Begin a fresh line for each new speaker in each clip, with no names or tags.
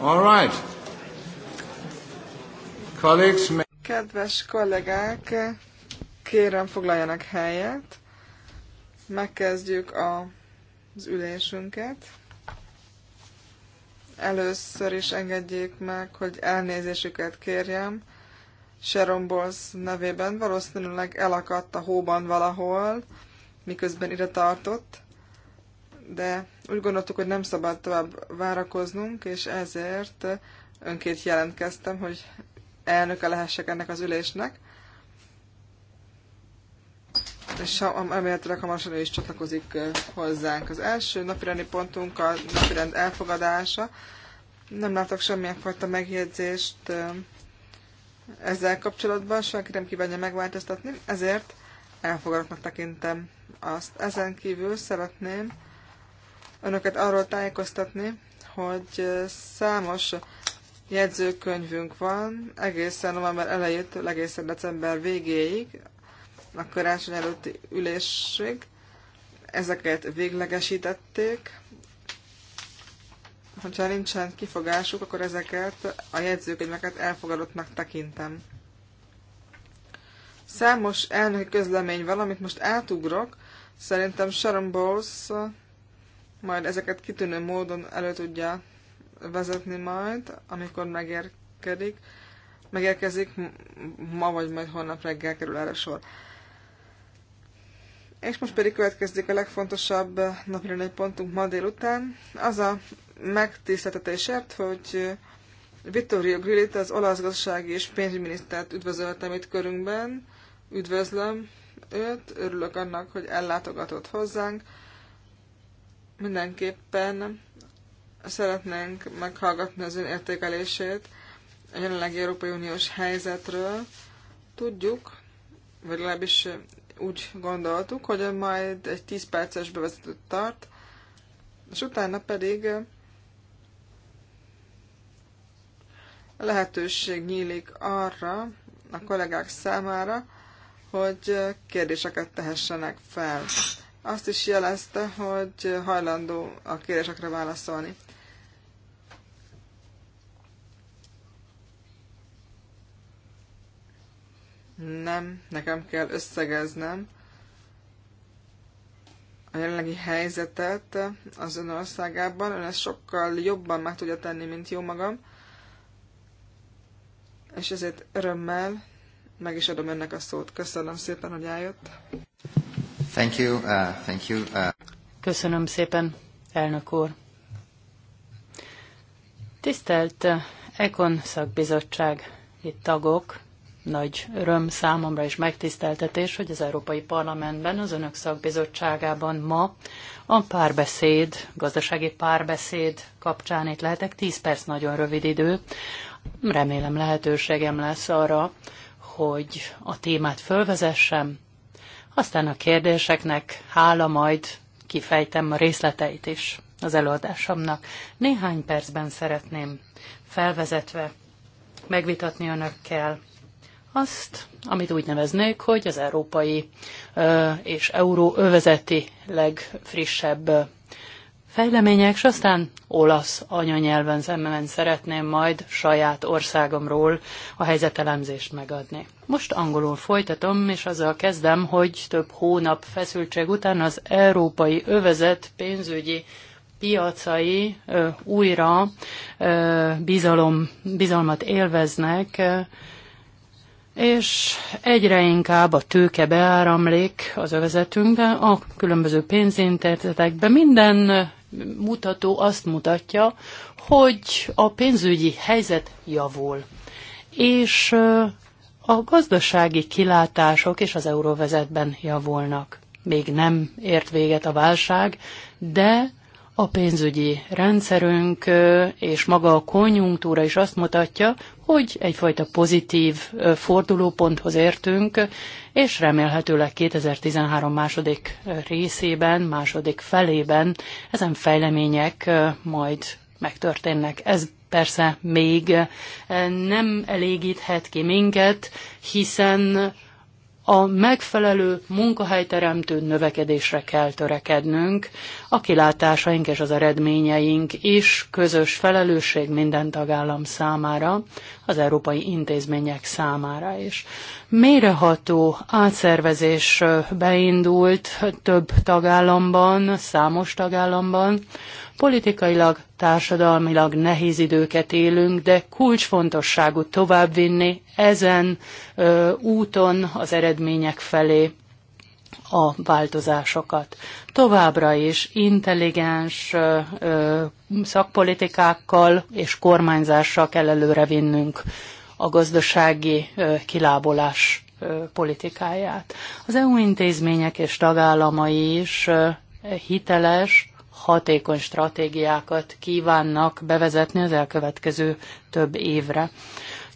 All right. Colleagues, Kedves kollégák, kérem foglaljanak helyet. Megkezdjük a, az ülésünket. Először is engedjék meg, hogy elnézésüket kérjem. Sharon Bowles nevében valószínűleg elakadt a hóban valahol, miközben ide tartott de úgy gondoltuk, hogy nem szabad tovább várakoznunk, és ezért önként jelentkeztem, hogy elnöke lehessek ennek az ülésnek, és remélhetőleg hamarosan ő is csatlakozik hozzánk. Az első napirendi pontunk a napirend elfogadása. Nem látok semmilyen fajta megjegyzést ezzel kapcsolatban, senki nem kívánja megváltoztatni, ezért elfogadottnak tekintem azt. Ezen kívül szeretném önöket arról tájékoztatni, hogy számos jegyzőkönyvünk van egészen november elejétől egészen december végéig, a karácsony előtti ülésig. Ezeket véglegesítették. Ha nincsen kifogásuk, akkor ezeket a jegyzőkönyveket elfogadottnak tekintem. Számos elnöki közlemény van, amit most átugrok. Szerintem Sharon Bowles majd ezeket kitűnő módon elő tudja vezetni majd, amikor megérkedik, megérkezik, ma vagy majd holnap reggel kerül erre sor. És most pedig következik a legfontosabb egy pontunk ma délután. Az a megtiszteltetésért, hogy Vittorio Grillit, az olasz gazdasági és pénzügyminisztert üdvözöltem itt körünkben. Üdvözlöm őt, örülök annak, hogy ellátogatott hozzánk Mindenképpen szeretnénk meghallgatni az ön értékelését a jelenlegi Európai Uniós helyzetről. Tudjuk, vagy legalábbis úgy gondoltuk, hogy majd egy 10 perces bevezetőt tart, és utána pedig lehetőség nyílik arra a kollégák számára, hogy kérdéseket tehessenek fel azt is jelezte, hogy hajlandó a kérésekre válaszolni. Nem, nekem kell összegeznem a jelenlegi helyzetet az ön országában. Ön ezt sokkal jobban meg tudja tenni, mint jó magam. És ezért örömmel meg is adom önnek a szót. Köszönöm szépen,
hogy eljött. Thank you, uh, thank you, uh... Köszönöm szépen, elnök úr. Tisztelt uh, Ekon szakbizottság, itt tagok, nagy öröm számomra és megtiszteltetés, hogy az Európai Parlamentben, az Önök szakbizottságában ma a párbeszéd, gazdasági párbeszéd kapcsán itt lehetek. Tíz perc nagyon rövid idő. Remélem lehetőségem lesz arra, hogy a témát fölvezessem, aztán a kérdéseknek hála majd kifejtem a részleteit is az előadásomnak. Néhány percben szeretném felvezetve megvitatni önökkel azt, amit úgy neveznék, hogy az európai ö, és euróövezeti legfrissebb fejlemények, és aztán olasz anyanyelven szemben szeretném majd saját országomról a helyzetelemzést megadni. Most angolul folytatom, és azzal kezdem, hogy több hónap feszültség után az európai övezet pénzügyi piacai ö, újra ö, bizalom, bizalmat élveznek, és egyre inkább a tőke beáramlik az övezetünkbe, a különböző pénzintézetekbe, minden mutató azt mutatja, hogy a pénzügyi helyzet javul. És a gazdasági kilátások és az euróvezetben javulnak. Még nem ért véget a válság, de a pénzügyi rendszerünk és maga a konjunktúra is azt mutatja, hogy egyfajta pozitív fordulóponthoz értünk, és remélhetőleg 2013 második részében, második felében ezen fejlemények majd megtörténnek. Ez persze még nem elégíthet ki minket, hiszen a megfelelő munkahelyteremtő növekedésre kell törekednünk, a kilátásaink és az eredményeink is közös felelősség minden tagállam számára, az európai intézmények számára is. Méreható átszervezés beindult több tagállamban, számos tagállamban. Politikailag, társadalmilag nehéz időket élünk, de kulcsfontosságú továbbvinni ezen ö, úton az eredmények felé a változásokat. Továbbra is intelligens szakpolitikákkal és kormányzással kell előrevinnünk a gazdasági kilábolás politikáját. Az EU intézmények és tagállamai is hiteles, hatékony stratégiákat kívánnak bevezetni az elkövetkező több évre.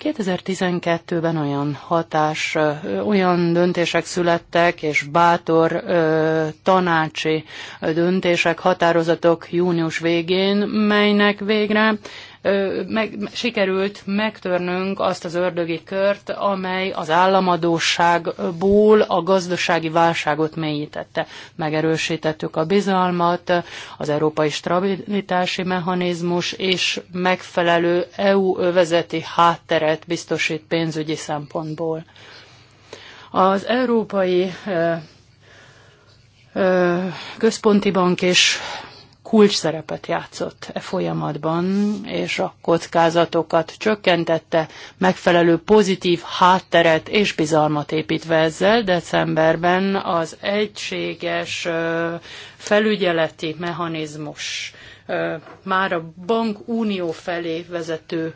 2012-ben olyan hatás, olyan döntések születtek, és bátor tanácsi döntések, határozatok június végén, melynek végre meg, sikerült megtörnünk azt az ördögi kört, amely az államadóságból a gazdasági válságot mélyítette. Megerősítettük a bizalmat, az európai stabilitási mechanizmus és megfelelő EU övezeti hátteret biztosít pénzügyi szempontból. Az európai központi bank és kulcs szerepet játszott e folyamatban, és a kockázatokat csökkentette, megfelelő pozitív hátteret és bizalmat építve ezzel. Decemberben az egységes felügyeleti mechanizmus már a bankunió felé vezető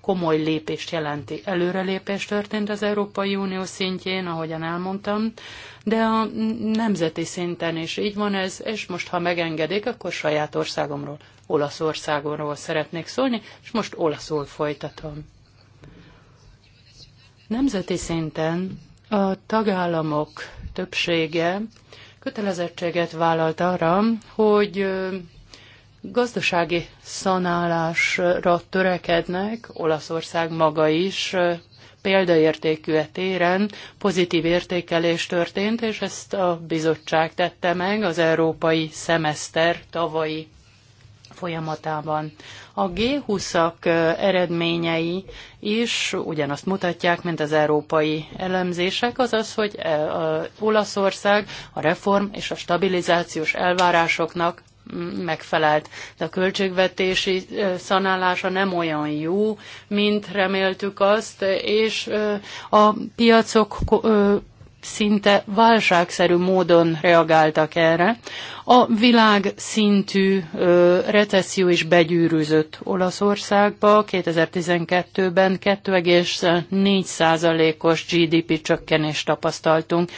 komoly lépést jelenti. Előrelépés történt az Európai Unió szintjén, ahogyan elmondtam, de a nemzeti szinten is így van ez, és most, ha megengedik, akkor saját országomról, Olaszországomról szeretnék szólni, és most olaszul folytatom. Nemzeti szinten a tagállamok többsége kötelezettséget vállalt arra, hogy gazdasági szanálásra törekednek, Olaszország maga is példaértékű -e téren pozitív értékelés történt, és ezt a bizottság tette meg az európai szemeszter tavalyi folyamatában. A G20-ak eredményei is ugyanazt mutatják, mint az európai elemzések, azaz, hogy Olaszország a reform és a stabilizációs elvárásoknak megfelelt. De a költségvetési szanálása nem olyan jó, mint reméltük azt, és a piacok szinte válságszerű módon reagáltak erre. A világ szintű ö, recesszió is begyűrűzött Olaszországba. 2012-ben 2,4%-os GDP csökkenést tapasztaltunk.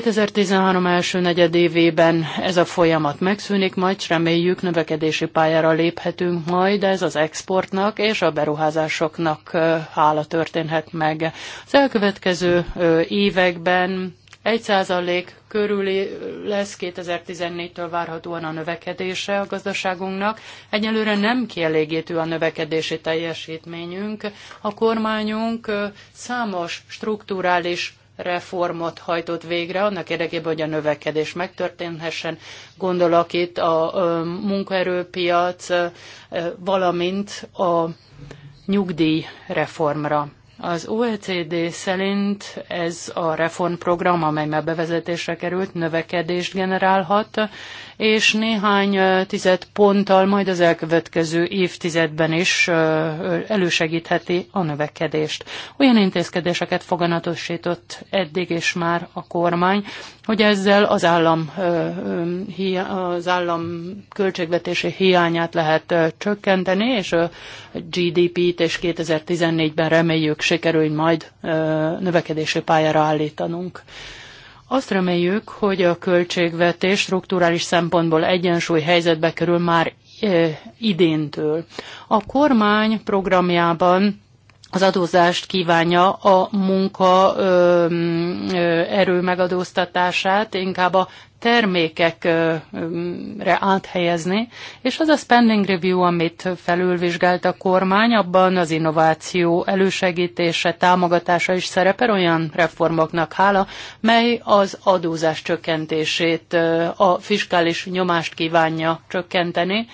2013 első negyedévében ez a folyamat megszűnik, majd reméljük növekedési pályára léphetünk majd, ez az exportnak és a beruházásoknak hála történhet meg. Az elkövetkező években 1% körüli lesz 2014-től várhatóan a növekedése a gazdaságunknak. Egyelőre nem kielégítő a növekedési teljesítményünk. A kormányunk számos strukturális reformot hajtott végre, annak érdekében, hogy a növekedés megtörténhessen. Gondolok itt a munkaerőpiac, valamint a nyugdíjreformra. Az OECD szerint ez a reformprogram, amely már bevezetésre került, növekedést generálhat, és néhány tized ponttal majd az elkövetkező évtizedben is elősegítheti a növekedést. Olyan intézkedéseket foganatosított eddig is már a kormány, hogy ezzel az állam, az állam költségvetési hiányát lehet csökkenteni, és GDP-t, és 2014-ben reméljük sikerül majd növekedési pályára állítanunk. Azt reméljük, hogy a költségvetés strukturális szempontból egyensúly helyzetbe kerül már idéntől. A kormány programjában az adózást kívánja a munka ö, ö, erő megadóztatását, inkább a termékekre áthelyezni, és az a spending review, amit felülvizsgált a kormány, abban az innováció elősegítése, támogatása is szerepel olyan reformoknak hála, mely az adózás csökkentését, a fiskális nyomást kívánja csökkenteni,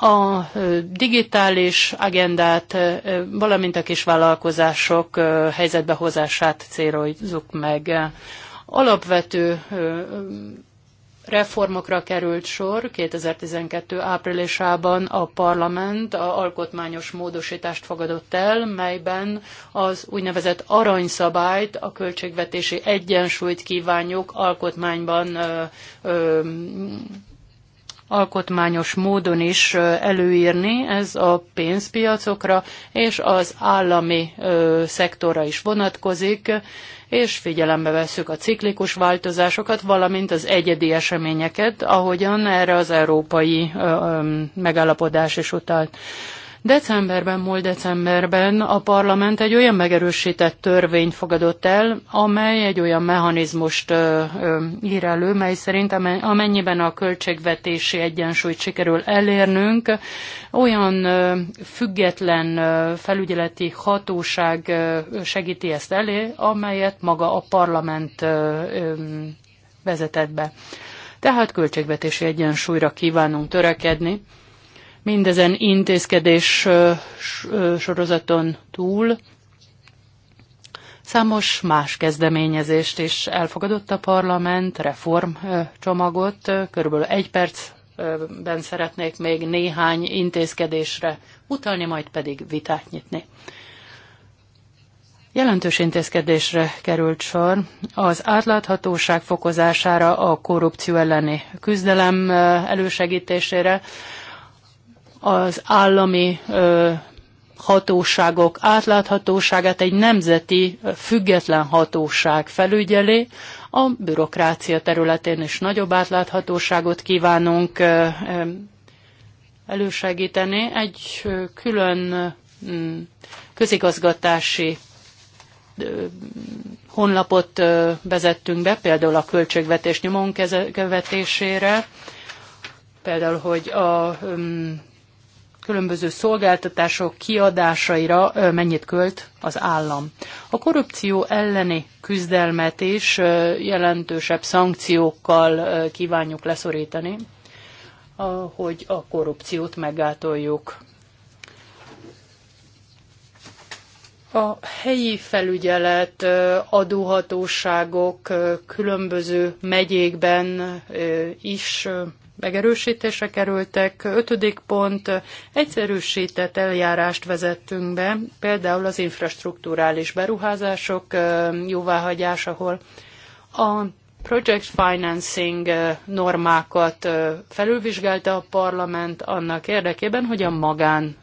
a digitális agendát, valamint a kisvállalkozások helyzetbehozását célozzuk meg. Alapvető reformokra került sor 2012. áprilisában a parlament a alkotmányos módosítást fogadott el, melyben az úgynevezett aranyszabályt, a költségvetési egyensúlyt kívánjuk alkotmányban ö, ö, alkotmányos módon is előírni, ez a pénzpiacokra és az állami szektorra is vonatkozik, és figyelembe vesszük a ciklikus változásokat, valamint az egyedi eseményeket, ahogyan erre az európai megállapodás is utalt. Decemberben, múlt decemberben a parlament egy olyan megerősített törvényt fogadott el, amely egy olyan mechanizmust ö, ö, ír elő, mely szerint amennyiben a költségvetési egyensúlyt sikerül elérnünk, olyan ö, független ö, felügyeleti hatóság ö, segíti ezt elé, amelyet maga a parlament ö, ö, vezetett be. Tehát költségvetési egyensúlyra kívánunk törekedni Mindezen intézkedés sorozaton túl Számos más kezdeményezést is elfogadott a parlament, reformcsomagot. Körülbelül egy percben szeretnék még néhány intézkedésre utalni, majd pedig vitát nyitni. Jelentős intézkedésre került sor. Az átláthatóság fokozására, a korrupció elleni küzdelem elősegítésére, az állami hatóságok átláthatóságát egy nemzeti független hatóság felügyeli, a bürokrácia területén is nagyobb átláthatóságot kívánunk elősegíteni. Egy külön közigazgatási honlapot vezettünk be, például a költségvetés nyomon követésére, például, hogy a különböző szolgáltatások kiadásaira mennyit költ az állam. A korrupció elleni küzdelmet is jelentősebb szankciókkal kívánjuk leszorítani, hogy a korrupciót meggátoljuk. A helyi felügyelet, adóhatóságok különböző megyékben is megerősítésre kerültek. Ötödik pont, egyszerűsített eljárást vezettünk be, például az infrastruktúrális beruházások jóváhagyás, ahol a project financing normákat felülvizsgálta a parlament annak érdekében, hogy a magán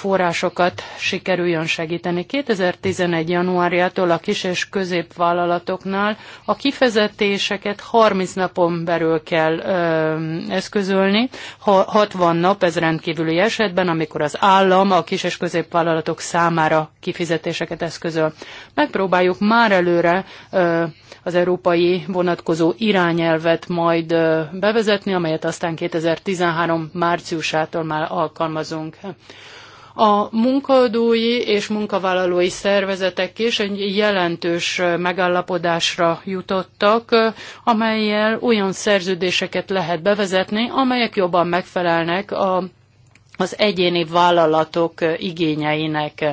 forrásokat sikerüljön segíteni. 2011. januárjától a kis és középvállalatoknál a kifizetéseket 30 napon belül kell ö, eszközölni, ha, 60 nap ez rendkívüli esetben, amikor az állam a kis és középvállalatok számára kifizetéseket eszközöl. Megpróbáljuk már előre ö, az európai vonatkozó irányelvet majd ö, bevezetni, amelyet aztán 2013 márciusától már alkalmazunk. A munkaadói és munkavállalói szervezetek is egy jelentős megállapodásra jutottak, amelyel olyan szerződéseket lehet bevezetni, amelyek jobban megfelelnek a az egyéni vállalatok igényeinek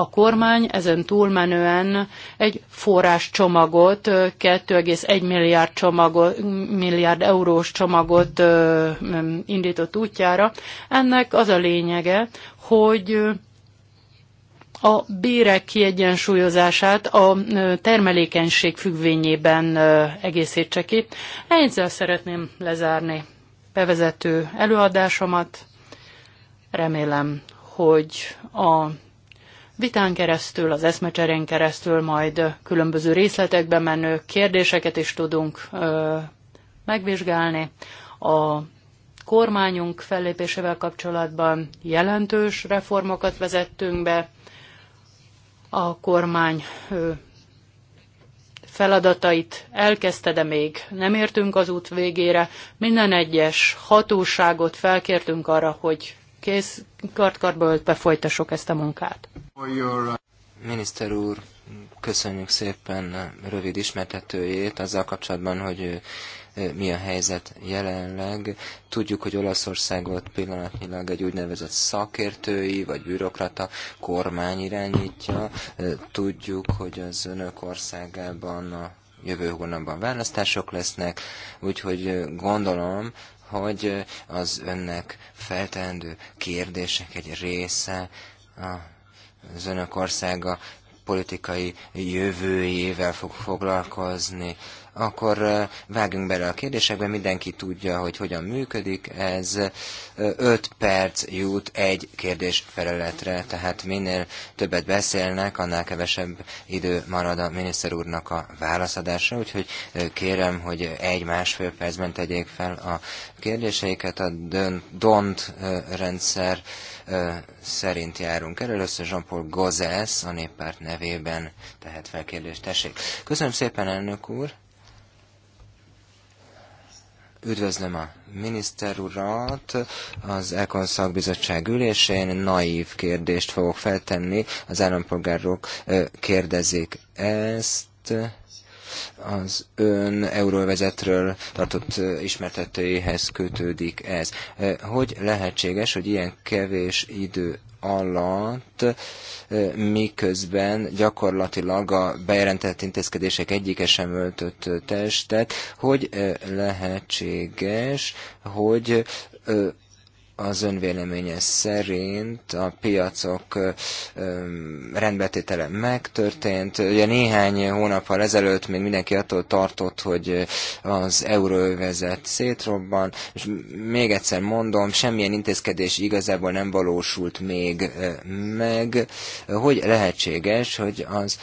a kormány ezen túlmenően egy forráscsomagot, 2,1 milliárd, csomagot, milliárd eurós csomagot indított útjára. Ennek az a lényege, hogy a bérek kiegyensúlyozását a termelékenység függvényében egészítse ki. Ezzel szeretném lezárni bevezető előadásomat. Remélem, hogy a vitán keresztül, az eszmecserén keresztül, majd különböző részletekbe menő kérdéseket is tudunk ö, megvizsgálni. A kormányunk fellépésével kapcsolatban jelentős reformokat vezettünk be. A kormány ö, feladatait elkezdte, de még nem értünk az út végére. Minden egyes hatóságot felkértünk arra, hogy kész kartkartba öltve folytassuk ezt a munkát.
Uh, Miniszter úr, köszönjük szépen a rövid ismertetőjét azzal kapcsolatban, hogy uh, uh, mi a helyzet jelenleg. Tudjuk, hogy Olaszországot pillanatnyilag egy úgynevezett szakértői vagy bürokrata kormány irányítja. Tudjuk, hogy az önök országában a jövő hónapban választások lesznek, úgyhogy gondolom, hogy az önnek feltendő kérdések egy része a az önök országa politikai jövőjével fog foglalkozni, akkor vágjunk bele a kérdésekbe, mindenki tudja, hogy hogyan működik ez. 5 perc jut egy kérdés feleletre, tehát minél többet beszélnek, annál kevesebb idő marad a miniszter úrnak a válaszadásra, úgyhogy kérem, hogy egy-másfél percben tegyék fel a kérdéseiket. A DONT rendszer szerint járunk el. Először Jean-Paul Gozes a néppárt nevében tehet fel kérdést. Tessék. Köszönöm szépen, elnök úr. Üdvözlöm a miniszter urat az Elkon szakbizottság ülésén. Naív kérdést fogok feltenni. Az állampolgárok kérdezik ezt az ön euróvezetről tartott ismertetőjéhez kötődik ez. Hogy lehetséges, hogy ilyen kevés idő alatt, miközben gyakorlatilag a bejelentett intézkedések egyike sem öltött testet, hogy lehetséges, hogy az önvéleménye szerint a piacok rendbetétele megtörtént. Ugye néhány hónappal ezelőtt még mindenki attól tartott, hogy az euróövezet szétrobban, és még egyszer mondom, semmilyen intézkedés igazából nem valósult még meg. Hogy lehetséges, hogy az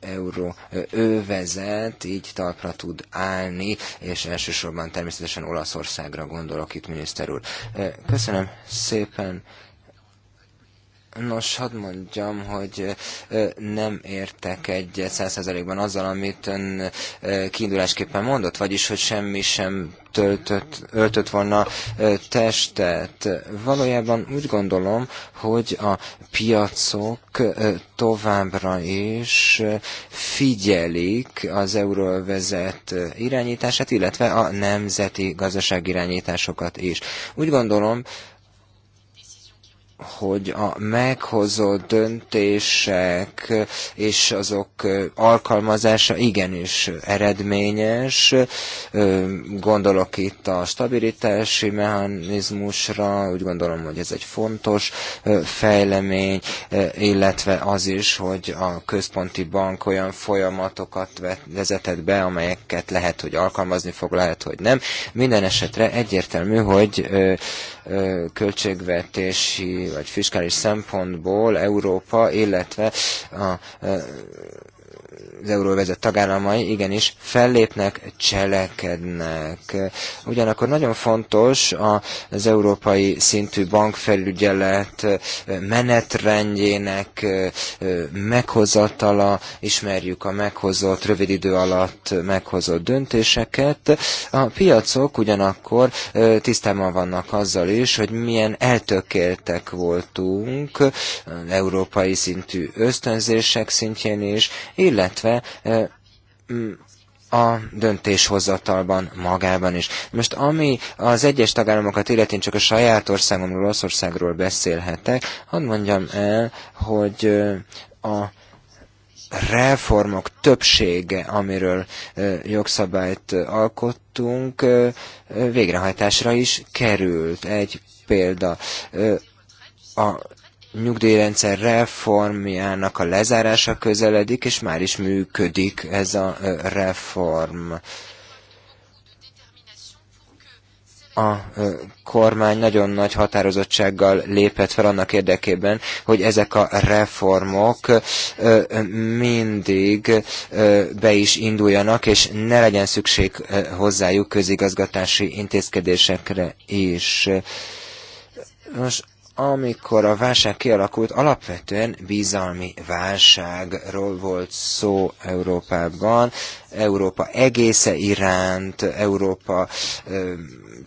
euróövezet így talpra tud állni, és elsősorban természetesen Olaszországra gondolok itt, miniszter úr. Köszönöm Köszönöm szépen. Nos, hadd mondjam, hogy nem értek egy százszerzelékben azzal, amit ön kiindulásképpen mondott, vagyis, hogy semmi sem töltött, öltött volna testet. Valójában úgy gondolom, hogy a piacok továbbra is figyelik az euróvezet irányítását, illetve a nemzeti irányításokat is. Úgy gondolom, hogy a meghozott döntések és azok alkalmazása igenis eredményes. Gondolok itt a stabilitási mechanizmusra, úgy gondolom, hogy ez egy fontos fejlemény, illetve az is, hogy a központi bank olyan folyamatokat vezetett be, amelyeket lehet, hogy alkalmazni fog, lehet, hogy nem. Minden esetre egyértelmű, hogy költségvetési vagy fiskális szempontból Európa, illetve a az euróvezet tagállamai igenis fellépnek, cselekednek. Ugyanakkor nagyon fontos az európai szintű bankfelügyelet menetrendjének meghozatala, ismerjük a meghozott, rövid idő alatt meghozott döntéseket. A piacok ugyanakkor tisztában vannak azzal is, hogy milyen eltökéltek voltunk európai szintű ösztönzések szintjén is, illetve de a döntéshozatalban magában is. Most ami az egyes tagállamokat illetén csak a saját országomról, Olaszországról beszélhetek, hadd mondjam el, hogy a reformok többsége, amiről jogszabályt alkottunk, végrehajtásra is került. Egy példa. A nyugdíjrendszer reformjának a lezárása közeledik, és már is működik ez a reform. A kormány nagyon nagy határozottsággal lépett fel annak érdekében, hogy ezek a reformok mindig be is induljanak, és ne legyen szükség hozzájuk közigazgatási intézkedésekre is. Most amikor a válság kialakult, alapvetően bizalmi válságról volt szó Európában, Európa egésze iránt, Európa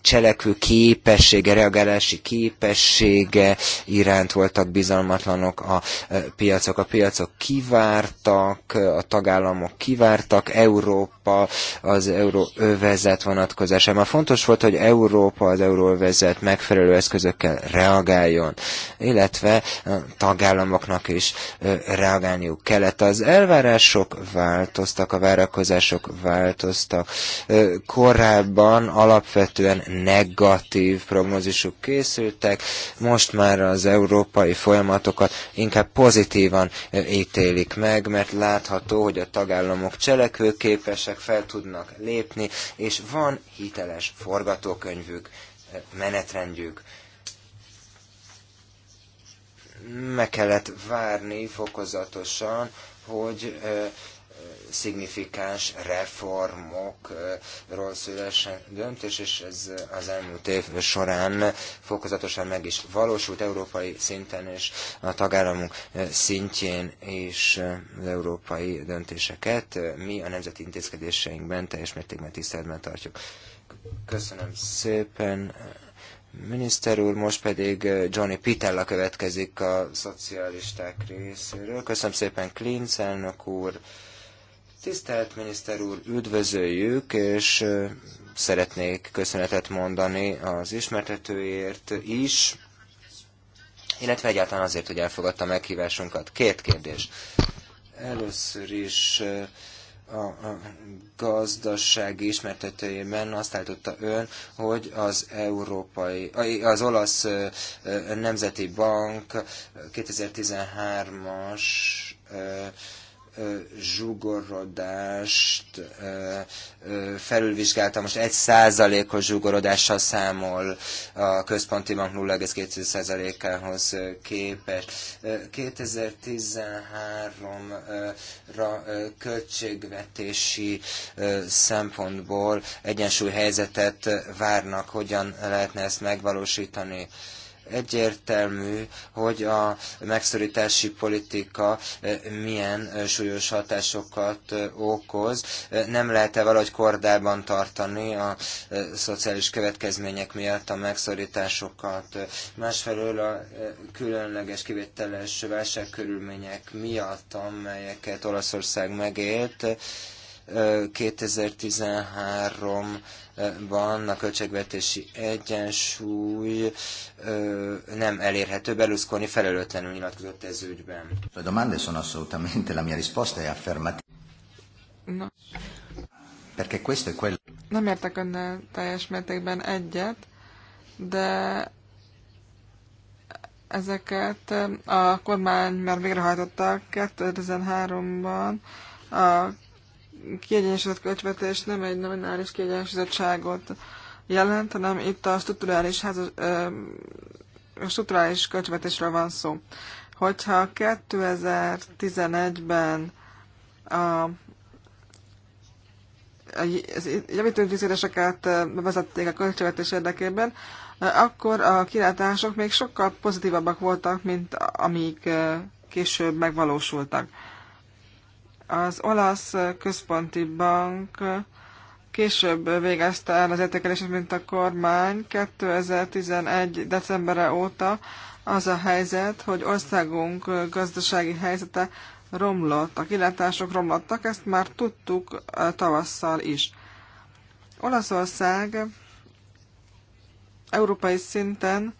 cselekvő képessége, reagálási képessége iránt voltak bizalmatlanok a e, piacok. A piacok kivártak, a tagállamok kivártak, Európa, az euróövezet vonatkozásában. Fontos volt, hogy Európa az euróövezet megfelelő eszközökkel reagáljon, illetve a tagállamoknak is e, reagálniuk kellett. Az elvárások változtak, a várakozások változtak. E, korábban alapvetően negatív prognózisuk készültek, most már az európai folyamatokat inkább pozitívan ítélik meg, mert látható, hogy a tagállamok cselekvőképesek, fel tudnak lépni, és van hiteles forgatókönyvük, menetrendjük meg kellett várni fokozatosan, hogy szignifikáns reformokról szülesen döntés, és ez az elmúlt év során fokozatosan meg is valósult európai szinten és a tagállamunk szintjén és az európai döntéseket mi a nemzeti intézkedéseinkben teljes mértékben tiszteletben tartjuk. Köszönöm szépen. Miniszter úr, most pedig Johnny Pitella következik a szocialisták részéről. Köszönöm szépen Klinc elnök úr, Tisztelt miniszter úr, üdvözöljük, és szeretnék köszönetet mondani az ismertetőért is, illetve egyáltalán azért, hogy elfogadta a meghívásunkat. Két kérdés. Először is a, a gazdasági ismertetőjében azt állította ön, hogy az európai, az olasz nemzeti bank 2013-as zsugorodást felülvizsgáltam, most egy százalékos zsugorodással számol a központi bank 0,2 százalékához képest. 2013-ra költségvetési szempontból egyensúly helyzetet várnak, hogyan lehetne ezt megvalósítani. Egyértelmű, hogy a megszorítási politika eh, milyen eh, súlyos hatásokat eh, okoz. Nem lehet-e valahogy kordában tartani a szociális következmények miatt a megszorításokat. Másfelől a különleges, kivételes válságkörülmények miatt, amelyeket Olaszország megélt, 2013-ban a költségvetési egyensúly nem elérhető. Berlusconi felelőtlenül nyilatkozott ez ügyben. A domande sono assolutamente la mia risposta è affermativa. No. Perché questo è quello.
Nem értek önnel teljes mértékben egyet, de ezeket a kormány már végrehajtotta 2013-ban a kiegyensúlyozott költségvetés nem egy nominális kiegyensúlyozottságot jelent, hanem itt a strukturális, házas, a strukturális költségvetésről van szó. Hogyha 2011-ben a javítőintézkedéseket bevezették a költségvetés érdekében, akkor a kilátások még sokkal pozitívabbak voltak, mint amik később megvalósultak. Az olasz központi bank később végezte el az értékelését, mint a kormány. 2011. decemberre óta az a helyzet, hogy országunk gazdasági helyzete romlott, a kilátások romlottak, ezt már tudtuk tavasszal is. Olaszország európai szinten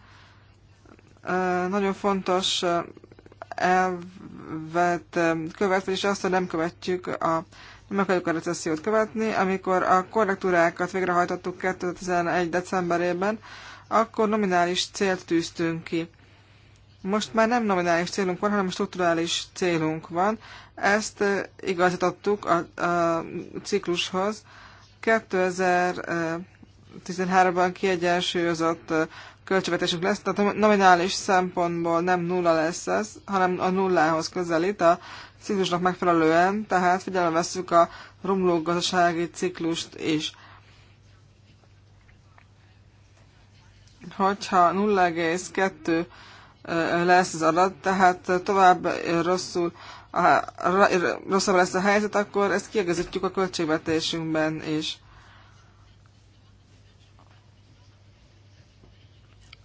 nagyon fontos elv követ, um, követ, vagyis azt, hogy nem követjük a nem akarjuk a recessziót követni. Amikor a korrektúrákat végrehajtottuk 2011. decemberében, akkor nominális célt tűztünk ki. Most már nem nominális célunk van, hanem strukturális célunk van. Ezt uh, igazítottuk a, a ciklushoz. 2013-ban uh, kiegyensúlyozott uh, költségvetésük lesz, tehát nominális szempontból nem nulla lesz ez, hanem a nullához közelít a ciklusnak megfelelően, tehát figyelembe veszük a romló gazdasági ciklust is. Hogyha 0,2 lesz az adat, tehát tovább rosszul, rosszabb lesz a helyzet, akkor ezt kiegazítjuk a költségvetésünkben is.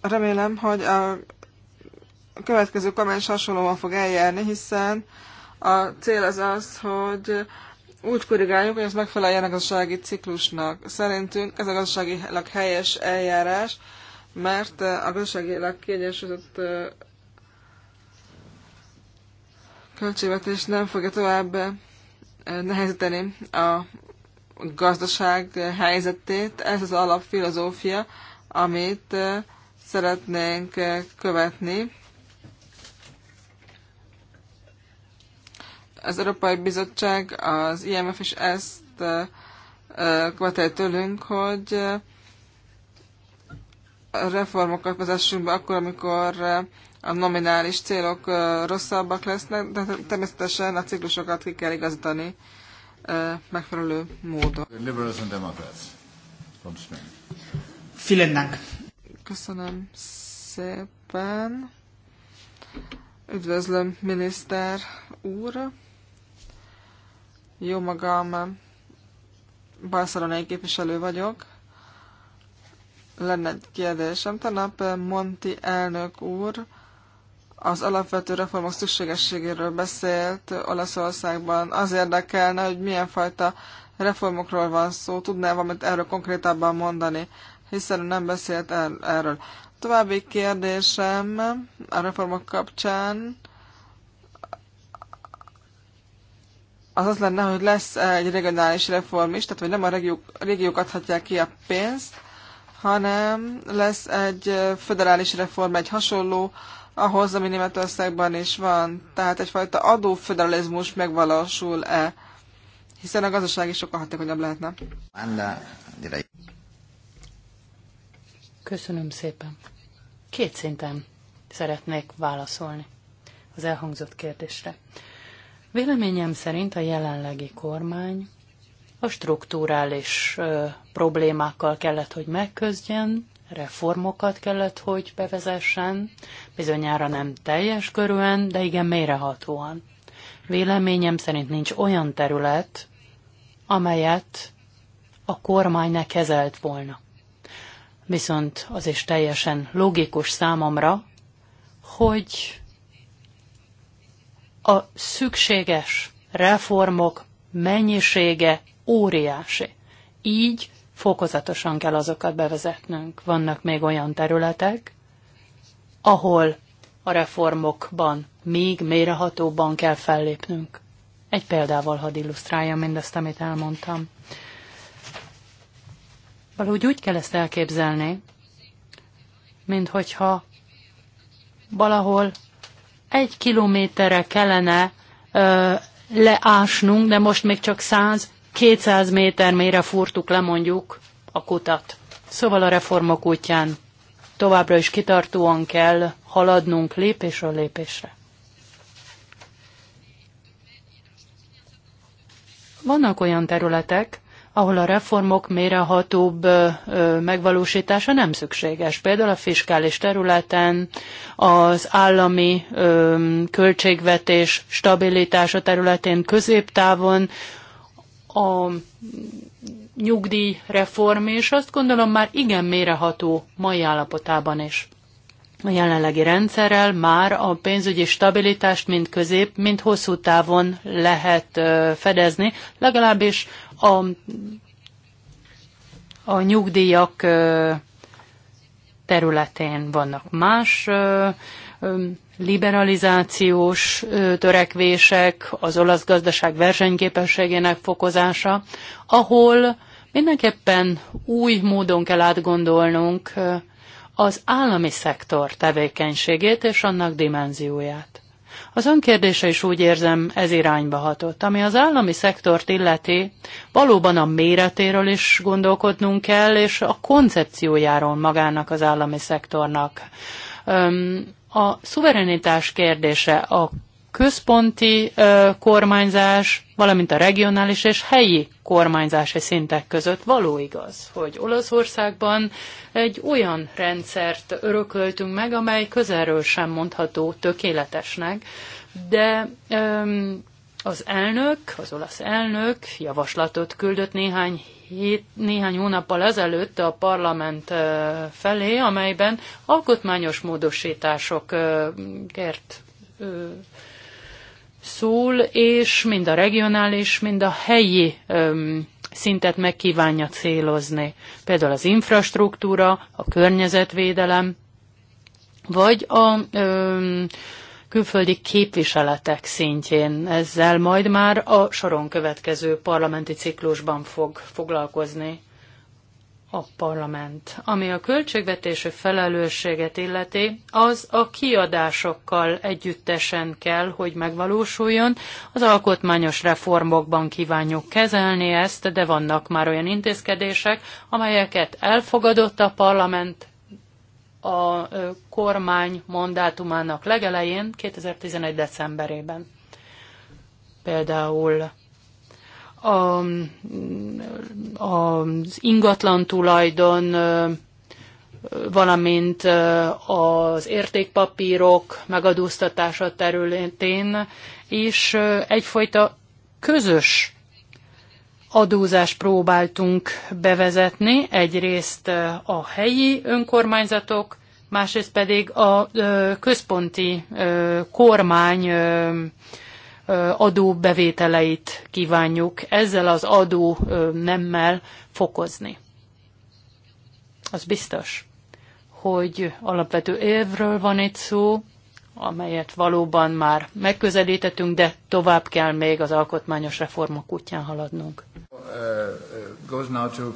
remélem, hogy a következő komment hasonlóan fog eljárni, hiszen a cél az az, hogy úgy korrigáljuk, hogy ez megfeleljen a gazdasági ciklusnak. Szerintünk ez a gazdaságilag helyes eljárás, mert a gazdaságilag kiegyensúlyozott költségvetés nem fogja tovább nehezíteni a gazdaság helyzetét. Ez az alapfilozófia, amit szeretnénk eh, követni. Az Európai Bizottság, az IMF is ezt eh, eh, követel tőlünk, hogy reformokat vezessünk be akkor, amikor a nominális célok rosszabbak lesznek, de természetesen a ciklusokat ki kell igazítani megfelelő módon. Vielen Dank. Köszönöm szépen. Üdvözlöm, miniszter úr. Jó magam, barcelonai képviselő vagyok. Lenne egy kérdésem. Tanap Monti elnök úr az alapvető reformok szükségességéről beszélt Olaszországban. Az érdekelne, hogy milyen fajta reformokról van szó. Tudná valamit erről konkrétabban mondani? hiszen nem beszélt el, erről. További kérdésem a reformok kapcsán az az lenne, hogy lesz egy regionális reform is, tehát hogy nem a régiók, régiók adhatják ki a pénzt, hanem lesz egy föderális reform, egy hasonló ahhoz, ami Németországban is van. Tehát egyfajta adóföderalizmus megvalósul-e? Hiszen a gazdaság is sokkal hatékonyabb lehetne.
Köszönöm szépen. Két szinten szeretnék válaszolni az elhangzott kérdésre. Véleményem szerint a jelenlegi kormány a strukturális ö, problémákkal kellett, hogy megközdjen, reformokat kellett, hogy bevezessen, bizonyára nem teljes körűen, de igen mélyrehatóan. Véleményem szerint nincs olyan terület, amelyet a kormány ne kezelt volna viszont az is teljesen logikus számomra, hogy a szükséges reformok mennyisége óriási. Így fokozatosan kell azokat bevezetnünk. Vannak még olyan területek, ahol a reformokban még mélyrehatóban kell fellépnünk. Egy példával hadd illusztráljam mindezt, amit elmondtam. Valahogy úgy kell ezt elképzelni, mint hogyha valahol egy kilométerre kellene ö, leásnunk, de most még csak 100-200 méter mélyre fúrtuk le mondjuk a kutat. Szóval a reformok útján továbbra is kitartóan kell haladnunk lépésről lépésre. Vannak olyan területek, ahol a reformok mérehatóbb megvalósítása nem szükséges. Például a fiskális területen, az állami költségvetés stabilitása területén középtávon, a nyugdíjreform, és azt gondolom már igen méreható mai állapotában is. A jelenlegi rendszerrel már a pénzügyi stabilitást mind közép, mind hosszú távon lehet fedezni, legalábbis a, a nyugdíjak területén vannak más liberalizációs törekvések, az olasz gazdaság versenyképességének fokozása, ahol mindenképpen új módon kell átgondolnunk az állami szektor tevékenységét és annak dimenzióját. Az önkérdése is úgy érzem ez irányba hatott. Ami az állami szektort illeti, valóban a méretéről is gondolkodnunk kell, és a koncepciójáról magának az állami szektornak. A szuverenitás kérdése, a központi ö, kormányzás, valamint a regionális és helyi kormányzási szintek között való igaz, hogy Olaszországban egy olyan rendszert örököltünk meg, amely közelről sem mondható tökéletesnek, de ö, az elnök, az olasz elnök javaslatot küldött néhány hét, néhány hónappal ezelőtt a parlament felé, amelyben alkotmányos módosításokért szól, és mind a regionális, mind a helyi öm, szintet megkívánja célozni. Például az infrastruktúra, a környezetvédelem, vagy a öm, külföldi képviseletek szintjén. Ezzel majd már a soron következő parlamenti ciklusban fog foglalkozni a parlament. Ami a költségvetési felelősséget illeti, az a kiadásokkal együttesen kell, hogy megvalósuljon. Az alkotmányos reformokban kívánjuk kezelni ezt, de vannak már olyan intézkedések, amelyeket elfogadott a parlament a kormány mandátumának legelején, 2011. decemberében. Például a, az ingatlan tulajdon, valamint az értékpapírok megadóztatása területén is egyfajta közös adózást próbáltunk bevezetni, egyrészt a helyi önkormányzatok, másrészt pedig a központi kormány adóbevételeit kívánjuk ezzel az adó nemmel fokozni. Az biztos, hogy alapvető évről van itt szó, amelyet valóban már megközelítettünk, de tovább kell még az alkotmányos reformok útján haladnunk. Uh, uh,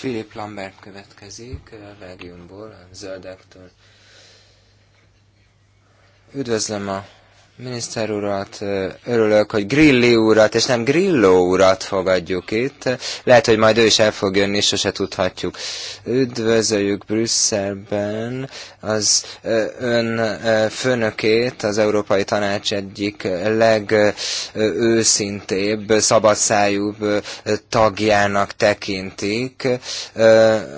Philip Lambert következik, Belgiumból, uh, a zöldektől. Üdvözlöm a miniszter urat, örülök, hogy Grilli urat, és nem Grillo urat fogadjuk itt. Lehet, hogy majd ő is el fog jönni, sose tudhatjuk. Üdvözöljük Brüsszelben az ön főnökét, az Európai Tanács egyik legőszintébb, szabadszájúbb tagjának tekintik.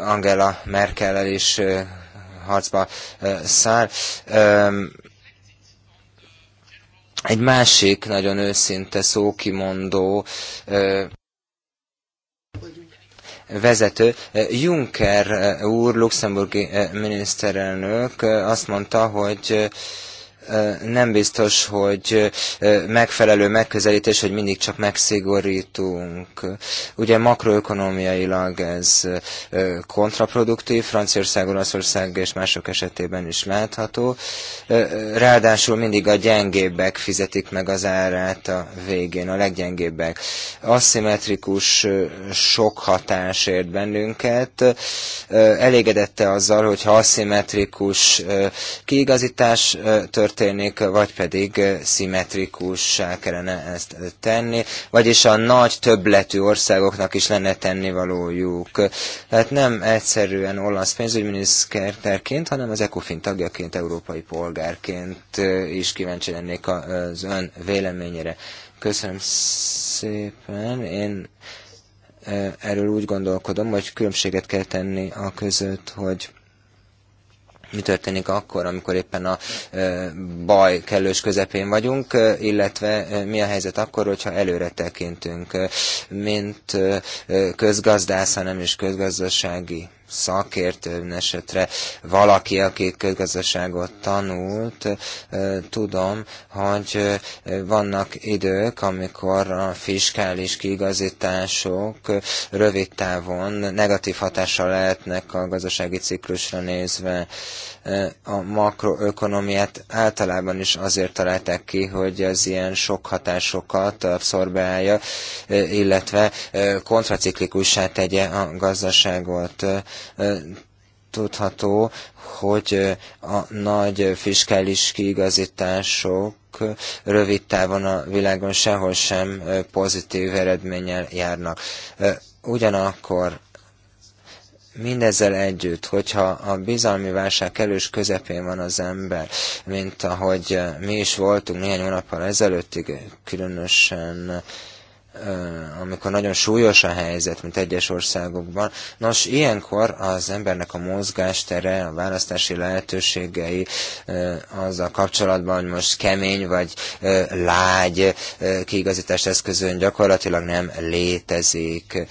Angela Merkel is harcba száll egy másik nagyon őszinte szókimondó vezető. Juncker úr, luxemburgi miniszterelnök azt mondta, hogy nem biztos, hogy megfelelő megközelítés, hogy mindig csak megszigorítunk. Ugye makroökonomiailag ez kontraproduktív, Franciaország, Olaszország és mások esetében is látható. Ráadásul mindig a gyengébbek fizetik meg az árát a végén, a leggyengébbek. Aszimmetrikus sok hatás ért bennünket. Elégedette azzal, hogyha aszimmetrikus kiigazítás történik, történik, vagy pedig eh, szimmetrikussá kellene ezt tenni, vagyis a nagy többletű országoknak is lenne tennivalójuk. Tehát nem egyszerűen olasz pénzügyminiszterként, hanem az ECOFIN tagjaként, európai polgárként eh, is kíváncsi lennék az ön véleményére. Köszönöm szépen. Én eh, erről úgy gondolkodom, hogy különbséget kell tenni a között, hogy mi történik akkor, amikor éppen a baj kellős közepén vagyunk, illetve mi a helyzet akkor, hogyha előre tekintünk, mint közgazdász, hanem is közgazdasági szakértő, esetre valaki, aki közgazdaságot tanult, tudom, hogy vannak idők, amikor a fiskális kiigazítások rövid távon negatív hatással lehetnek a gazdasági ciklusra nézve. Eh, a makroökonomiát általában is azért találták ki, hogy az ilyen sok hatásokat abszorbálja, eh, illetve eh, kontraciklikussá tegye a gazdaságot tudható, hogy a nagy fiskális kiigazítások rövid távon a világon sehol sem pozitív eredménnyel járnak. Ugyanakkor Mindezzel együtt, hogyha a bizalmi válság elős közepén van az ember, mint ahogy eh, mi is voltunk néhány hónappal ezelőttig, különösen eh, amikor nagyon súlyos a helyzet, mint egyes országokban. Nos, ilyenkor az embernek a mozgástere, a választási lehetőségei eh, azzal kapcsolatban, hogy most kemény vagy lágy kiigazítás eszközön gyakorlatilag nem létezik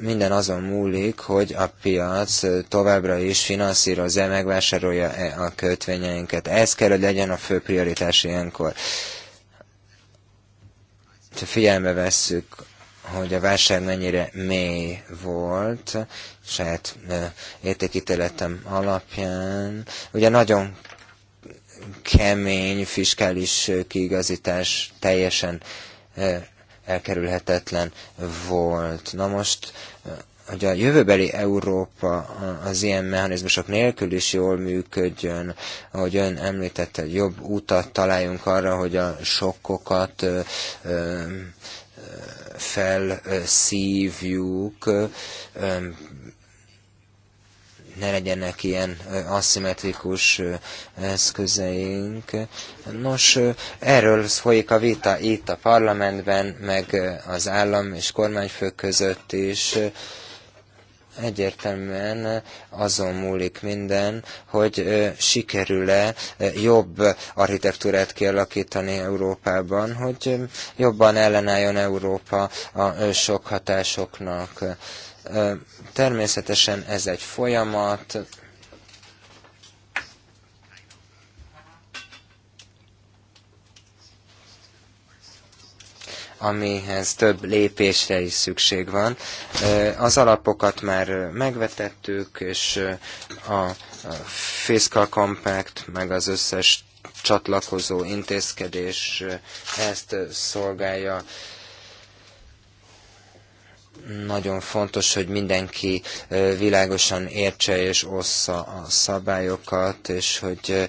minden azon múlik, hogy a piac továbbra is finanszírozza, megvásárolja-e a kötvényeinket. Ez kell, hogy legyen a fő prioritás ilyenkor. Ha figyelme vesszük, hogy a válság mennyire mély volt, saját értékítéletem alapján, ugye nagyon kemény fiskális kiigazítás teljesen elkerülhetetlen volt. Na most hogy a jövőbeli Európa az ilyen mechanizmusok nélkül is jól működjön, ahogy ön említette, jobb utat találjunk arra, hogy a sokkokat felszívjuk, ne legyenek ilyen aszimmetrikus eszközeink. Nos, erről folyik a vita itt a parlamentben, meg az állam és kormányfők között is egyértelműen azon múlik minden, hogy sikerül-e jobb architektúrát kialakítani Európában, hogy jobban ellenálljon Európa a sok hatásoknak. Természetesen ez egy folyamat, amihez több lépésre is szükség van. Az alapokat már megvetettük, és a Fiscal Compact, meg az összes csatlakozó intézkedés ezt szolgálja. Nagyon fontos, hogy mindenki világosan értse és ossza a szabályokat, és hogy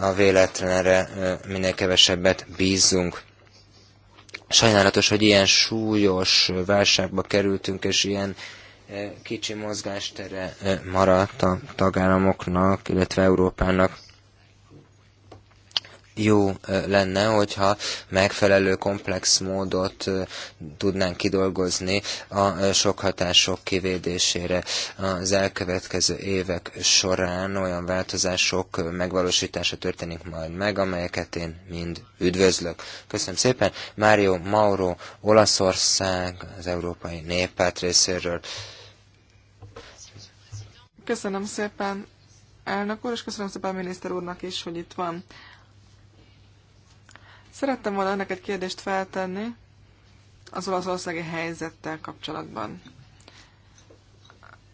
a véletlenre minél kevesebbet bízzunk sajnálatos, hogy ilyen súlyos válságba kerültünk, és ilyen kicsi mozgástere maradt a tagállamoknak, illetve Európának jó lenne, hogyha megfelelő komplex módot tudnánk kidolgozni a sok hatások kivédésére. Az elkövetkező évek során olyan változások megvalósítása történik majd meg, amelyeket én mind üdvözlök. Köszönöm szépen. Mário Mauro, Olaszország, az Európai Néppárt részéről.
Köszönöm szépen, elnök úr, és köszönöm szépen miniszter úrnak is, hogy itt van. Szerettem volna ennek egy kérdést feltenni az olaszországi helyzettel kapcsolatban.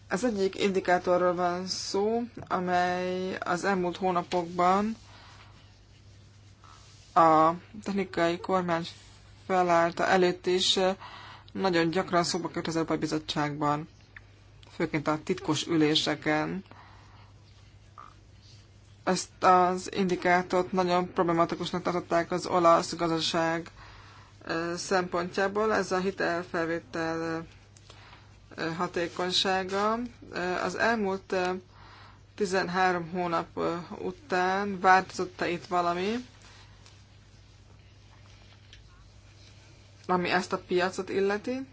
Az egyik indikátorról van szó, amely az elmúlt hónapokban a technikai kormány felállta előtt is nagyon gyakran szóba került az Európai Bizottságban, főként a titkos üléseken ezt az indikátort nagyon problematikusnak tartották az olasz gazdaság szempontjából. Ez a hitelfelvétel hatékonysága. Az elmúlt 13 hónap után változott-e itt valami, ami ezt a piacot illeti?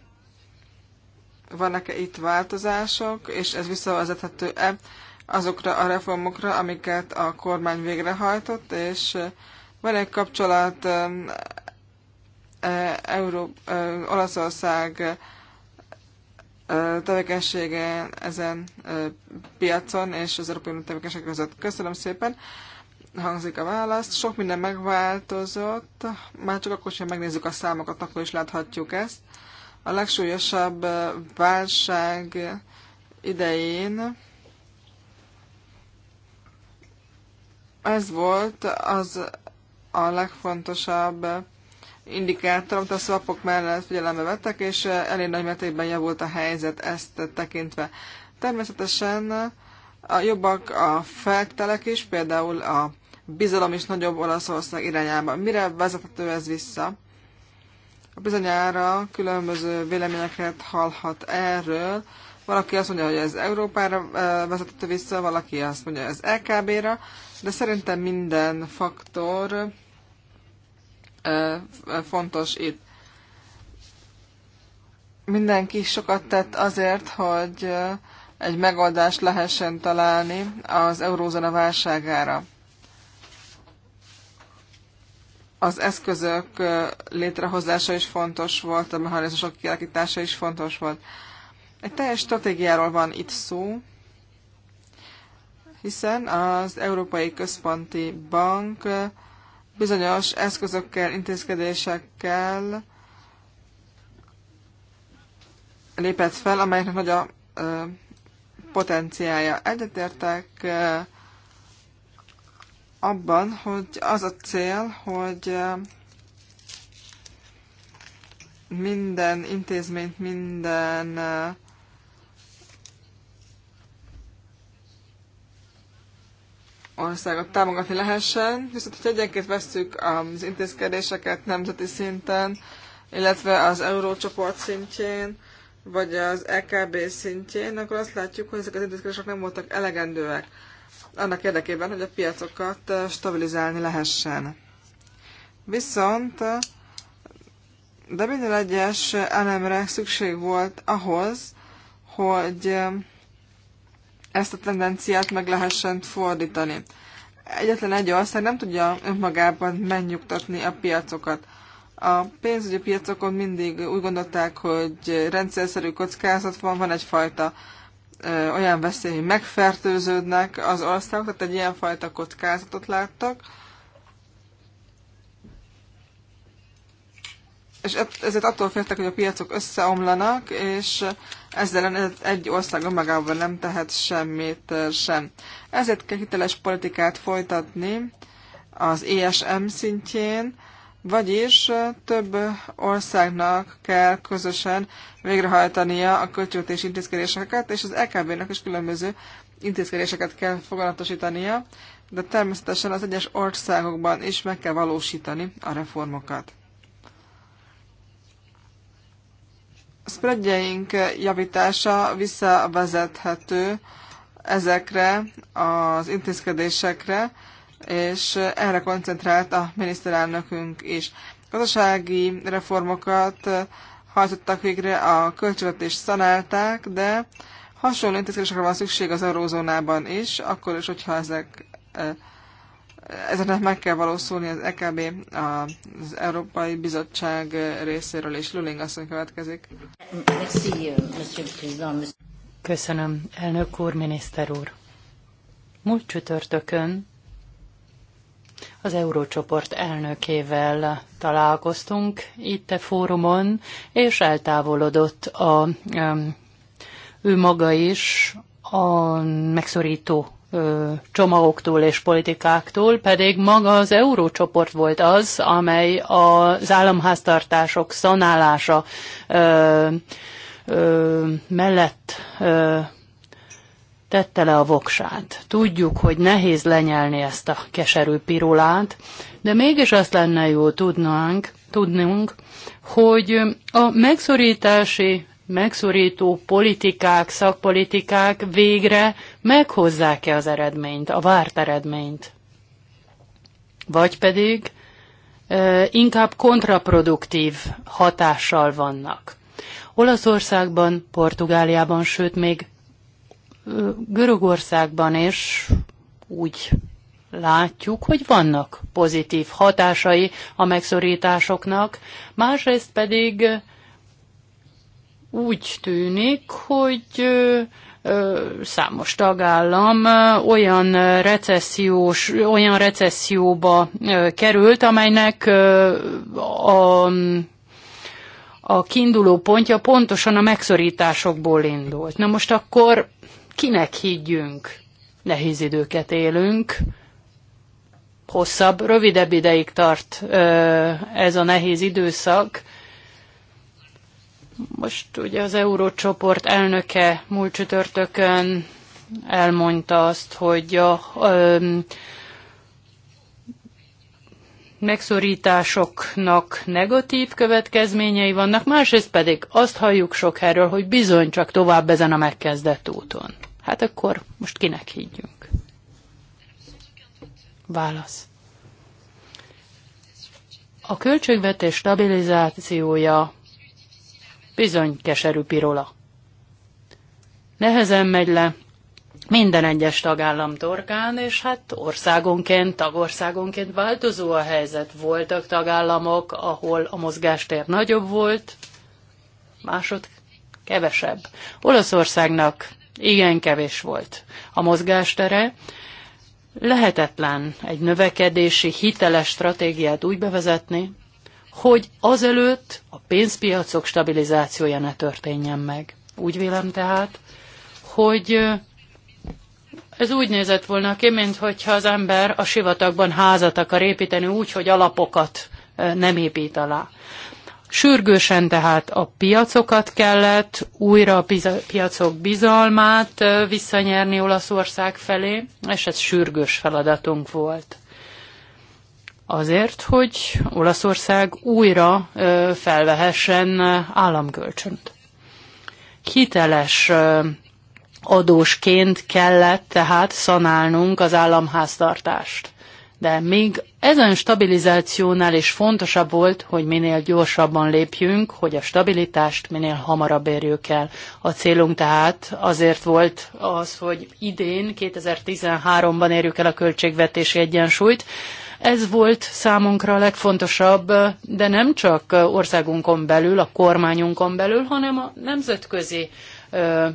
Vannak-e itt változások, és ez visszavezethető-e azokra a reformokra, amiket a kormány végrehajtott, és van egy kapcsolat e, Euró, e, Olaszország e, tevékenysége ezen piacon és az Európai Unió tevékenysége között. Köszönöm szépen, hangzik a választ. Sok minden megváltozott, már csak akkor, ha megnézzük a számokat, akkor is láthatjuk ezt. A legsúlyosabb válság idején ez volt az a legfontosabb indikátor, amit a szvapok mellett figyelembe vettek, és elég nagy mértékben javult a helyzet ezt tekintve. Természetesen a jobbak a feltelek is, például a bizalom is nagyobb Olaszország irányába. Mire vezethető ez vissza? A bizonyára különböző véleményeket hallhat erről. Valaki azt mondja, hogy ez Európára eh, vezethető vissza, valaki azt mondja, hogy ez LKB-ra, de szerintem minden faktor fontos itt. Mindenki sokat tett azért, hogy egy megoldást lehessen találni az eurózona válságára. Az eszközök létrehozása is fontos volt, a mechanizmusok kialakítása is fontos volt. Egy teljes stratégiáról van itt szó, hiszen az Európai Központi Bank bizonyos eszközökkel, intézkedésekkel lépett fel, amelyeknek nagy a potenciája. Egyetértek abban, hogy az a cél, hogy minden intézményt, minden országot támogatni lehessen, viszont ha egyenként vesszük az intézkedéseket nemzeti szinten, illetve az eurócsoport szintjén, vagy az EKB szintjén, akkor azt látjuk, hogy ezek az intézkedések nem voltak elegendőek annak érdekében, hogy a piacokat stabilizálni lehessen. Viszont de minden egyes elemre szükség volt ahhoz, hogy ezt a tendenciát meg lehessen fordítani. Egyetlen egy ország nem tudja önmagában megnyugtatni a piacokat. A pénzügyi piacokon mindig úgy gondolták, hogy rendszerszerű kockázat van, van egyfajta ö, olyan veszély, hogy megfertőződnek az országok, tehát egy ilyenfajta kockázatot láttak. és ezért attól féltek, hogy a piacok összeomlanak, és ezzel egy ország önmagában nem tehet semmit sem. Ezért kell hiteles politikát folytatni az ESM szintjén, vagyis több országnak kell közösen végrehajtania a költségvetési intézkedéseket, és az LKB-nak e is különböző intézkedéseket kell foganatosítania, de természetesen az egyes országokban is meg kell valósítani a reformokat. spreadjeink javítása visszavezethető ezekre az intézkedésekre, és erre koncentrált a miniszterelnökünk is. Gazdasági reformokat hajtottak végre, a költségvetést szanálták, de hasonló intézkedésekre van szükség az eurózónában is, akkor is, hogyha ezek eh, Ezeknek meg kell valószulni az EKB, az Európai Bizottság részéről, és Luling asszony következik. Euh,
Köszönöm, elnök úr, miniszter úr. Múlt csütörtökön az Eurócsoport elnökével találkoztunk itt a fórumon, és eltávolodott a, ő maga is a megszorító csomagoktól és politikáktól, pedig maga az eurócsoport volt az, amely az államháztartások szanálása ö, ö, mellett ö, tette le a voksát. Tudjuk, hogy nehéz lenyelni ezt a keserű pirulát, de mégis azt lenne jó tudnánk, tudnunk, hogy a megszorítási megszorító politikák, szakpolitikák végre meghozzák-e az eredményt, a várt eredményt? Vagy pedig inkább kontraproduktív hatással vannak. Olaszországban, Portugáliában, sőt még Görögországban is úgy látjuk, hogy vannak pozitív hatásai a megszorításoknak, másrészt pedig úgy tűnik, hogy számos tagállam olyan recessziós, olyan recesszióba került, amelynek a, a kiinduló pontja pontosan a megszorításokból indult. Na most akkor kinek higgyünk? Nehéz időket élünk, hosszabb, rövidebb ideig tart ez a nehéz időszak, most ugye az eurócsoport elnöke múlt csütörtökön elmondta azt, hogy a um, megszorításoknak negatív következményei vannak, másrészt pedig azt halljuk sok helyről, hogy bizony csak tovább ezen a megkezdett úton. Hát akkor most kinek higgyünk? Válasz. A költségvetés stabilizációja Bizony, keserű pirola. Nehezen megy le minden egyes tagállam torkán, és hát országonként, tagországonként változó a helyzet. Voltak tagállamok, ahol a mozgástér nagyobb volt, másod kevesebb. Olaszországnak igen kevés volt a mozgástere. Lehetetlen egy növekedési, hiteles stratégiát úgy bevezetni, hogy azelőtt a pénzpiacok stabilizációja ne történjen meg. Úgy vélem tehát, hogy ez úgy nézett volna ki, mint hogyha az ember a sivatagban házat akar építeni úgy, hogy alapokat nem épít alá. Sürgősen tehát a piacokat kellett, újra a piacok bizalmát visszanyerni Olaszország felé, és ez sürgős feladatunk volt azért, hogy Olaszország újra felvehessen államkölcsönt. Hiteles adósként kellett tehát szanálnunk az államháztartást. De még ezen stabilizációnál is fontosabb volt, hogy minél gyorsabban lépjünk, hogy a stabilitást minél hamarabb érjük el. A célunk tehát azért volt az, hogy idén, 2013-ban érjük el a költségvetési egyensúlyt, ez volt számunkra a legfontosabb, de nem csak országunkon belül, a kormányunkon belül, hanem a nemzetközi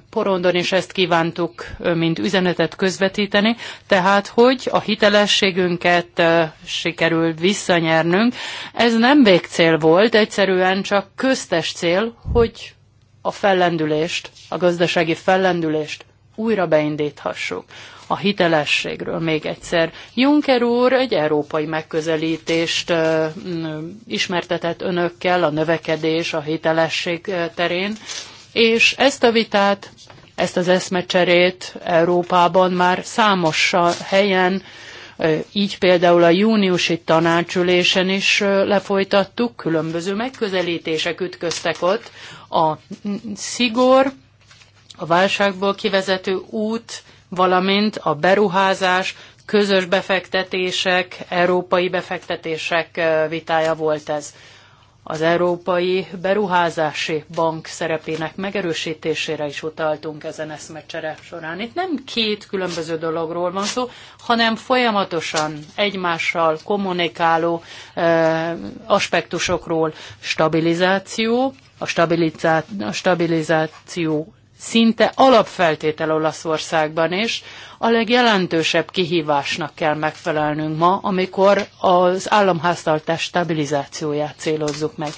porondon is ezt kívántuk, mint üzenetet közvetíteni, tehát hogy a hitelességünket sikerült visszanyernünk. Ez nem végcél volt, egyszerűen csak köztes cél, hogy a fellendülést, a gazdasági fellendülést újra beindíthassuk a hitelességről még egyszer. Juncker úr egy európai megközelítést ismertetett önökkel a növekedés, a hitelesség terén, és ezt a vitát, ezt az eszmecserét Európában már számos helyen, így például a júniusi tanácsülésen is lefolytattuk, különböző megközelítések ütköztek ott. A szigor, a válságból kivezető út, valamint a beruházás, közös befektetések, európai befektetések vitája volt ez. Az Európai Beruházási Bank szerepének megerősítésére is utaltunk ezen eszmecsere során. Itt nem két különböző dologról van szó, hanem folyamatosan egymással kommunikáló eh, aspektusokról stabilizáció, a, stabilizá- a stabilizáció szinte alapfeltétel Olaszországban is, a legjelentősebb kihívásnak kell megfelelnünk ma, amikor az államháztartás stabilizációját célozzuk meg.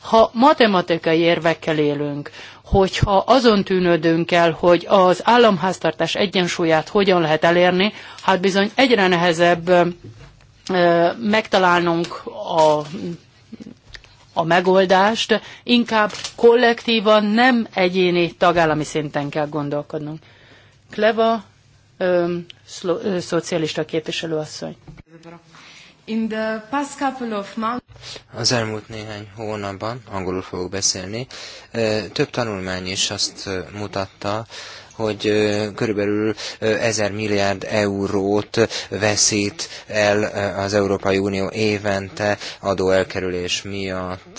Ha matematikai érvekkel élünk, hogyha azon tűnődünk el, hogy az államháztartás egyensúlyát hogyan lehet elérni, hát bizony egyre nehezebb megtalálnunk a a megoldást, inkább kollektívan, nem egyéni tagállami szinten kell gondolkodnunk. Kleva, szlo, szocialista képviselőasszony. In the past couple of months...
Az elmúlt néhány hónapban, angolul fogok beszélni, több tanulmány is azt mutatta, hogy körülbelül 1000 milliárd eurót veszít el az Európai Unió évente adóelkerülés miatt.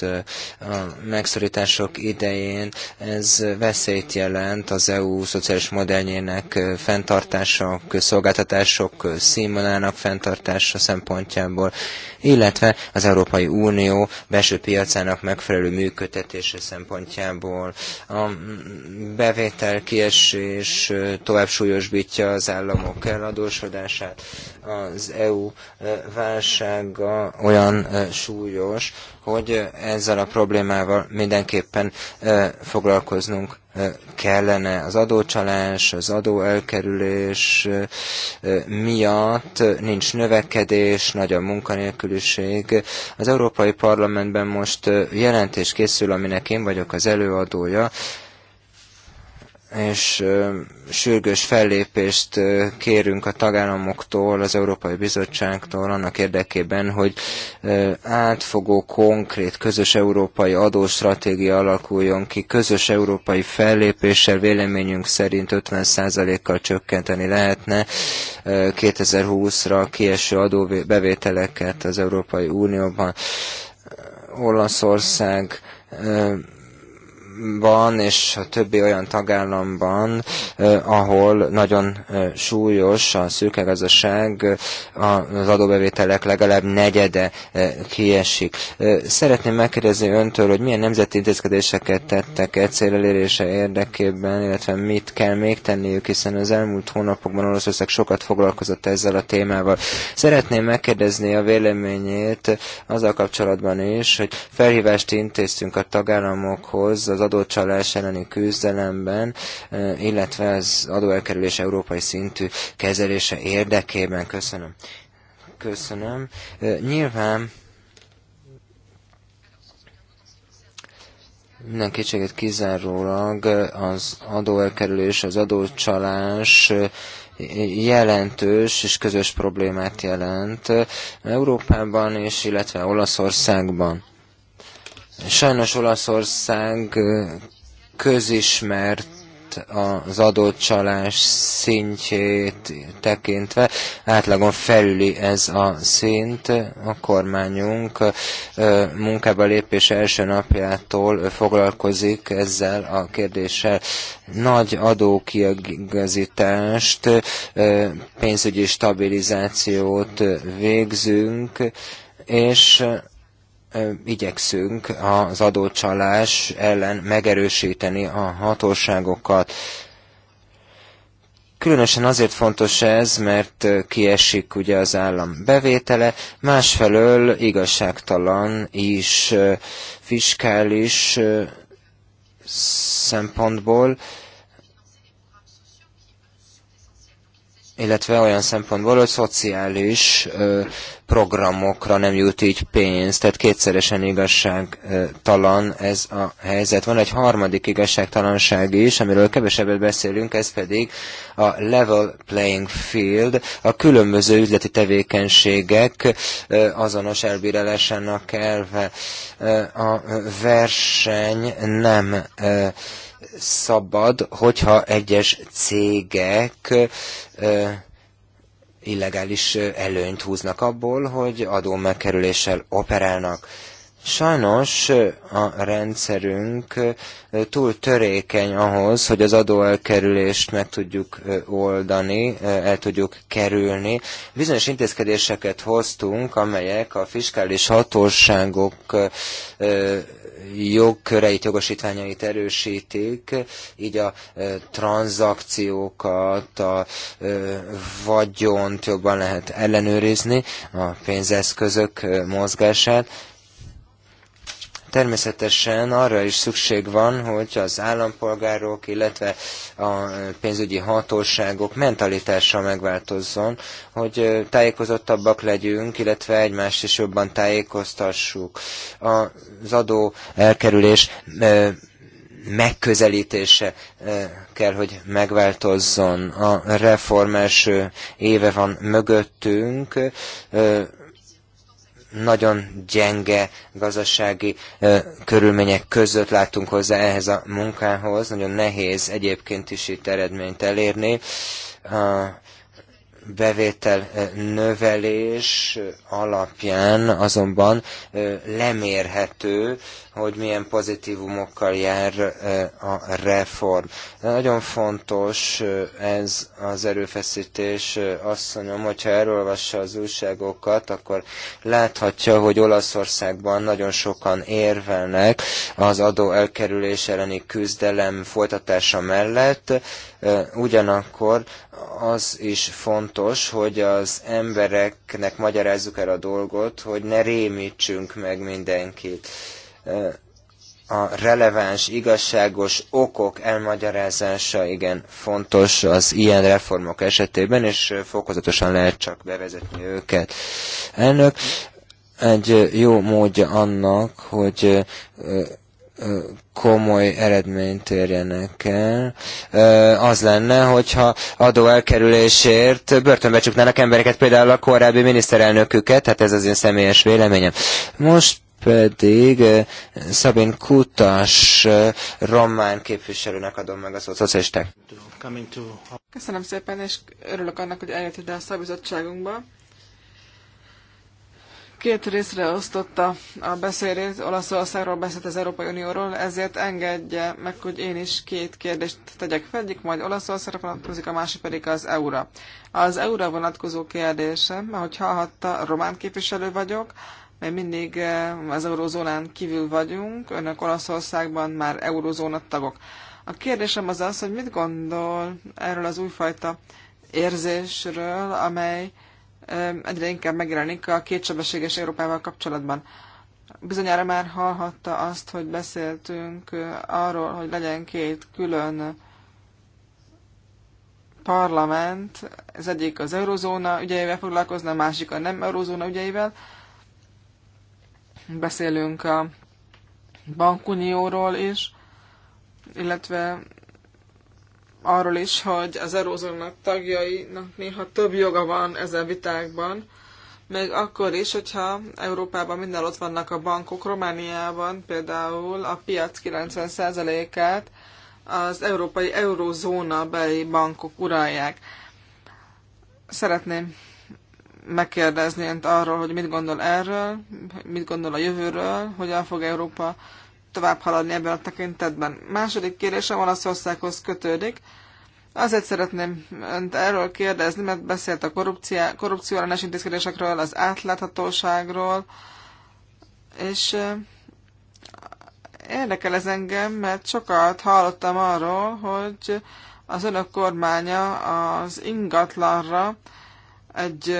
A megszorítások idején ez veszélyt jelent az EU szociális modelljének fenntartása, szolgáltatások színvonalának fenntartása szempontjából, illetve az Európai Unió belső piacának megfelelő működtetése szempontjából. A bevétel kiesés és tovább súlyosbítja az államok eladósodását. Az EU válsága olyan súlyos, hogy ezzel a problémával mindenképpen foglalkoznunk kellene. Az adócsalás, az adóelkerülés miatt nincs növekedés, nagy a munkanélküliség. Az Európai Parlamentben most jelentés készül, aminek én vagyok az előadója, és sürgős fellépést kérünk a tagállamoktól, az Európai Bizottságtól annak érdekében, hogy átfogó, konkrét, közös európai adóstratégia alakuljon ki, közös európai fellépéssel véleményünk szerint 50%-kal csökkenteni lehetne 2020-ra kieső adóbevételeket az Európai Unióban. Olaszország tagállamban és a többi olyan tagállamban, ahol nagyon súlyos a szürkegazdaság, az adóbevételek legalább negyede kiesik. Szeretném megkérdezni öntől, hogy milyen nemzeti intézkedéseket tettek egy cél elérése érdekében, illetve mit kell még tenniük, hiszen az elmúlt hónapokban Oroszország sokat foglalkozott ezzel a témával. Szeretném megkérdezni a véleményét azzal kapcsolatban is, hogy felhívást intéztünk a tagállamokhoz az adócsalás elleni küzdelemben, e, illetve az adóelkerülés európai szintű kezelése érdekében. Köszönöm. Köszönöm. E, nyilván minden kétséget kizárólag az adóelkerülés, az adócsalás jelentős és közös problémát jelent Európában és illetve Olaszországban. Sajnos Olaszország közismert az csalás szintjét tekintve átlagon felüli ez a szint. A kormányunk munkába lépés első napjától foglalkozik ezzel a kérdéssel. Nagy adókiegazítást, pénzügyi stabilizációt végzünk, és igyekszünk az adócsalás ellen megerősíteni a hatóságokat. Különösen azért fontos ez, mert kiesik ugye az állam bevétele, másfelől igazságtalan is fiskális szempontból, illetve olyan szempontból, hogy szociális programokra nem jut így pénz, tehát kétszeresen igazságtalan ez a helyzet. Van egy harmadik igazságtalanság is, amiről kevesebbet beszélünk, ez pedig a level playing field, a különböző üzleti tevékenységek azonos elbírálásának elve. A verseny nem szabad, hogyha egyes cégek illegális előnyt húznak abból, hogy adó megkerüléssel operálnak. Sajnos a rendszerünk túl törékeny ahhoz, hogy az adóelkerülést meg tudjuk oldani, el tudjuk kerülni. Bizonyos intézkedéseket hoztunk, amelyek a fiskális hatóságok jogköreit, jogosítványait erősítik, így a tranzakciókat, a vagyont jobban lehet ellenőrizni, a pénzeszközök mozgását, Természetesen arra is szükség van, hogy az állampolgárok, illetve a pénzügyi hatóságok mentalitása megváltozzon, hogy tájékozottabbak legyünk, illetve egymást is jobban tájékoztassuk. Az adó elkerülés megközelítése kell, hogy megváltozzon. A reformás éve van mögöttünk, nagyon gyenge gazdasági ö, körülmények között láttunk hozzá ehhez a munkához. Nagyon nehéz egyébként is itt eredményt elérni. A bevétel növelés alapján azonban ö, lemérhető hogy milyen pozitívumokkal jár a reform. De nagyon fontos ez az erőfeszítés. Azt mondom, hogyha elolvassa az újságokat, akkor láthatja, hogy Olaszországban nagyon sokan érvelnek az adó elkerülés elleni küzdelem folytatása mellett, ugyanakkor az is fontos, hogy az embereknek magyarázzuk el a dolgot, hogy ne rémítsünk meg mindenkit a releváns, igazságos okok elmagyarázása igen fontos az ilyen reformok esetében, és fokozatosan lehet csak bevezetni őket. Elnök, egy jó módja annak, hogy komoly eredményt érjenek el, az lenne, hogyha adó elkerülésért börtönbe csuknának embereket, például a korábbi miniszterelnöküket, hát ez az én személyes véleményem. Most pedig eh, Szabin Kutas eh, román képviselőnek adom meg a szót, szocialisták.
Köszönöm szépen, és örülök annak, hogy eljött ide a szabizottságunkba. Két részre osztotta a beszélét, Olaszországról beszélt az Európai Unióról, ezért engedje meg, hogy én is két kérdést tegyek fel, egyik majd Olaszországra vonatkozik, a másik pedig az EU-ra. Az EU-ra vonatkozó kérdésem, ahogy hallhatta, román képviselő vagyok, mert mindig eh, az eurozónán kívül vagyunk, önök Olaszországban már eurozóna tagok. A kérdésem az az, hogy mit gondol erről az újfajta érzésről, amely eh, egyre inkább megjelenik a kétsebességes Európával kapcsolatban. Bizonyára már hallhatta azt, hogy beszéltünk eh, arról, hogy legyen két külön parlament, az egyik az eurozóna ügyeivel foglalkozna, a másik a nem eurozóna ügyeivel, beszélünk a bankunióról is, illetve arról is, hogy az erózónak tagjainak néha több joga van ezen vitákban, még akkor is, hogyha Európában minden ott vannak a bankok, Romániában például a piac 90%-át az európai eurózóna beli bankok uralják. Szeretném megkérdezni önt arról, hogy mit gondol erről, mit gondol a jövőről, hogyan fog Európa tovább haladni ebben a tekintetben. Második kérdésem Olaszországhoz kötődik. Azért szeretném önt erről kérdezni, mert beszélt a korrupció ellenes intézkedésekről, az átláthatóságról, és érdekel ez engem, mert sokat hallottam arról, hogy az önök kormánya az ingatlanra egy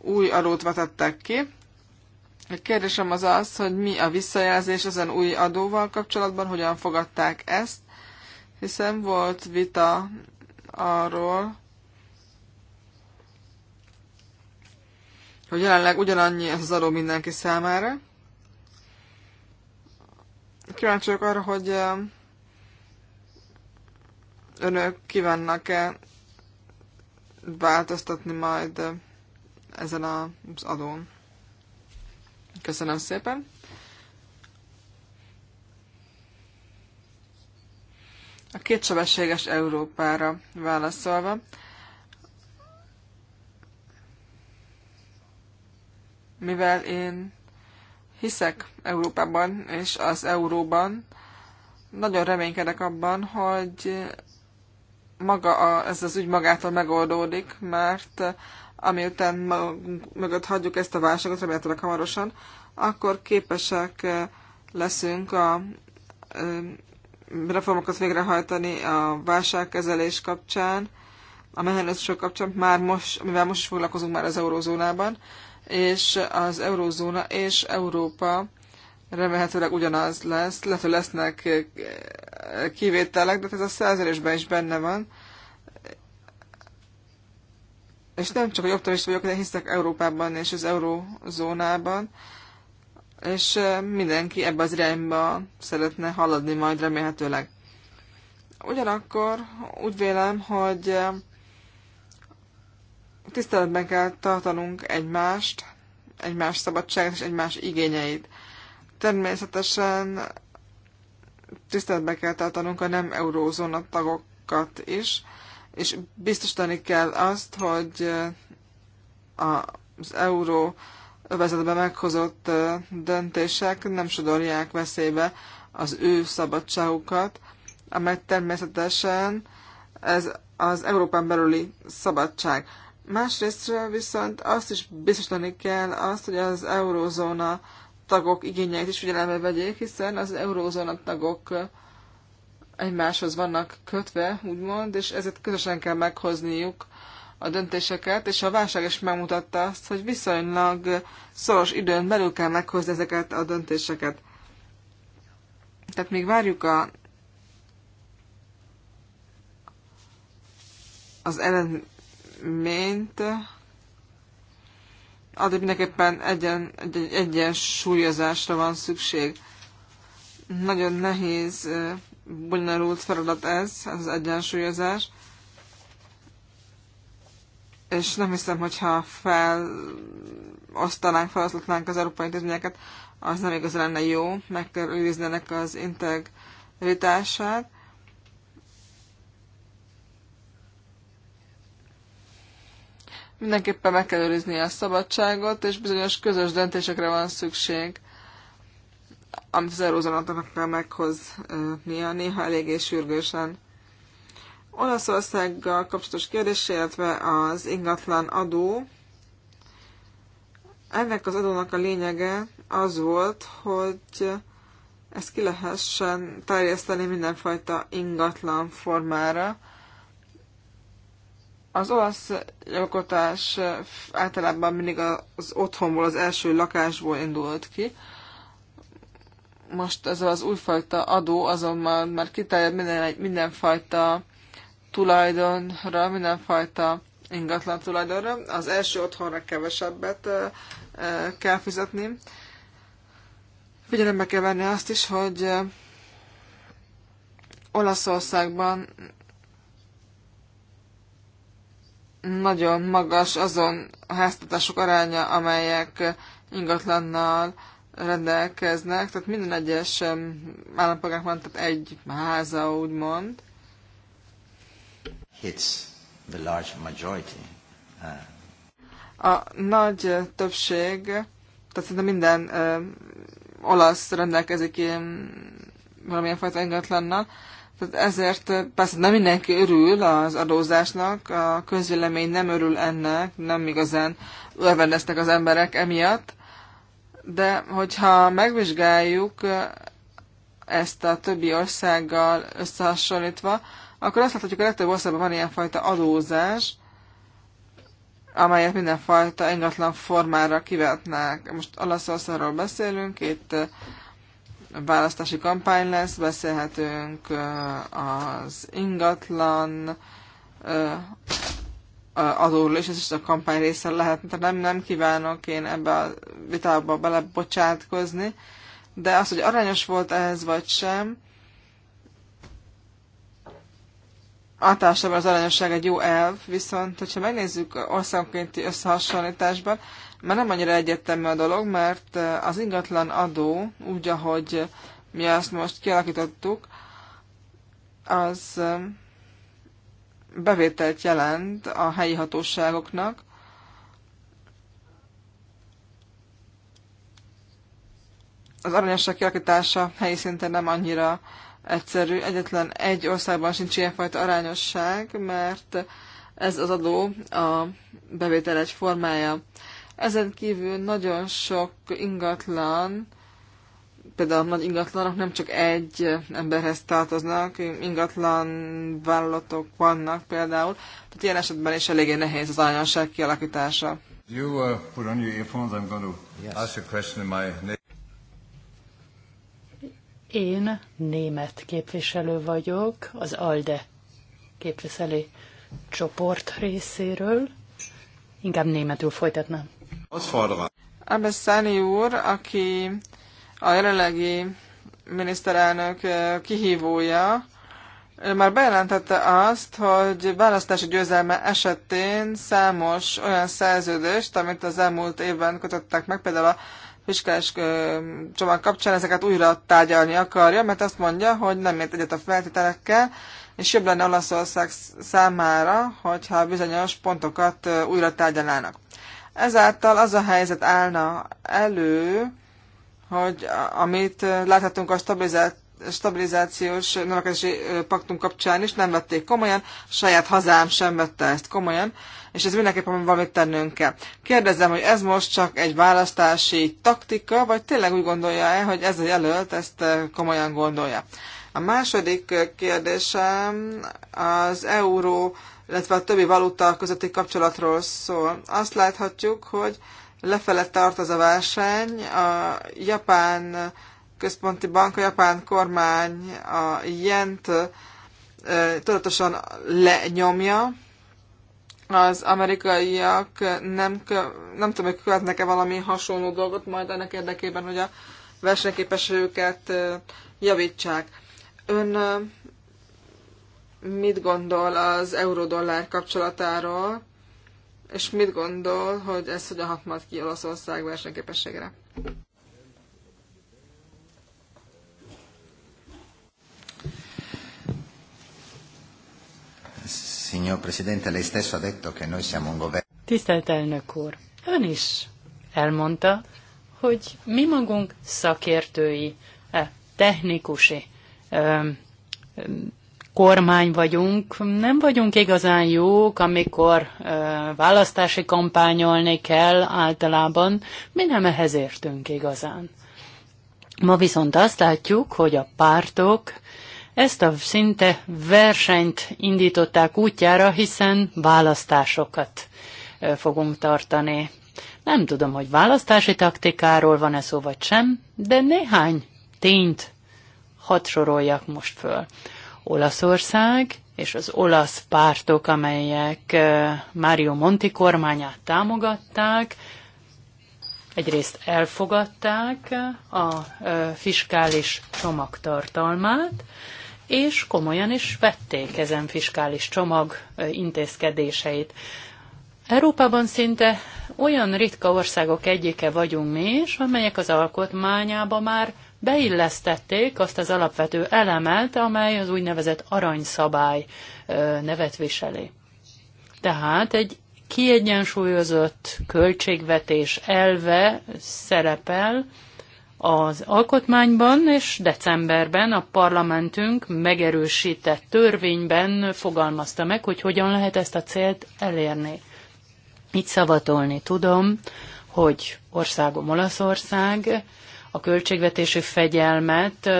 új adót vetettek ki. A kérdésem az az, hogy mi a visszajelzés ezen új adóval kapcsolatban, hogyan fogadták ezt, hiszen volt vita arról, hogy jelenleg ugyanannyi ez az adó mindenki számára. Kíváncsiak arra, hogy önök kívánnak-e változtatni majd ezen az adón. Köszönöm szépen! A kétsebességes Európára válaszolva, mivel én hiszek Európában és az euróban, nagyon reménykedek abban, hogy maga a, ez az ügy magától megoldódik, mert eh, amiután magunk mögött hagyjuk ezt a válságot, remélhetőleg hamarosan, akkor képesek eh, leszünk a eh, reformokat végrehajtani a válságkezelés kapcsán, a mechanizmusok kapcsán, már most, mivel most is foglalkozunk már az eurózónában, és az eurózóna és Európa remélhetőleg ugyanaz lesz, lehet, hogy lesznek kivételek, de hát ez a szerződésben is benne van. És nem csak, hogy optimist vagyok, de hiszek Európában és az eurózónában, és mindenki ebbe az irányba szeretne haladni majd remélhetőleg. Ugyanakkor úgy vélem, hogy tiszteletben kell tartanunk egymást, egymás szabadságát és egymás igényeit. Természetesen tiszteletbe kell tartanunk a nem eurózóna tagokat is, és biztosítani kell azt, hogy eh, az euró övezetben meghozott eh, döntések nem sodorják veszélybe az ő szabadságukat, amely természetesen ez az Európán belüli szabadság. Másrészt viszont azt is biztosítani kell azt, hogy az eurózóna tagok igényeit is figyelembe vegyék, hiszen az eurózóna tagok egymáshoz vannak kötve, úgymond, és ezért közösen kell meghozniuk a döntéseket, és a válság is megmutatta azt, hogy viszonylag szoros időn belül kell meghozni ezeket a döntéseket. Tehát még várjuk a az eredményt, addig mindenképpen egyen, egy, egy, egyensúlyozásra van szükség. Nagyon nehéz, bonyolult feladat ez, ez az egyensúlyozás. És nem hiszem, hogyha felosztanánk, feloszlatnánk az európai intézményeket, az nem igazán lenne jó, meg kell őrizni ennek az integritását. Mindenképpen meg kell őrizni a szabadságot, és bizonyos közös döntésekre van szükség, amit az eurózónatának kell meghoznia, néha eléggé sürgősen. Olaszországgal kapcsolatos kérdés, illetve az ingatlan adó. Ennek az adónak a lényege az volt, hogy ezt ki lehessen terjeszteni mindenfajta ingatlan formára. Az olasz jogalkotás általában mindig az otthonból, az első lakásból indult ki. Most ez az újfajta adó azonban már kiterjed minden, mindenfajta tulajdonra, mindenfajta ingatlan tulajdonra. Az első otthonra kevesebbet kell fizetni. Figyelembe kell venni azt is, hogy Olaszországban nagyon magas azon a aránya, amelyek ingatlannal rendelkeznek, tehát minden egyes állampolgárnak van, tehát egy háza, úgymond. It's the large majority.
Uh.
A nagy többség, tehát szinte minden uh, olasz rendelkezik ilyen valamilyen fajta ingatlannal, ezért persze nem mindenki örül az adózásnak, a közvélemény nem örül ennek, nem igazán örvendeznek az emberek emiatt, de hogyha megvizsgáljuk ezt a többi országgal összehasonlítva, akkor azt láthatjuk, hogy a legtöbb országban van ilyenfajta adózás, amelyet mindenfajta ingatlan formára kivetnek. Most Olaszországról beszélünk, itt választási kampány lesz, beszélhetünk az ingatlan adóról, és ez is a kampány része lehet, de nem, nem kívánok én ebbe a vitába belebocsátkozni, de az, hogy aranyos volt ehhez vagy sem, általában az aranyosság egy jó elv, viszont hogyha megnézzük országonkénti összehasonlításban, már nem annyira egyértelmű a dolog, mert az ingatlan adó, úgy, ahogy mi azt most kialakítottuk, az bevételt jelent a helyi hatóságoknak, az aranyosság kialakítása helyi szinten nem annyira egyszerű. Egyetlen egy országban sincs ilyenfajta arányosság, mert ez az adó a bevétel egy formája. Ezen kívül nagyon sok ingatlan, például nagy ingatlanok nem csak egy emberhez tartoznak, ingatlan vállalatok vannak például, tehát ilyen esetben is eléggé nehéz az arányosság kialakítása.
You uh, put on your earphones, I'm going to yes. ask a question in my
én német képviselő vagyok, az ALDE képviseli csoport részéről. Inkább németül folytatnám.
Száni úr, aki a jelenlegi miniszterelnök kihívója, ő már bejelentette azt, hogy választási győzelme esetén számos olyan szerződést, amit az elmúlt évben kötöttek meg, például a fiskális csomag kapcsán ezeket újra tárgyalni akarja, mert azt mondja, hogy nem ért egyet a feltételekkel, és jobb lenne Olaszország számára, hogyha bizonyos pontokat újra tárgyalnának. Ezáltal az a helyzet állna elő, hogy amit láthatunk a stabilizált stabilizációs növekedési paktum kapcsán is, nem vették komolyan, saját hazám sem vette ezt komolyan, és ez mindenképpen valamit tennünk kell. Kérdezem, hogy ez most csak egy választási taktika, vagy tényleg úgy gondolja-e, hogy ez a jelölt ezt komolyan gondolja? A második kérdésem az euró illetve a többi valuta közötti kapcsolatról szól. Azt láthatjuk, hogy lefele tart az a verseny, a japán központi bank, a japán kormány a jent tudatosan lenyomja, az amerikaiak nem, nem tudom, hogy követnek-e valami hasonló dolgot majd ennek érdekében, hogy a versenyképességüket javítsák. Ön mit gondol az euró-dollár kapcsolatáról, és mit gondol, hogy ez hogy a majd ki Olaszország versenyképességre?
Signor Presidente, lei stesso ha detto che noi siamo un governo.
Tisztelt elnök úr, ön is elmondta, hogy mi magunk szakértői, e, technikusi kormány vagyunk, nem vagyunk igazán jók, amikor ö, választási kampányolni kell általában, mi nem ehhez értünk igazán. Ma viszont azt látjuk, hogy a pártok ezt a szinte versenyt indították útjára, hiszen választásokat fogunk tartani. Nem tudom, hogy választási taktikáról van-e szó vagy sem, de néhány tényt hadd soroljak most föl. Olaszország és az olasz pártok, amelyek Mário Monti kormányát támogatták, egyrészt elfogadták a fiskális csomagtartalmát, és komolyan is vették ezen fiskális csomag intézkedéseit. Európában szinte olyan ritka országok egyike vagyunk mi is, amelyek az alkotmányába már beillesztették azt az alapvető elemet, amely az úgynevezett aranyszabály nevet viseli. Tehát egy kiegyensúlyozott költségvetés elve szerepel az alkotmányban, és decemberben a parlamentünk megerősített törvényben fogalmazta meg, hogy hogyan lehet ezt a célt elérni. Itt szavatolni tudom, hogy országom Olaszország a költségvetési fegyelmet,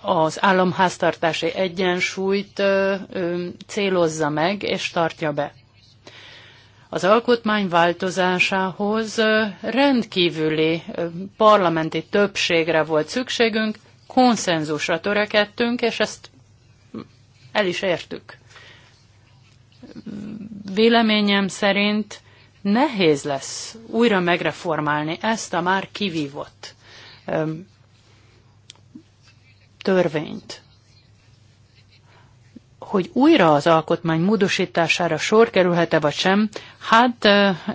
az államháztartási egyensúlyt célozza meg és tartja be. Az alkotmány változásához rendkívüli parlamenti többségre volt szükségünk, konszenzusra törekedtünk, és ezt el is értük. Véleményem szerint nehéz lesz újra megreformálni ezt a már kivívott um, törvényt hogy újra az alkotmány módosítására sor kerülhet-e vagy sem, hát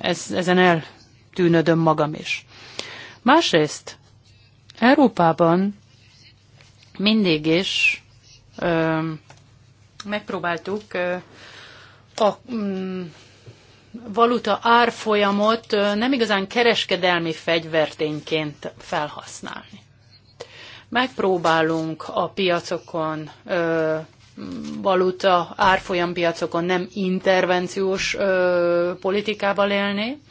ez, ezen eltűnödöm magam is. Másrészt, Európában mindig is ö, megpróbáltuk ö, a, mm, valuta árfolyamot nem igazán kereskedelmi fegyvertényként felhasználni. Megpróbálunk a piacokon, valuta piacokon nem intervenciós politikával élni,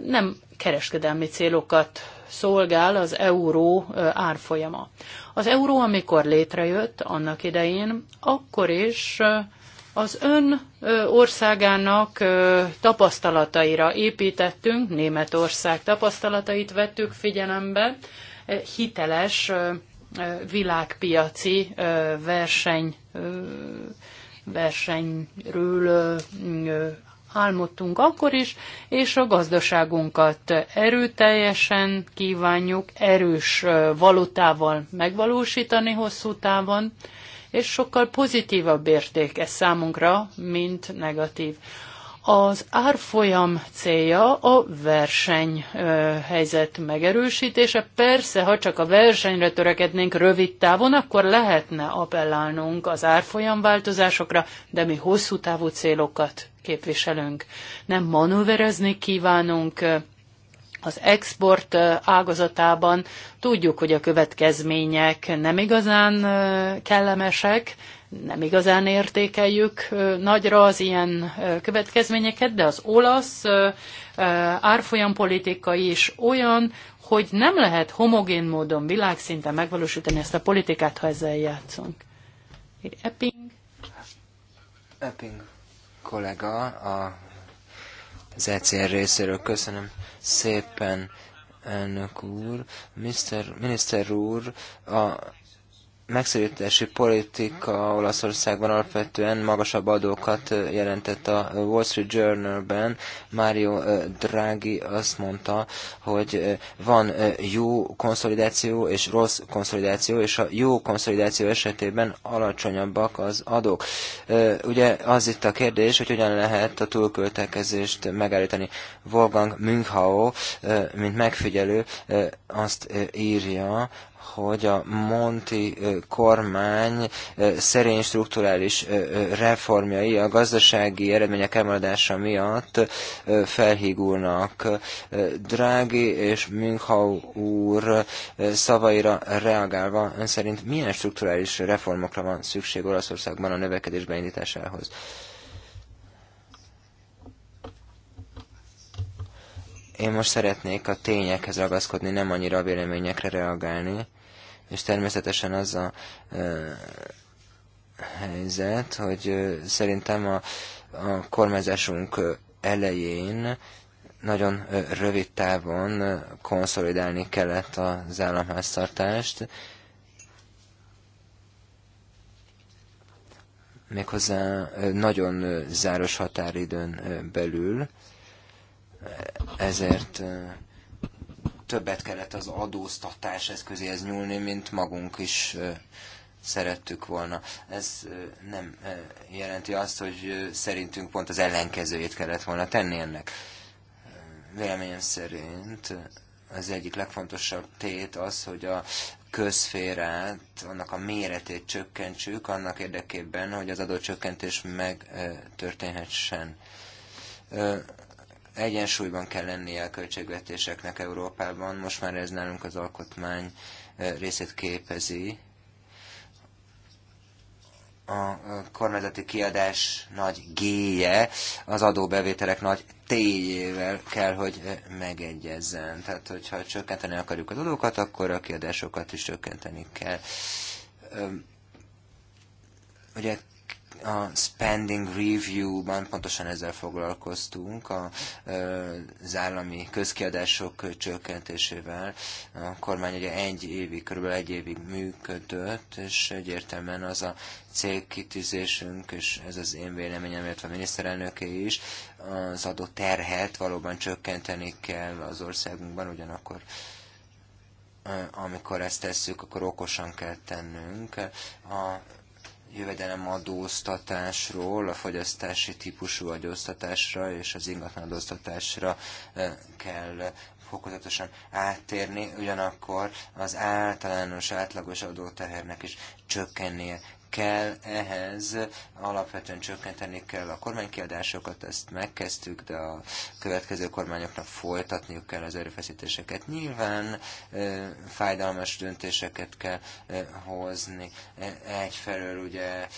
nem kereskedelmi célokat szolgál az euró árfolyama. Az euró, amikor létrejött annak idején, akkor is az ön országának tapasztalataira építettünk, Németország tapasztalatait vettük figyelembe, hiteles világpiaci verseny, versenyről álmodtunk akkor is, és a gazdaságunkat erőteljesen kívánjuk erős valutával megvalósítani hosszú távon, és sokkal pozitívabb érték ez számunkra, mint negatív. Az árfolyam célja a versenyhelyzet megerősítése. Persze, ha csak a versenyre törekednénk rövid távon, akkor lehetne appellálnunk az árfolyam változásokra, de mi hosszú távú célokat képviselünk. Nem manőverezni kívánunk az export ágazatában tudjuk, hogy a következmények nem igazán kellemesek, nem igazán értékeljük nagyra az ilyen következményeket, de az olasz árfolyampolitika is olyan, hogy nem lehet homogén módon világszinten megvalósítani ezt a politikát, ha ezzel játszunk. Epping. Epping
kollega a az ECR részéről. Köszönöm szépen, elnök úr. Mr. Miniszter úr, a megszerítési politika Olaszországban alapvetően magasabb adókat jelentett a Wall Street Journal-ben Mario Draghi azt mondta, hogy van jó konszolidáció és rossz konszolidáció, és a jó konszolidáció esetében alacsonyabbak az adók. Ugye az itt a kérdés, hogy hogyan lehet a túlköltekezést megállítani. Wolfgang Münchau, mint megfigyelő, azt írja, hogy a Monti kormány szerény strukturális reformjai a gazdasági eredmények elmaradása miatt felhígulnak. Drági és Münchau úr szavaira reagálva ön szerint milyen strukturális reformokra van szükség Olaszországban a növekedés beindításához? Én most szeretnék a tényekhez ragaszkodni, nem annyira a véleményekre reagálni és természetesen az a helyzet, hogy szerintem a, a kormányzásunk elején nagyon rövid távon konszolidálni kellett az államháztartást, méghozzá nagyon záros határidőn belül, ezért többet kellett az adóztatás eszközéhez nyúlni, mint magunk is szerettük volna. Ez nem jelenti azt, hogy szerintünk pont az ellenkezőjét kellett volna tenni ennek. Véleményem szerint az egyik legfontosabb tét az, hogy a közférát, annak a méretét csökkentsük, annak érdekében, hogy az adócsökkentés megtörténhessen Egyensúlyban kell lennie a költségvetéseknek Európában, most már ez nálunk az alkotmány részét képezi. A kormányzati kiadás nagy G-je az adóbevételek nagy T-jével kell, hogy megegyezzen. Tehát, hogyha csökkenteni akarjuk az adókat, akkor a kiadásokat is csökkenteni kell ugye a spending review-ban pontosan ezzel foglalkoztunk, a, az állami közkiadások csökkentésével. A kormány ugye egy évig, körülbelül egy évig működött, és egyértelműen az a célkitűzésünk, és ez az én véleményem, illetve a miniszterelnöké is, az adó terhet valóban csökkenteni kell az országunkban, ugyanakkor amikor ezt tesszük, akkor okosan kell tennünk. A jövedelemadóztatásról, a fogyasztási típusú adóztatásra és az ingatlanadóztatásra e, kell fokozatosan áttérni, ugyanakkor az általános átlagos adótehernek is csökkennie kell ehhez, alapvetően csökkenteni kell a kormánykiadásokat, ezt megkezdtük, de a következő kormányoknak folytatniuk kell az erőfeszítéseket. Nyilván fájdalmas döntéseket kell hozni. E, egyfelől ugye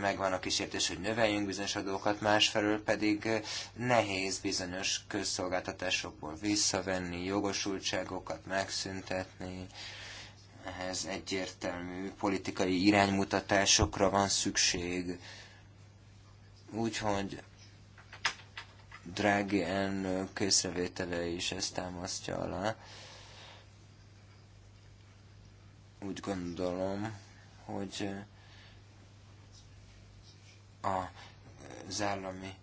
megvan a kísértés, hogy növeljünk bizonyos adókat, másfelől pedig nehéz bizonyos közszolgáltatásokból visszavenni, jogosultságokat megszüntetni ehhez egyértelmű politikai iránymutatásokra van szükség. Úgyhogy Drági elnök készrevétele is ezt támasztja alá. Úgy gondolom, hogy a, az állami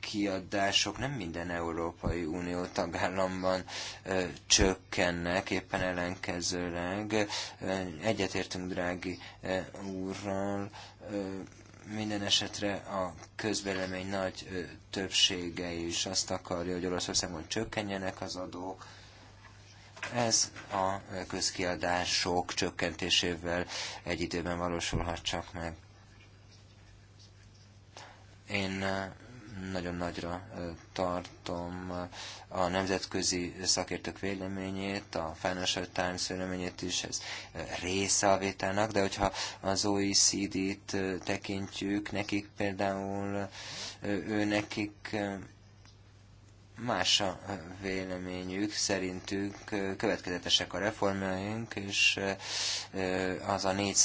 kiadások nem minden Európai Unió tagállamban ö, csökkennek, éppen ellenkezőleg egyetértünk drági ö, úrral, ö, minden esetre a közvélemény nagy ö, többsége is azt akarja, hogy Olaszországon csökkenjenek az adók, ez a közkiadások csökkentésével egy időben valósulhat csak meg. Én nagyon nagyra tartom a nemzetközi szakértők véleményét, a Financial Times véleményét is, ez része a vételnek, de hogyha az OECD-t tekintjük, nekik például ő nekik más a véleményük, szerintük következetesek a reformjaink, és az a 4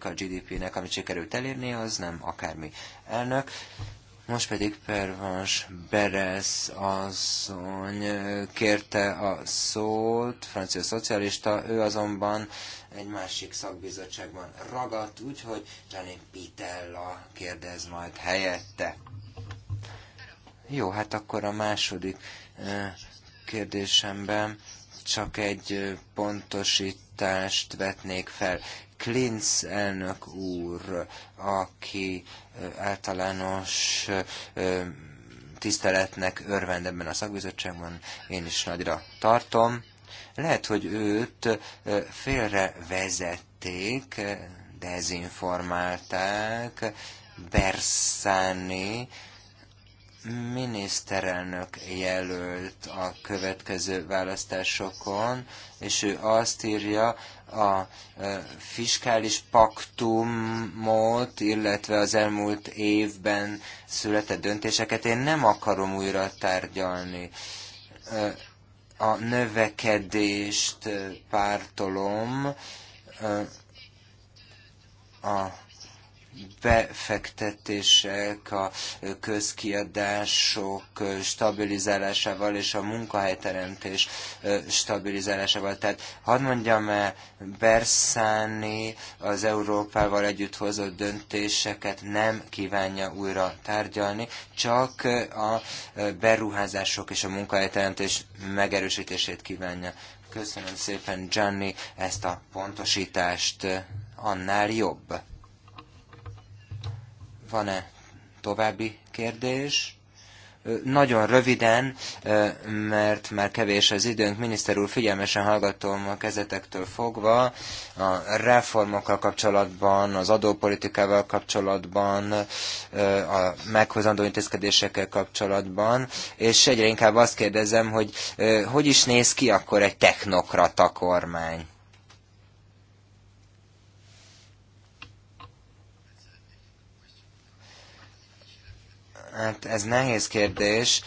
a GDP-nek, amit sikerült elérni, az nem akármi elnök. Most pedig Pervans Beres asszony kérte a szót, francia szocialista, ő azonban egy másik szakbizottságban ragadt, úgyhogy Jani Pitella kérdez majd helyette. Jó, hát akkor a második kérdésemben csak egy pontosítást vetnék fel. Klinz elnök úr, aki általános tiszteletnek örvend ebben a szakbizottságban, én is nagyra tartom. Lehet, hogy őt félre vezették, dezinformálták, Berszáni miniszterelnök jelölt a következő választásokon, és ő azt írja, a e, fiskális paktumot, illetve az elmúlt évben született döntéseket én nem akarom újra tárgyalni. E, a növekedést e, pártolom, a befektetések, a közkiadások stabilizálásával és a munkahelyteremtés stabilizálásával. Tehát hadd mondjam el, Berszáni az Európával együtt hozott döntéseket nem kívánja újra tárgyalni, csak a beruházások és a munkahelyteremtés megerősítését kívánja. Köszönöm szépen, Gianni, ezt a pontosítást annál jobb. Van-e további kérdés? Nagyon röviden, mert már kevés az időnk, miniszter úr, figyelmesen hallgatom a kezetektől fogva. A reformokkal kapcsolatban, az adópolitikával kapcsolatban, a meghozandó intézkedésekkel kapcsolatban, és egyre inkább azt kérdezem, hogy hogy is néz ki akkor egy technokrata kormány? Hát ez nehéz kérdés.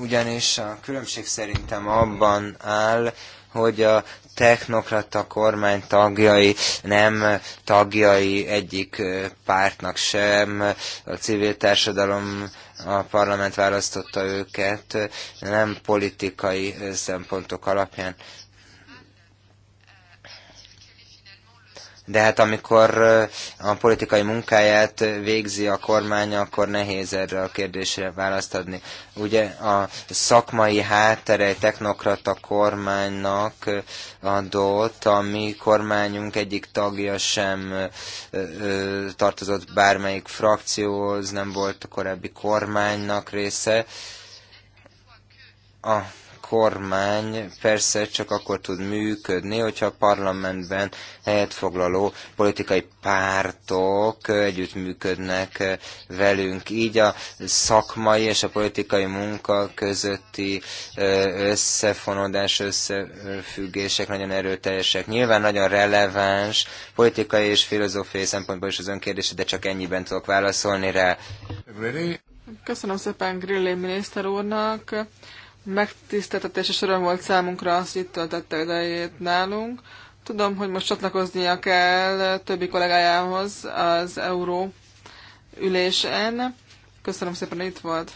Ugyanis a különbség szerintem abban áll, hogy a technokrata kormány tagjai, nem tagjai egyik pártnak sem, a civil társadalom a parlament választotta őket, nem politikai szempontok alapján de hát amikor a politikai munkáját végzi a kormány, akkor nehéz erre a kérdésre választ adni. Ugye a szakmai háttere egy technokrata kormánynak adott, a mi kormányunk egyik tagja sem tartozott bármelyik frakcióhoz, nem volt a korábbi kormánynak része. A kormány persze csak akkor tud működni, hogyha a parlamentben helyet foglaló politikai pártok együttműködnek eh, velünk. Így a szakmai és a politikai munka közötti eh, összefonódás, összefüggések nagyon erőteljesek. Nyilván nagyon releváns politikai és filozófiai szempontból is az önkérdése, de csak ennyiben tudok válaszolni rá.
Köszönöm szépen Grillé miniszter úrnak megtiszteltetés és öröm volt számunkra, azt itt töltette idejét nálunk. Tudom, hogy most csatlakoznia kell többi kollégájához az Euró ülésen. Köszönöm szépen, hogy itt volt.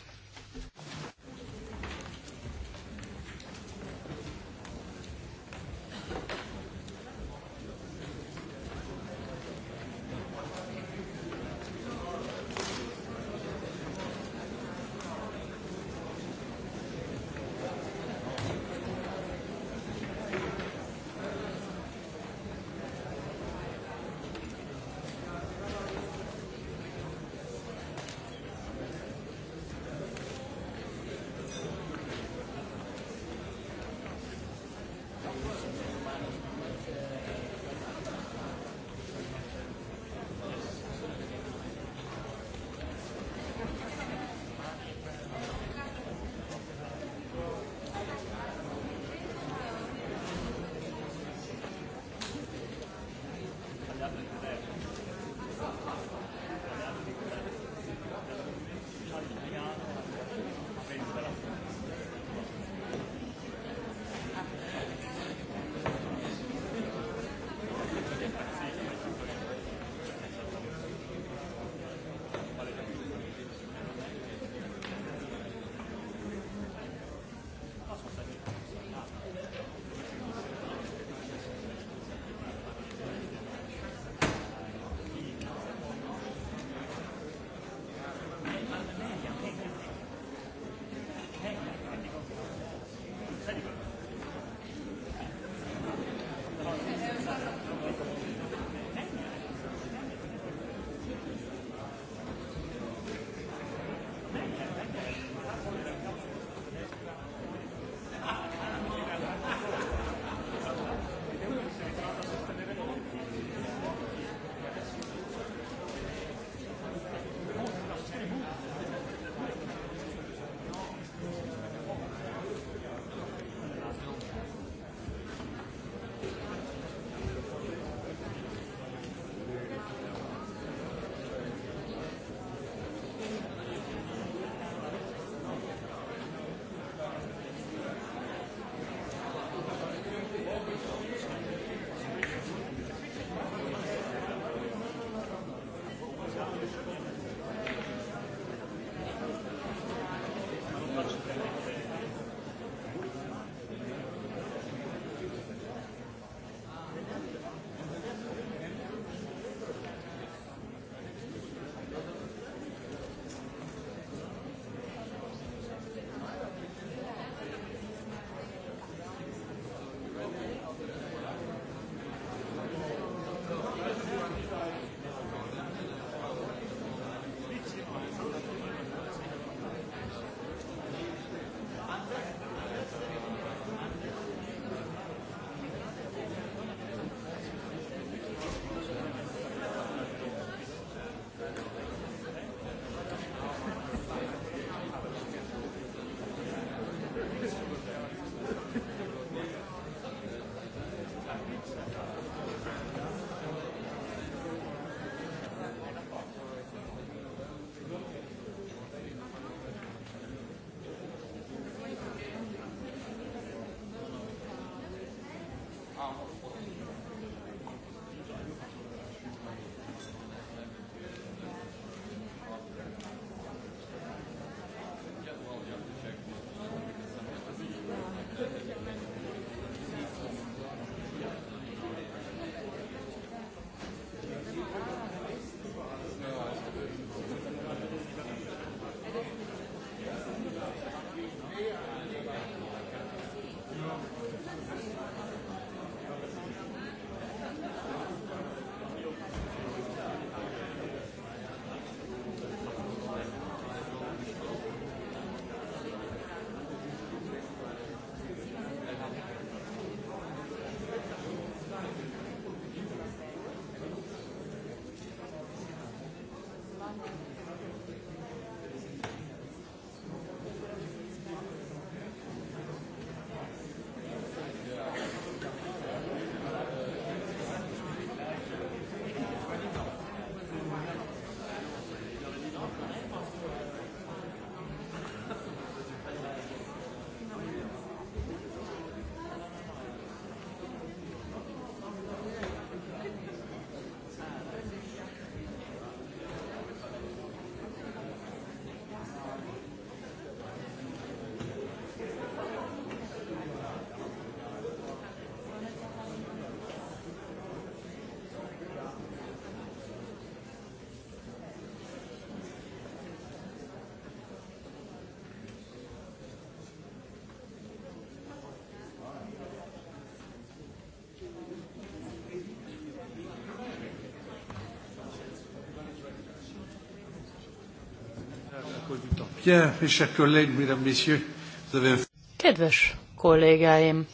Kedves kollégáim,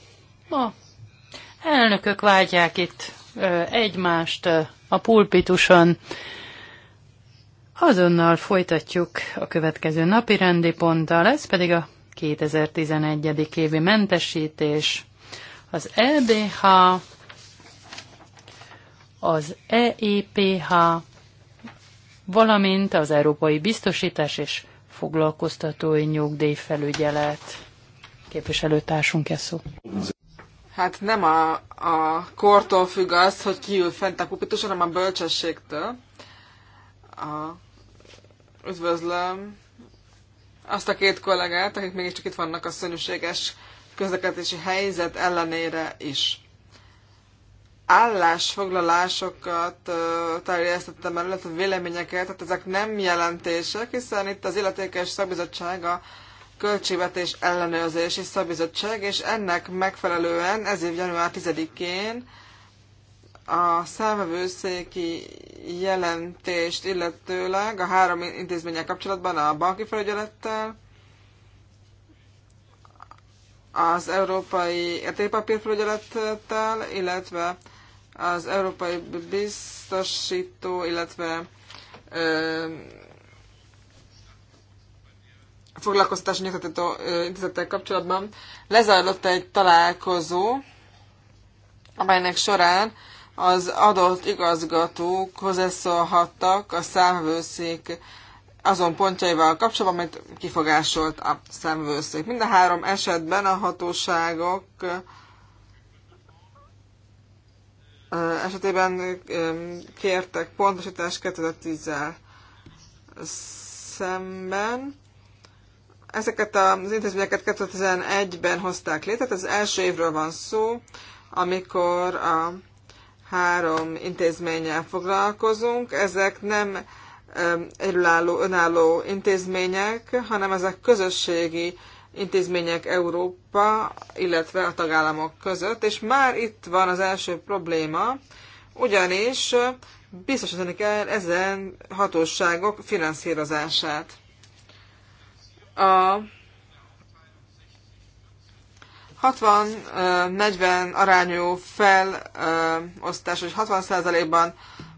ma elnökök váltják itt egymást a pulpituson. Azonnal folytatjuk a következő napi rendi ponttal, ez pedig a 2011. évi mentesítés, az EBH, az EIPH, valamint az Európai Biztosítás és foglalkoztatói nyugdíjfelügyelet. Képviselőtársunk ez szó.
Hát nem a, a kortól függ az, hogy ki ül fent a pupitus, hanem a bölcsességtől. A, üdvözlöm azt a két kollégát, akik mégiscsak itt vannak a szönyűséges közlekedési helyzet ellenére is állásfoglalásokat terjesztettem el, illetve véleményeket, tehát ezek nem jelentések, hiszen itt az illetékes szabizottság a költségvetés ellenőrzési szabizottság, és ennek megfelelően ez év január 10-én a számvevőszéki jelentést illetőleg a három intézménye kapcsolatban a banki felügyelettel, az európai értékpapírfelügyelettel, illetve az európai biztosító, illetve ö, foglalkoztatási nyugtató intézettel kapcsolatban lezajlott egy találkozó, amelynek során az adott igazgatók hozzászólhattak a számvőszék azon pontjaival kapcsolatban, amit kifogásolt a számvőszék. Mind a három esetben a hatóságok esetében kértek pontosítást 2010-el szemben. Ezeket az intézményeket 2011-ben hozták létre, tehát az első évről van szó, amikor a három intézménnyel foglalkozunk. Ezek nem egyedülálló, önálló intézmények, hanem ezek közösségi intézmények Európa, illetve a tagállamok között, és már itt van az első probléma, ugyanis biztosítani kell ezen hatóságok finanszírozását. A 60-40 arányú felosztás, hogy 60%-ban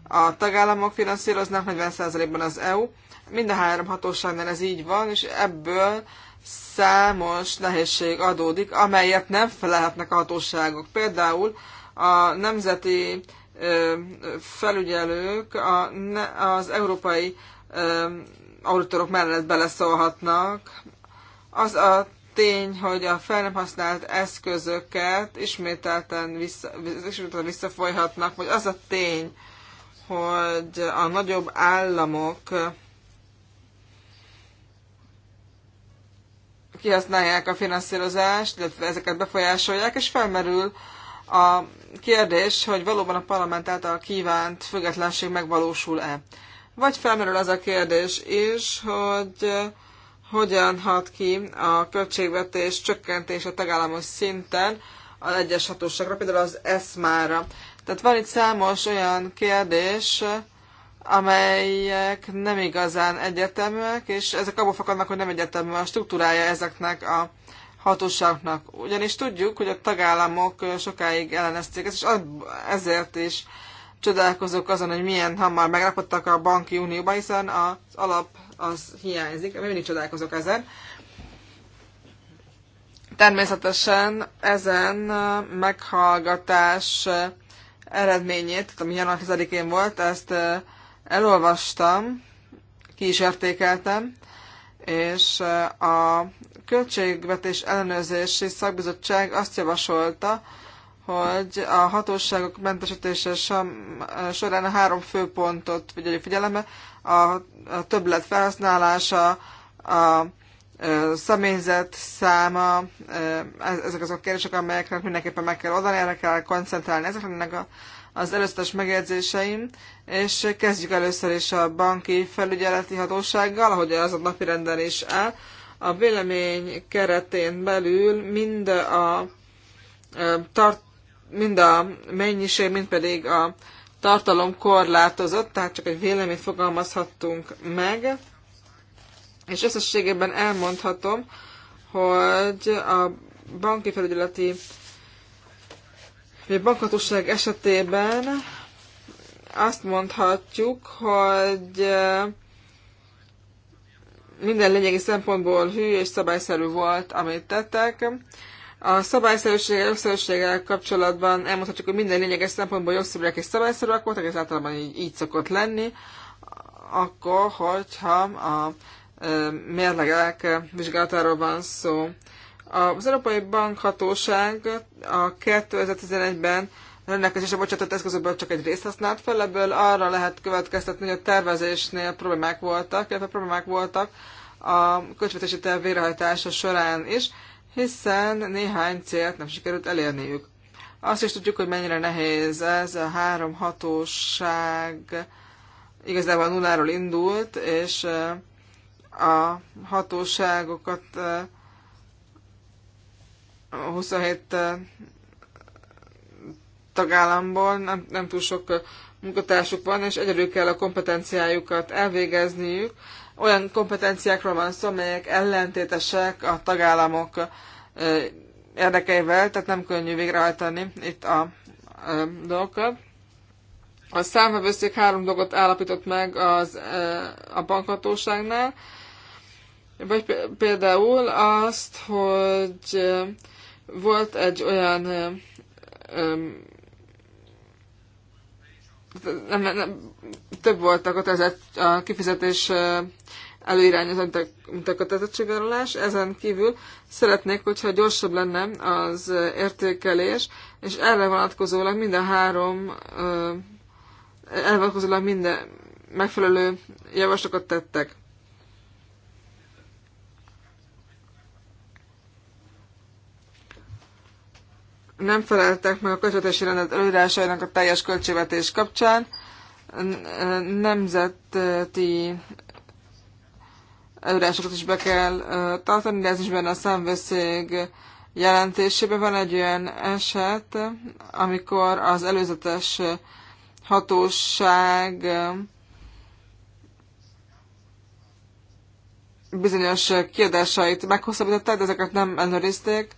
a tagállamok finanszíroznak, 40%-ban az EU. Mind a három hatóságnál ez így van, és ebből számos nehézség adódik, amelyet nem felelhetnek a hatóságok. Például a nemzeti felügyelők a, az európai auditorok mellett beleszólhatnak. Az a tény, hogy a fel nem használt eszközöket ismételten, vissza, ismételten visszafolyhatnak, vagy az a tény, hogy a nagyobb államok kihasználják a finanszírozást, illetve ezeket befolyásolják, és felmerül a kérdés, hogy valóban a parlament által kívánt függetlenség megvalósul-e. Vagy felmerül az a kérdés is, hogy eh, hogyan hat ki a költségvetés csökkentés a tagállamos szinten az egyes hatóságra, például az ESMA-ra. Tehát van itt számos olyan kérdés, eh, amelyek nem igazán egyeteműek, és ezek abból fakadnak, hogy nem egyetemű a struktúrája ezeknek a hatóságnak. Ugyanis tudjuk, hogy a tagállamok sokáig ellenezték ezt, és ezért is csodálkozok azon, hogy milyen hamar megrapodtak a banki unióba, hiszen az alap az hiányzik, én mindig csodálkozok ezen. Természetesen ezen meghallgatás eredményét, ami január 10-én volt, ezt elolvastam, ki is értékeltem, és eh, a Költségvetés Ellenőrzési Szakbizottság azt javasolta, hogy a hatóságok mentesítése eh, során a három fő pontot vigyél figyelembe, a többlet felhasználása, a eh, személyzet száma, ezek azok a kérdések, amelyeknek mindenképpen meg kell oldani, erre kell koncentrálni. Ezek lennek a az előztes megjegyzéseim, és kezdjük először is a banki felügyeleti hatósággal, ahogy az a napi renden is áll. A vélemény keretén belül mind a, tart, mind a mennyiség, mind pedig a tartalom korlátozott, tehát csak egy véleményt fogalmazhattunk meg. És összességében elmondhatom, hogy a banki felügyeleti egy bankhatóság esetében azt mondhatjuk, hogy minden lényegi szempontból hű és szabályszerű volt, amit tettek. A szabályszerűséggel, jogszerűséggel kapcsolatban elmondhatjuk, hogy minden lényeges szempontból jogszerűek és szabályszerűek voltak, ez általában így, így szokott lenni, akkor, hogyha a mérlegek vizsgálatáról van szó. Az Európai Bankhatóság a 2011-ben rendelkezésre bocsátott eszközökből csak egy részt használt fel, ebből arra lehet következtetni, hogy a tervezésnél problémák voltak, illetve problémák voltak a költségvetési terv végrehajtása során is, hiszen néhány célt nem sikerült elérniük. Azt is tudjuk, hogy mennyire nehéz ez, a három hatóság igazából nulláról indult, és a hatóságokat 27 tagállamból nem, nem túl sok munkatársuk van, és egyedül kell a kompetenciájukat elvégezniük. Olyan kompetenciákról van szó, amelyek ellentétesek a tagállamok érdekeivel, tehát nem könnyű végrehajtani itt a, a dolgokat. A számvevőszék három dolgot állapított meg az, a bankhatóságnál, vagy például azt, hogy volt egy olyan öm, nem, nem, több volt a, kötelezett, a kifizetés előirányozat, mint a kötelezettségvállalás. Ezen kívül szeretnék, hogyha gyorsabb lenne az értékelés, és erre vonatkozólag mind a három, erre minden megfelelő javaslatokat tettek. nem feleltek meg a közvetési rendet előírásainak a teljes költségvetés kapcsán. Nemzeti előírásokat is be kell tartani, de ez is benne a számveszég jelentésében van egy olyan eset, amikor az előzetes hatóság bizonyos kiadásait meghosszabbították, de ezeket nem ellenőrizték.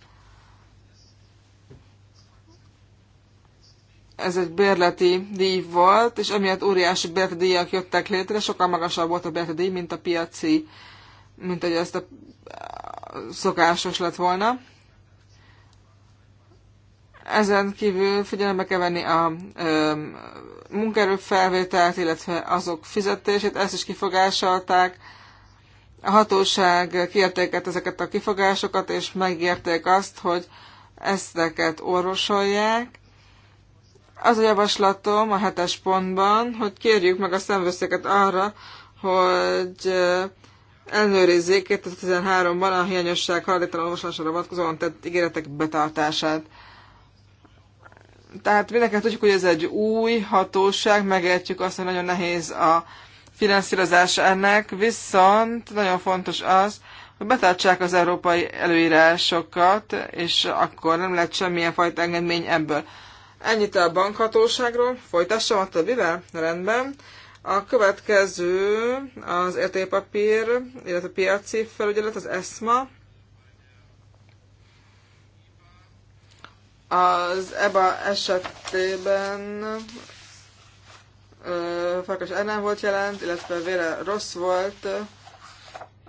ez egy bérleti díj volt, és emiatt óriási bérleti díjak jöttek létre, sokkal magasabb volt a bérleti díj, mint a piaci, mint hogy ezt a szokásos lett volna. Ezen kívül figyelembe kell venni a ö, felvételt, illetve azok fizetését, ezt is kifogásolták. A hatóság kiértékelt ezeket a kifogásokat, és megérték azt, hogy ezteket orvosolják az a javaslatom a hetes pontban, hogy kérjük meg a szemvőszéket arra, hogy ellenőrizzék 2013-ban a hiányosság haladéktalan olvasására vonatkozóan tett ígéretek betartását. Tehát mindenkinek tudjuk, hogy ez egy új hatóság, megértjük azt, hogy nagyon nehéz a finanszírozás ennek, viszont nagyon fontos az, hogy betartsák az európai előírásokat, és akkor nem lehet semmilyen fajta engedmény ebből. Ennyit a bankhatóságról. Folytassam a többivel? Rendben. A következő az értékpapír, illetve piaci felügyelet, az ESMA. Az EBA esetében Farkas nem volt jelent, illetve Vére Rossz volt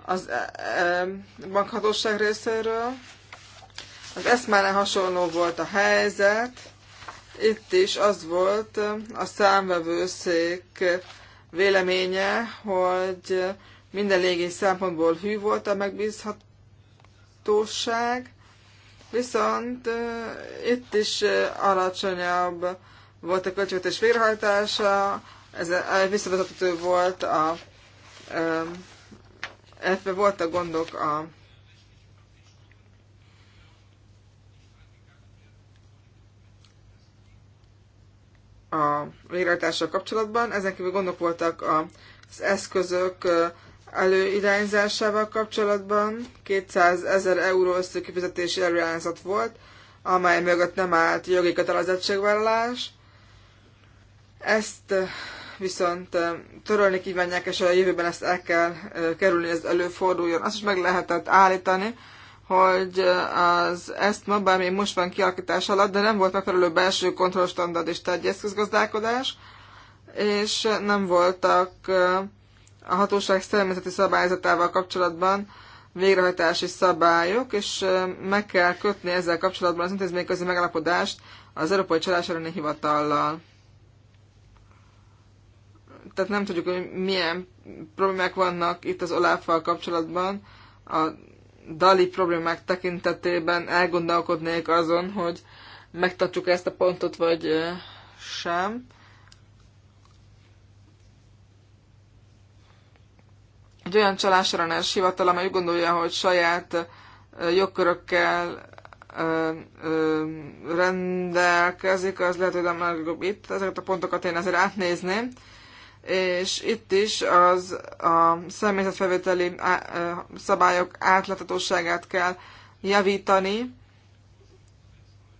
az e, e, bankhatóság részéről. Az eszmára hasonló volt a helyzet. Itt is az volt a számvevőszék véleménye, hogy minden légény szempontból hű volt a megbízhatóság, viszont itt is alacsonyabb volt a költségvetés végrehajtása, ez visszavezethető volt a ebben voltak gondok a a végrehajtással kapcsolatban. Ezen kívül gondok voltak az eszközök előirányzásával kapcsolatban. 200 ezer euró összekifizetési előirányzat volt, amely mögött nem állt jogi kötelezettségvállalás. Ezt viszont törölni kívánják, és a jövőben ezt el kell kerülni, ez előforduljon. Azt is meg lehetett állítani, hogy az ezt ma, bár még most van kialakítás alatt, de nem volt megfelelő belső kontrollstandard és tárgyeszközgazdálkodás, és nem voltak a hatóság szervezeti szabályzatával kapcsolatban végrehajtási szabályok, és meg kell kötni ezzel kapcsolatban az intézményközi megállapodást az Európai Csalás elleni hivatallal. Tehát nem tudjuk, hogy milyen problémák vannak itt az olaf kapcsolatban, a dali problémák tekintetében elgondolkodnék azon, hogy megtartjuk ezt a pontot, vagy sem. Egy olyan csalásellenes hivatal, amely úgy gondolja, hogy saját jogkörökkel rendelkezik, az lehet, hogy nem legjobb itt. Ezeket a pontokat én azért átnézném és itt is az a személyzetfelvételi szabályok átláthatóságát kell javítani,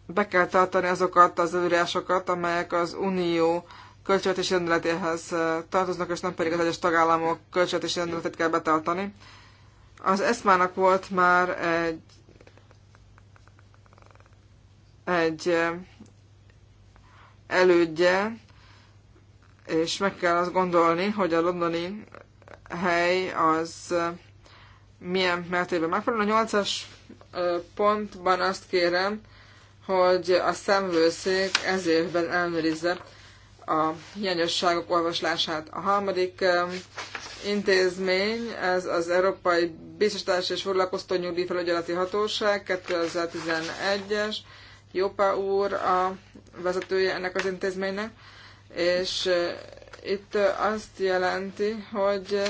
be kell tartani azokat az előírásokat, amelyek az Unió költségvetési rendeletéhez tartoznak, és nem pedig az egyes tagállamok költségvetési rendeletét kell betartani. Az ESMA-nak volt már egy, egy elődje, és meg kell azt gondolni, hogy a londoni hely az milyen mértékben megfelelő. A nyolcas pontban azt kérem, hogy a szemvőszék ez évben ellenőrizze a hiányosságok olvaslását. A harmadik intézmény, ez az Európai Biztosítási és Nyugdíj Felügyeleti Hatóság 2011-es. Jópa úr a vezetője ennek az intézménynek és itt azt jelenti, hogy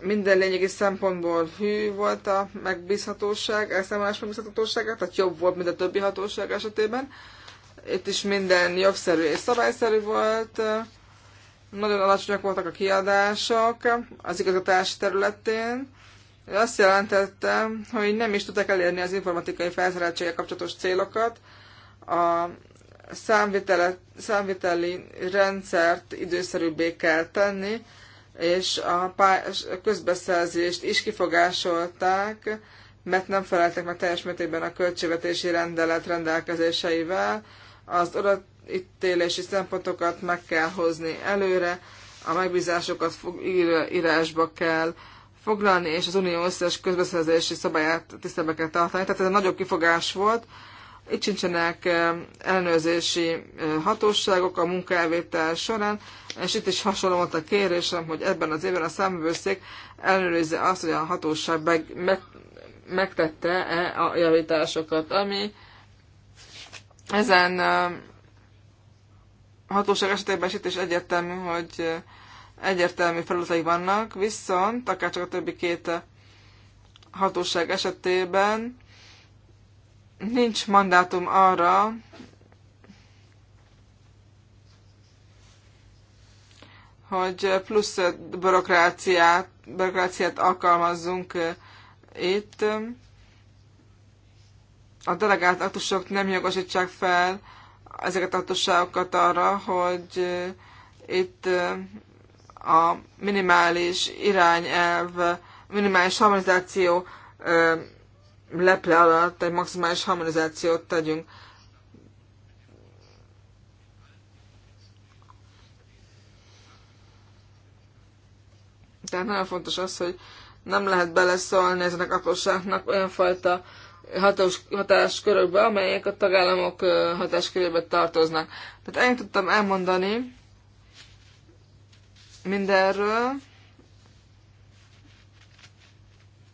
minden lényegi szempontból hű volt a megbízhatóság, elszámolás megbízhatósága, tehát jobb volt, mint a többi hatóság esetében. Itt is minden jogszerű és szabályszerű volt, nagyon alacsonyak voltak a kiadások az igazgatás területén. Ez azt jelentette, hogy nem is tudtak elérni az informatikai felszereltséggel kapcsolatos célokat. A számviteli rendszert időszerűbbé kell tenni, és a, pály- a közbeszerzést is kifogásolták, mert nem feleltek meg teljes mértékben a költségvetési rendelet rendelkezéseivel. Az odaítélési szempontokat meg kell hozni előre, a megbízásokat fog, ír, írásba kell foglalni, és az unió összes közbeszerzési szabályát tisztelbe kell tartani. Tehát ez egy nagyobb kifogás volt, itt sincsenek ellenőrzési hatóságok a munkaelvétel során, és itt is hasonló volt a kérésem, hogy ebben az évben a számvőszék ellenőrizze azt, hogy a hatóság meg, meg, megtette-e a javításokat, ami ezen hatóság esetében is itt is egyértelmű, hogy egyértelmű feladatai vannak, viszont akár csak a többi két hatóság esetében nincs mandátum arra, hogy plusz bürokráciát, bürokráciát alkalmazzunk itt. A delegált aktusok nem jogosítsák fel ezeket a hatóságokat arra, hogy itt a minimális irányelv, minimális harmonizáció leple alatt egy maximális harmonizációt tegyünk. Tehát nagyon fontos az, hogy nem lehet beleszólni ezenek a olyan fajta hatós, hatáskörökbe, amelyek a tagállamok hatáskörébe tartoznak. Tehát ennyit tudtam elmondani mindenről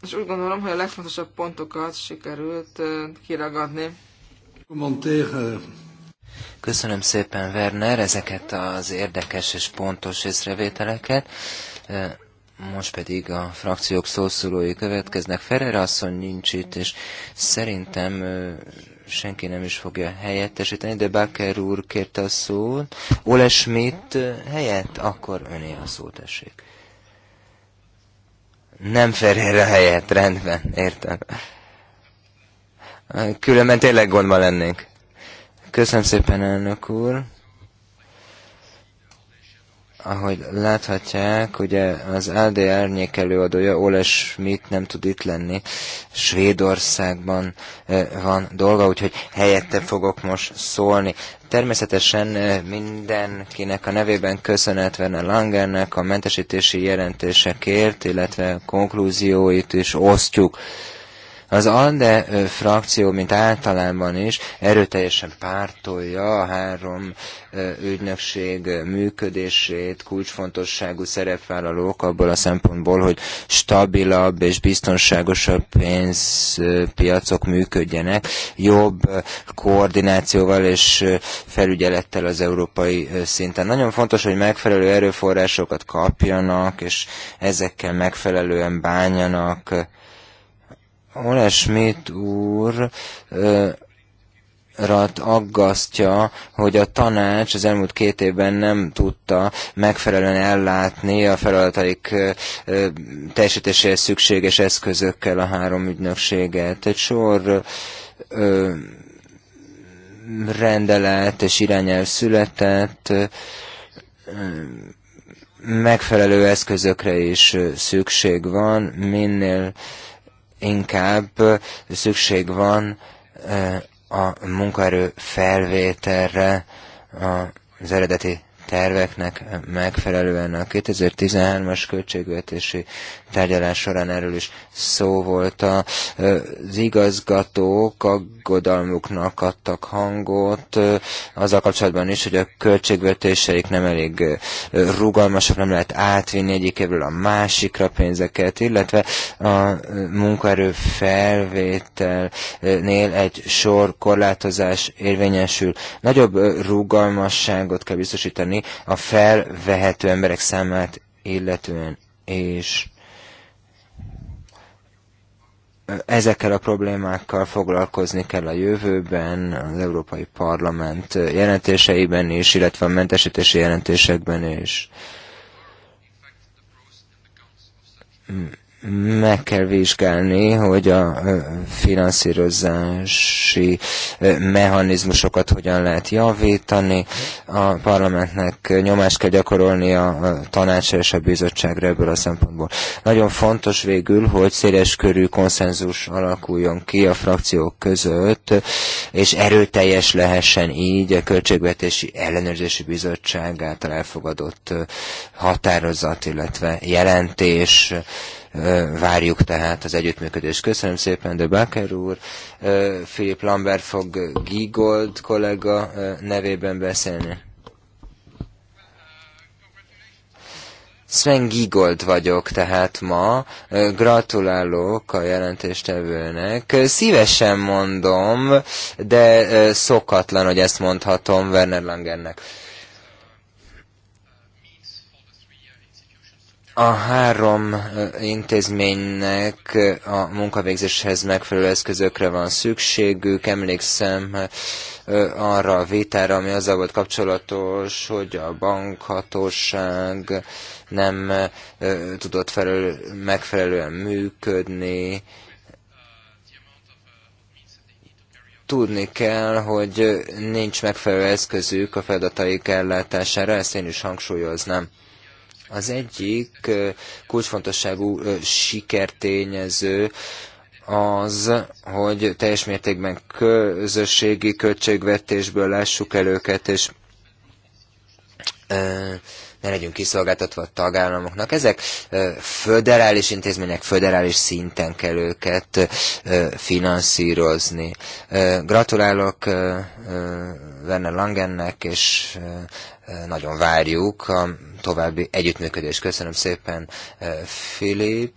és úgy gondolom, hogy a legfontosabb pontokat sikerült kiragadni.
Euh, Köszönöm szépen, Werner, ezeket az érdekes és pontos észrevételeket. Most pedig a frakciók szószólói következnek. Ferrer asszony nincs itt, és szerintem senki nem is fogja helyettesíteni, de Baker úr kérte a szót. Ole Schmidt helyett, akkor öné a szót, esik. Nem a helyet, rendben, értem. Különben tényleg gondban lennénk. Köszönöm szépen, elnök úr ahogy láthatják, ugye az LDR árnyék Ole Schmidt nem tud itt lenni, Svédországban eh, van dolga, úgyhogy helyette fogok most szólni. Természetesen eh, mindenkinek a nevében köszönet Werner Langernek a mentesítési jelentésekért, illetve a konklúzióit is osztjuk. Az ALDE frakció, mint általában is, erőteljesen pártolja a három ügynökség működését, kulcsfontosságú szerepvállalók abból a szempontból, hogy stabilabb és biztonságosabb pénzpiacok működjenek, jobb koordinációval és felügyelettel az európai szinten. Nagyon fontos, hogy megfelelő erőforrásokat kapjanak, és ezekkel megfelelően bánjanak Ole Schmidt úr rat aggasztja, hogy a tanács az elmúlt két évben nem tudta megfelelően ellátni a feladataik teljesítéséhez szükséges eszközökkel a három ügynökséget. Egy sor ö, rendelet és irányelv született, ö, megfelelő eszközökre is szükség van, minél ö, inkább szükség van eh, a munkaerő felvételre az eredeti terveknek megfelelően a 2013-as költségvetési tárgyalás során erről is szó volt. Az igazgatók aggodalmuknak adtak hangot azzal kapcsolatban is, hogy a költségvetéseik nem elég rugalmasak, nem lehet átvinni egyik évről a másikra pénzeket, illetve a munkaerő felvételnél egy sor korlátozás érvényesül. Nagyobb rugalmasságot kell biztosítani a felvehető emberek számát illetően, és ezekkel a problémákkal foglalkozni kell a jövőben, az Európai Parlament jelentéseiben is, illetve a mentesítési jelentésekben is meg kell vizsgálni, hogy a finanszírozási mechanizmusokat hogyan lehet javítani. A parlamentnek nyomást kell gyakorolni a tanácsra és a bizottságra ebből a szempontból. Nagyon fontos végül, hogy széles körű konszenzus alakuljon ki a frakciók között, és erőteljes lehessen így a Költségvetési Ellenőrzési Bizottság által elfogadott határozat, illetve jelentés, Várjuk tehát az együttműködést. Köszönöm szépen, de Baker úr. Philip Lambert fog Gigold kollega nevében beszélni. Sven Gigold vagyok tehát ma, gratulálok a jelentéstevőnek. Szívesen mondom, de szokatlan, hogy ezt mondhatom Werner Langernek. a három intézménynek a munkavégzéshez megfelelő eszközökre van szükségük. Emlékszem arra a vétára, ami azzal volt kapcsolatos, hogy a bankhatóság nem tudott felül, megfelelően működni. Tudni kell, hogy nincs megfelelő eszközük a feladataik ellátására, ezt én is hangsúlyoznám. Az egyik kulcsfontosságú sikertényező az, hogy teljes mértékben közösségi költségvetésből lássuk el őket, és ne legyünk kiszolgáltatva a tagállamoknak. Ezek föderális intézmények, föderális szinten kell őket finanszírozni. Gratulálok Werner Langennek, és nagyon várjuk a további együttműködést. Köszönöm szépen, Filip.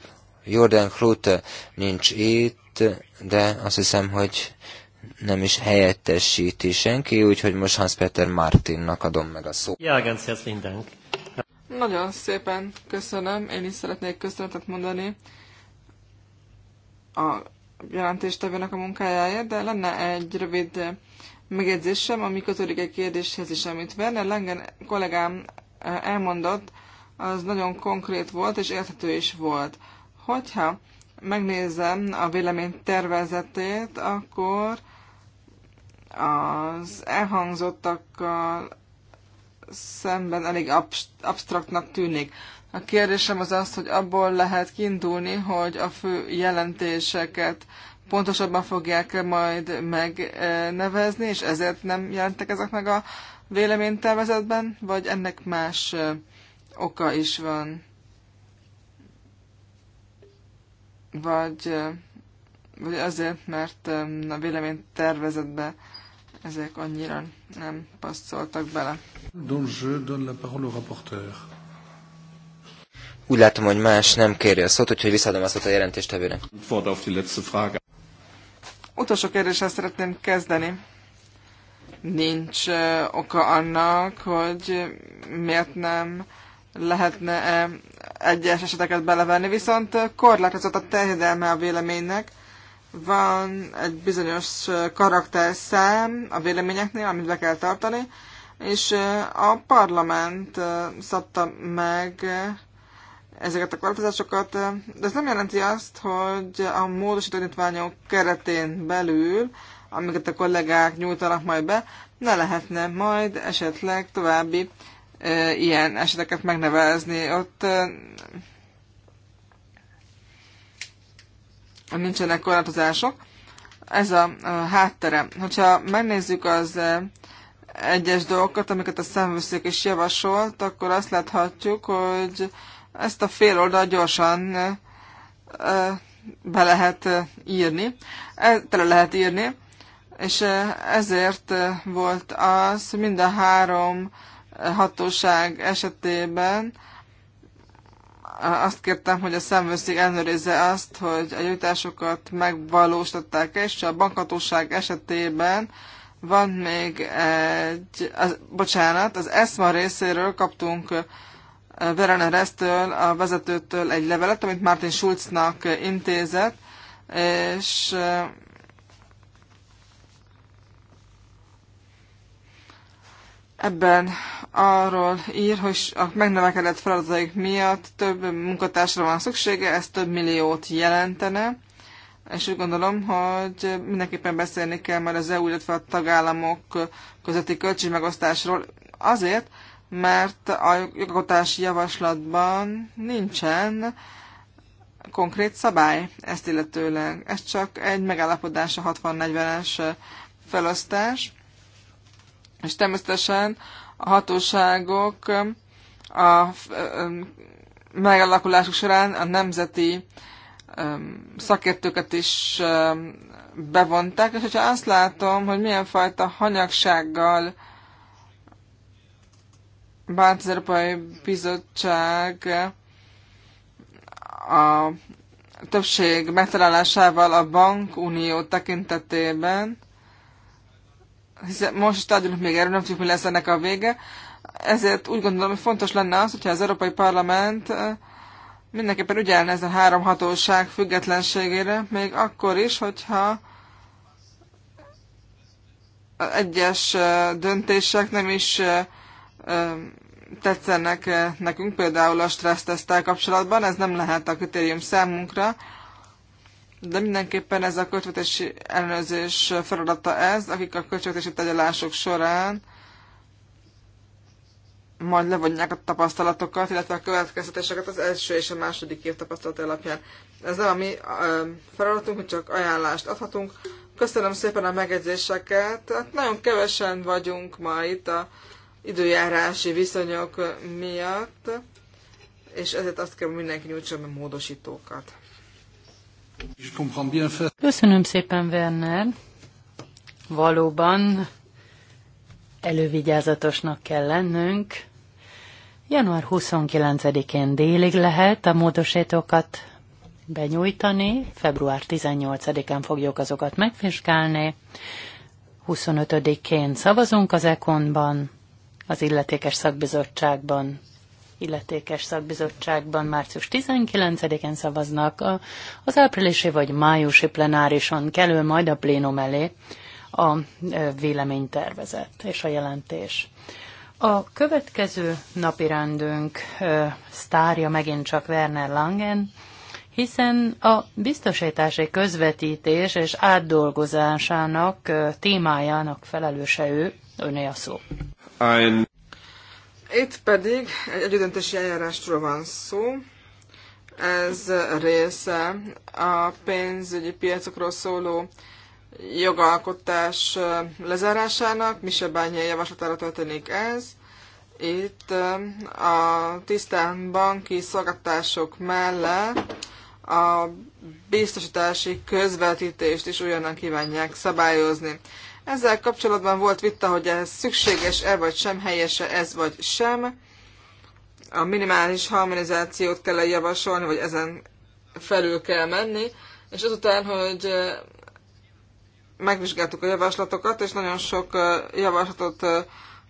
Jordan Klut nincs itt, de azt hiszem, hogy nem is helyettesíti senki, úgyhogy most Hans-Peter Martinnak adom meg a szót. Ja, ganz herzlichen Dank.
Nagyon szépen köszönöm, én is szeretnék köszönetet mondani a jelentéstevőnek a munkájáért, de lenne egy rövid megjegyzésem, ami kötődik egy kérdéshez is, amit Werner Lengen kollégám elmondott, az nagyon konkrét volt és érthető is volt. Hogyha megnézem a vélemény tervezetét, akkor az elhangzottakkal szemben elég absztraktnak tűnik. A kérdésem az az, hogy abból lehet kiindulni, hogy a fő jelentéseket pontosabban fogják -e majd megnevezni, és ezért nem jelentek ezek meg a véleménytervezetben, vagy ennek más oka is van? Vagy, vagy azért, mert a véleménytervezetbe ezek annyira nem passzoltak bele.
Donc je donne la parole au rapporteur.
Úgy látom, hogy más nem kéri a szót, úgyhogy visszaadom a szót a jelentéstevőnek.
Utolsó kérdéssel szeretném kezdeni. Nincs oka annak, hogy miért nem lehetne -e egyes eseteket belevenni, viszont korlátozott a terjedelme a véleménynek. Van egy bizonyos karakterszám a véleményeknél, amit be kell tartani, és a parlament szabta meg ezeket a korlátozásokat, de ez nem jelenti azt, hogy a módosítanítványok keretén belül, amiket a kollégák nyújtanak majd be, ne lehetne majd esetleg további e, ilyen eseteket megnevezni. Ott e, nincsenek korlátozások. Ez a, a háttere. Hogyha megnézzük az e, egyes dolgokat, amiket a szemveszék is javasolt, akkor azt láthatjuk, hogy ezt a fél oldal gyorsan be lehet írni, e, tele lehet írni, és ezért volt az, hogy mind a három hatóság esetében azt kértem, hogy a szemvőszék ellenőrizze azt, hogy a jutásokat megvalósították, és a bankhatóság esetében van még egy, az, bocsánat, az ESMA részéről kaptunk Verena Resztől, a vezetőtől egy levelet, amit Martin Schulznak intézett, és ebben arról ír, hogy a megnövekedett feladataik miatt több munkatársra van szüksége, ez több milliót jelentene és úgy gondolom, hogy mindenképpen beszélni kell már az EU, illetve a tagállamok közötti költségmegosztásról azért, mert a jogalkotási javaslatban nincsen konkrét szabály ezt illetőleg. Ez csak egy megállapodás a 60-40-es felosztás, és természetesen a hatóságok a megalakulásuk során a nemzeti szakértőket is bevonták, és hogyha azt látom, hogy milyen fajta hanyagsággal bánt az Európai Bizottság a többség megtalálásával a bankunió tekintetében, hiszen most tárgyalunk még erről, nem tudjuk, mi lesz ennek a vége, ezért úgy gondolom, hogy fontos lenne az, hogyha az Európai Parlament mindenképpen ügyelne ez a három hatóság függetlenségére, még akkor is, hogyha egyes döntések nem is tetszenek nekünk, például a stressztesztel kapcsolatban, ez nem lehet a kritérium számunkra, de mindenképpen ez a költségvetési ellenőrzés feladata ez, akik a költségvetési tegyelások során majd levonják a tapasztalatokat, illetve a következtetéseket az első és a második év tapasztalat alapján. Ez nem a mi feladatunk, hogy csak ajánlást adhatunk. Köszönöm szépen a megjegyzéseket. Hát nagyon kevesen vagyunk ma itt a időjárási viszonyok miatt, és ezért azt kell, hogy mindenki nyújtson be módosítókat.
Köszönöm szépen, Werner. Valóban elővigyázatosnak kell lennünk, Január 29-én délig lehet a módosítókat benyújtani, február 18-án fogjuk azokat megfiskálni, 25-én szavazunk az ekonban, az illetékes szakbizottságban, illetékes szakbizottságban március 19-én szavaznak, a, az áprilisi vagy májusi plenárison kerül majd a plénum elé a véleménytervezet és a jelentés. A következő napirendünk sztárja megint csak Werner Langen, hiszen a biztosítási közvetítés és átdolgozásának témájának felelőse ő, öné a szó. Ein...
Itt pedig egy együttöntési eljárásról van szó. Ez része a pénzügyi piacokról szóló jogalkotás lezárásának, Bányai javaslatára történik ez. Itt a tisztán banki szolgáltatások mellett a biztosítási közvetítést is ugyanan kívánják szabályozni. Ezzel kapcsolatban volt vita, hogy ez szükséges-e vagy sem, helyese ez vagy sem. A minimális harmonizációt kell javasolni, vagy ezen felül kell menni. És azután, hogy megvizsgáltuk a javaslatokat, és nagyon sok javaslatot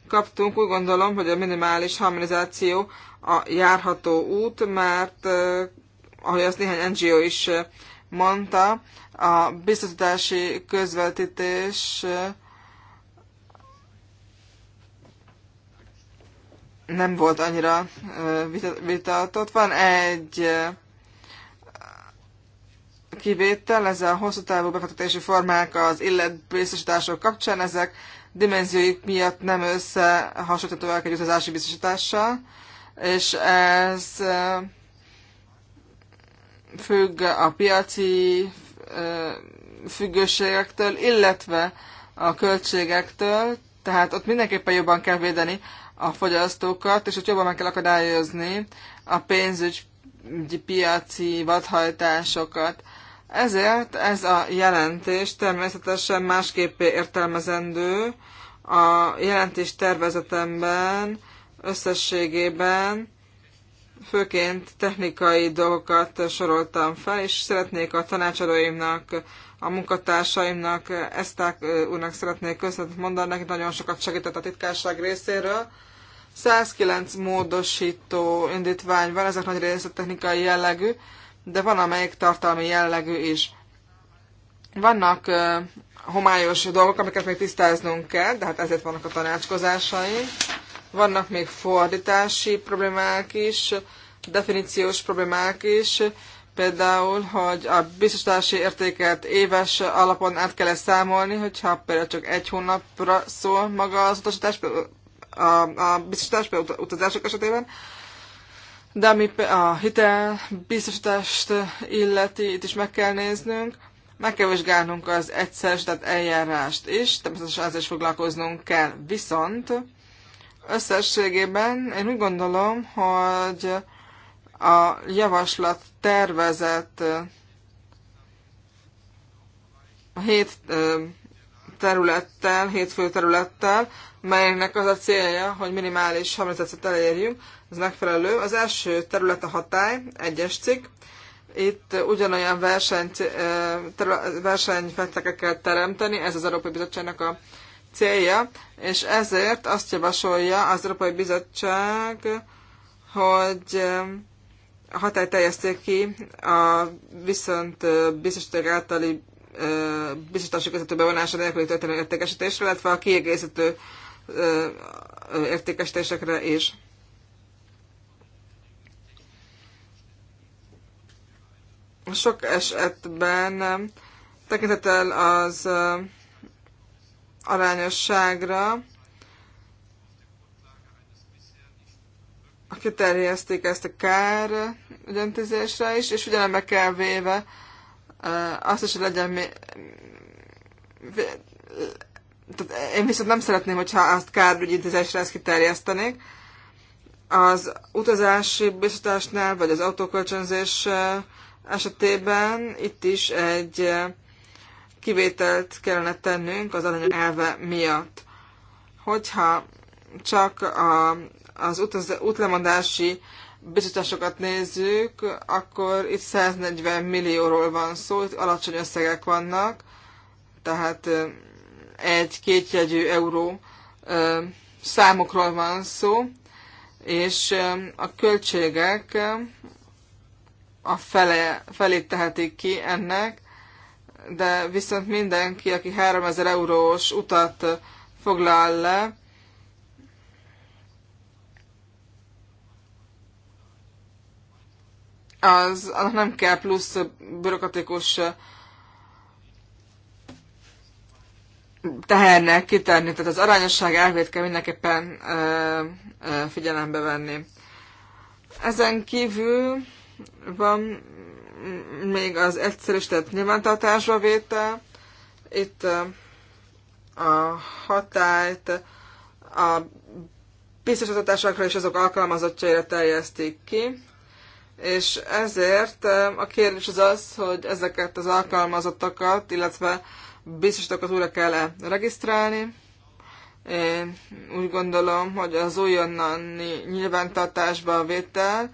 kaptunk. Úgy gondolom, hogy a minimális harmonizáció a járható út, mert ahogy azt néhány NGO is mondta, a biztosítási közvetítés nem volt annyira vitatott. Van egy kivétel, ez a hosszú távú befektetési formák az biztosítások kapcsán, ezek dimenzióik miatt nem összehasonlíthatóak egy utazási biztosítással, és ez függ a piaci függőségektől, illetve a költségektől, tehát ott mindenképpen jobban kell védeni a fogyasztókat, és ott jobban meg kell akadályozni a pénzügy piaci vadhajtásokat. Ezért ez a jelentés természetesen másképpé értelmezendő. A jelentés tervezetemben összességében főként technikai dolgokat soroltam fel, és szeretnék a tanácsadóimnak, a munkatársaimnak, Eszták úrnak szeretnék köszönet mondani, neki nagyon sokat segített a titkárság részéről. 109 módosító indítvány van, ezek nagy része technikai jellegű, de van amelyik tartalmi jellegű is. Vannak homályos dolgok, amiket még tisztáznunk kell, de hát ezért vannak a tanácskozásaink. Vannak még fordítási problémák is, definíciós problémák is, például, hogy a biztosítási értéket éves alapon át kell -e számolni, hogyha például csak egy hónapra szól maga az utasítás, a, a biztosítás utazások esetében, de ami a hitel biztosítást illeti, itt is meg kell néznünk, meg kell vizsgálnunk az egyszeres, tehát eljárást is, természetesen ezzel is foglalkoznunk kell. Viszont összességében én úgy gondolom, hogy a javaslat tervezett hét területtel, hét fő területtel, melynek az a célja, hogy minimális 30 elérjünk, ez megfelelő. Az első terület a hatály, egyes cikk. Itt ugyanolyan verseny, kell teremteni, ez az Európai Bizottságnak a célja, és ezért azt javasolja az Európai Bizottság, hogy hatály teljeszték ki a viszont biztosítók általi biztosítási közvető bevonása nélküli történő értékesítésre, illetve a kiegészítő értékesítésekre is. Sok esetben um, tekintettel az um, arányosságra, kiterjeszték ezt a kár döntözésre is, és figyelembe kell véve uh, azt is, hogy legyen mi... Tehát én viszont nem szeretném, hogyha azt kár intézésre ezt kiterjesztenék. Az utazási biztosításnál, vagy az autókölcsönzésnél esetében itt is egy eh, kivételt kellene tennünk az aranyag elve miatt. Hogyha csak a, az utaz, útlemondási biztosításokat nézzük, akkor itt 140 millióról van szó, itt alacsony összegek vannak, tehát eh, egy-kétjegyű euró eh, számokról van szó, és a költségek a fele, felét tehetik ki ennek, de viszont mindenki, aki 3000 eurós utat foglal le, az, annak nem kell plusz bürokratikus tehernek kitenni, tehát az arányosság elvét kell mindenképpen ö, ö, figyelembe venni. Ezen kívül van még az tehát nyilvántartásba vétel. Itt a hatályt a biztosítatásokra és azok alkalmazottjaira terjesztik ki, és ezért a kérdés az az, hogy ezeket az alkalmazottakat, illetve biztosítókat újra kell-e regisztrálni. Én úgy gondolom, hogy az újonnan nyilvántartásba a vétel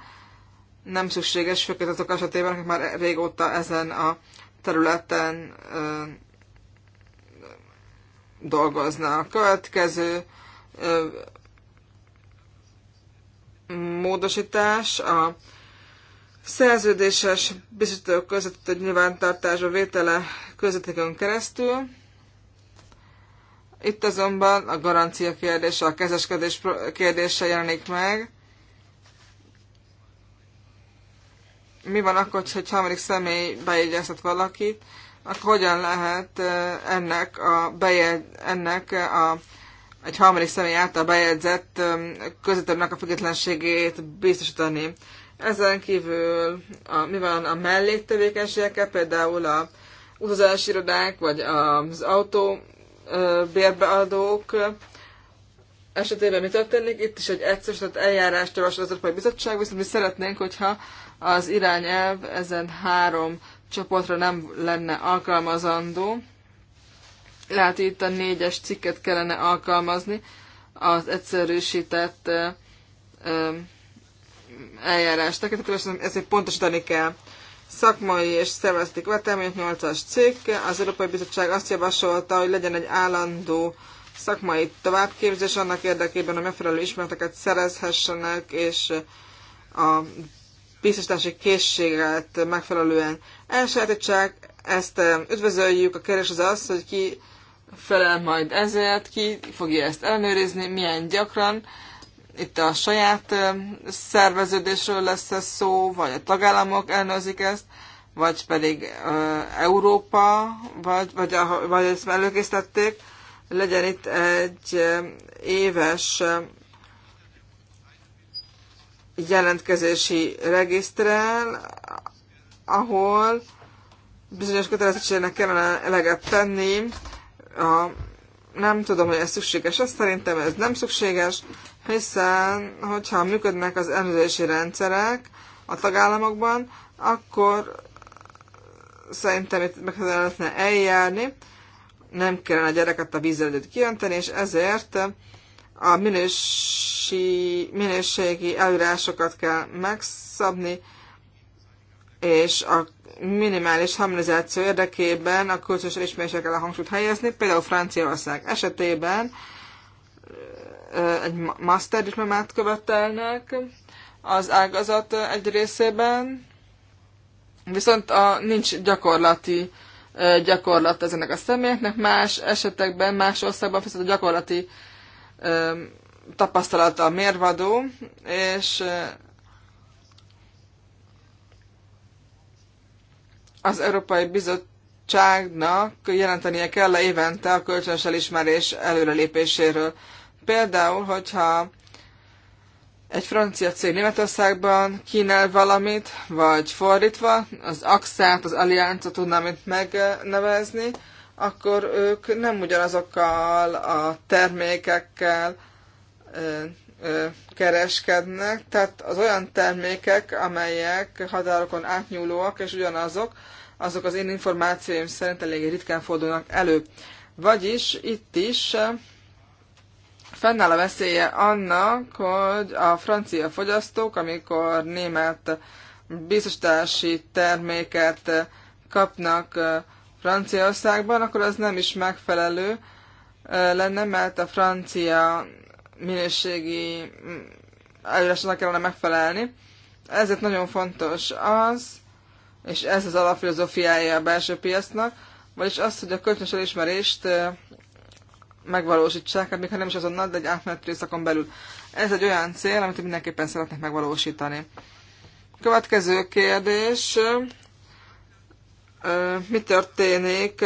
nem szükséges, főként azok esetében, akik már régóta ezen a területen ö, dolgoznak. A következő ö, módosítás a szerződéses biztosítók között egy nyilvántartásba vétele közvetítőn keresztül. Itt azonban a garancia kérdése, a kezeskedés kérdése jelenik meg. mi van akkor, hogy harmadik személy bejegyeztet valakit, akkor hogyan lehet ennek a, bejegy, ennek a egy harmadik személy által bejegyzett közvetőnek a függetlenségét biztosítani. Ezen kívül a, mi van a melléktevékenységekkel, például a utazási irodák, vagy az autó bérbeadók esetében mi történik. Itt is egy egyszerűsített eljárást javasol az Európai Bizottság, viszont mi szeretnénk, hogyha az irányelv ezen három csoportra nem lenne alkalmazandó. Lehet itt a négyes cikket kellene alkalmazni, az egyszerűsített eljárást. tekintetében, ezt még pontosítani kell. Szakmai és szervezeti követelmények 8-as cikk. Az Európai Bizottság azt javasolta, hogy legyen egy állandó szakmai továbbképzés annak érdekében, hogy megfelelő ismereteket szerezhessenek, és a biztosítási készséget megfelelően elsajátítsák. Ezt eh, üdvözöljük. A kérdés az az, hogy ki felel majd ezért, ki fogja ezt ellenőrizni, milyen gyakran. Itt a saját eh, szerveződésről lesz ez szó, vagy a tagállamok ellenőrzik ezt, vagy pedig uh, Európa, vagy, vagy, vagy ezt előkészítették. Legyen itt egy éves jelentkezési regisztrel, ahol bizonyos kötelezettségnek kellene eleget tenni. A, nem tudom, hogy ez szükséges, azt szerintem ez nem szükséges, hiszen hogyha működnek az előzési rendszerek a tagállamokban, akkor szerintem itt meg lehetne eljárni, nem kellene a gyereket a vízzel kijönteni, és ezért a minősi, minőségi előírásokat kell megszabni, és a minimális harmonizáció érdekében a kulcsos elismerésre kell a hangsúlyt helyezni. Például Franciaország esetében egy master diplomát követelnek az ágazat egy részében, viszont a, nincs gyakorlati gyakorlat ezenek a személyeknek, más esetekben, más országban viszont a gyakorlati tapasztalata a mérvadó, és az Európai Bizottságnak jelentenie kell a évente a kölcsönös elismerés előrelépéséről. Például, hogyha egy francia cég Németországban kínál valamit, vagy fordítva, az axa az Allianzot tudnám itt megnevezni, akkor ők nem ugyanazokkal a termékekkel kereskednek, tehát az olyan termékek, amelyek határokon átnyúlóak és ugyanazok, azok az én információim szerint elég ritkán fordulnak elő. Vagyis itt is fennáll a veszélye annak, hogy a francia fogyasztók, amikor német biztosítási terméket kapnak Franciaországban, akkor az nem is megfelelő lenne, mert a francia minőségi mm, előadásnak kellene megfelelni. Ezért nagyon fontos az, és ez az alapfilozófiája a belső piacnak, vagyis az, hogy a kölcsönös elismerést megvalósítsák, hát még ha nem is azonnal, de egy átmenet részakon belül. Ez egy olyan cél, amit mindenképpen szeretnék megvalósítani. Következő kérdés mi történik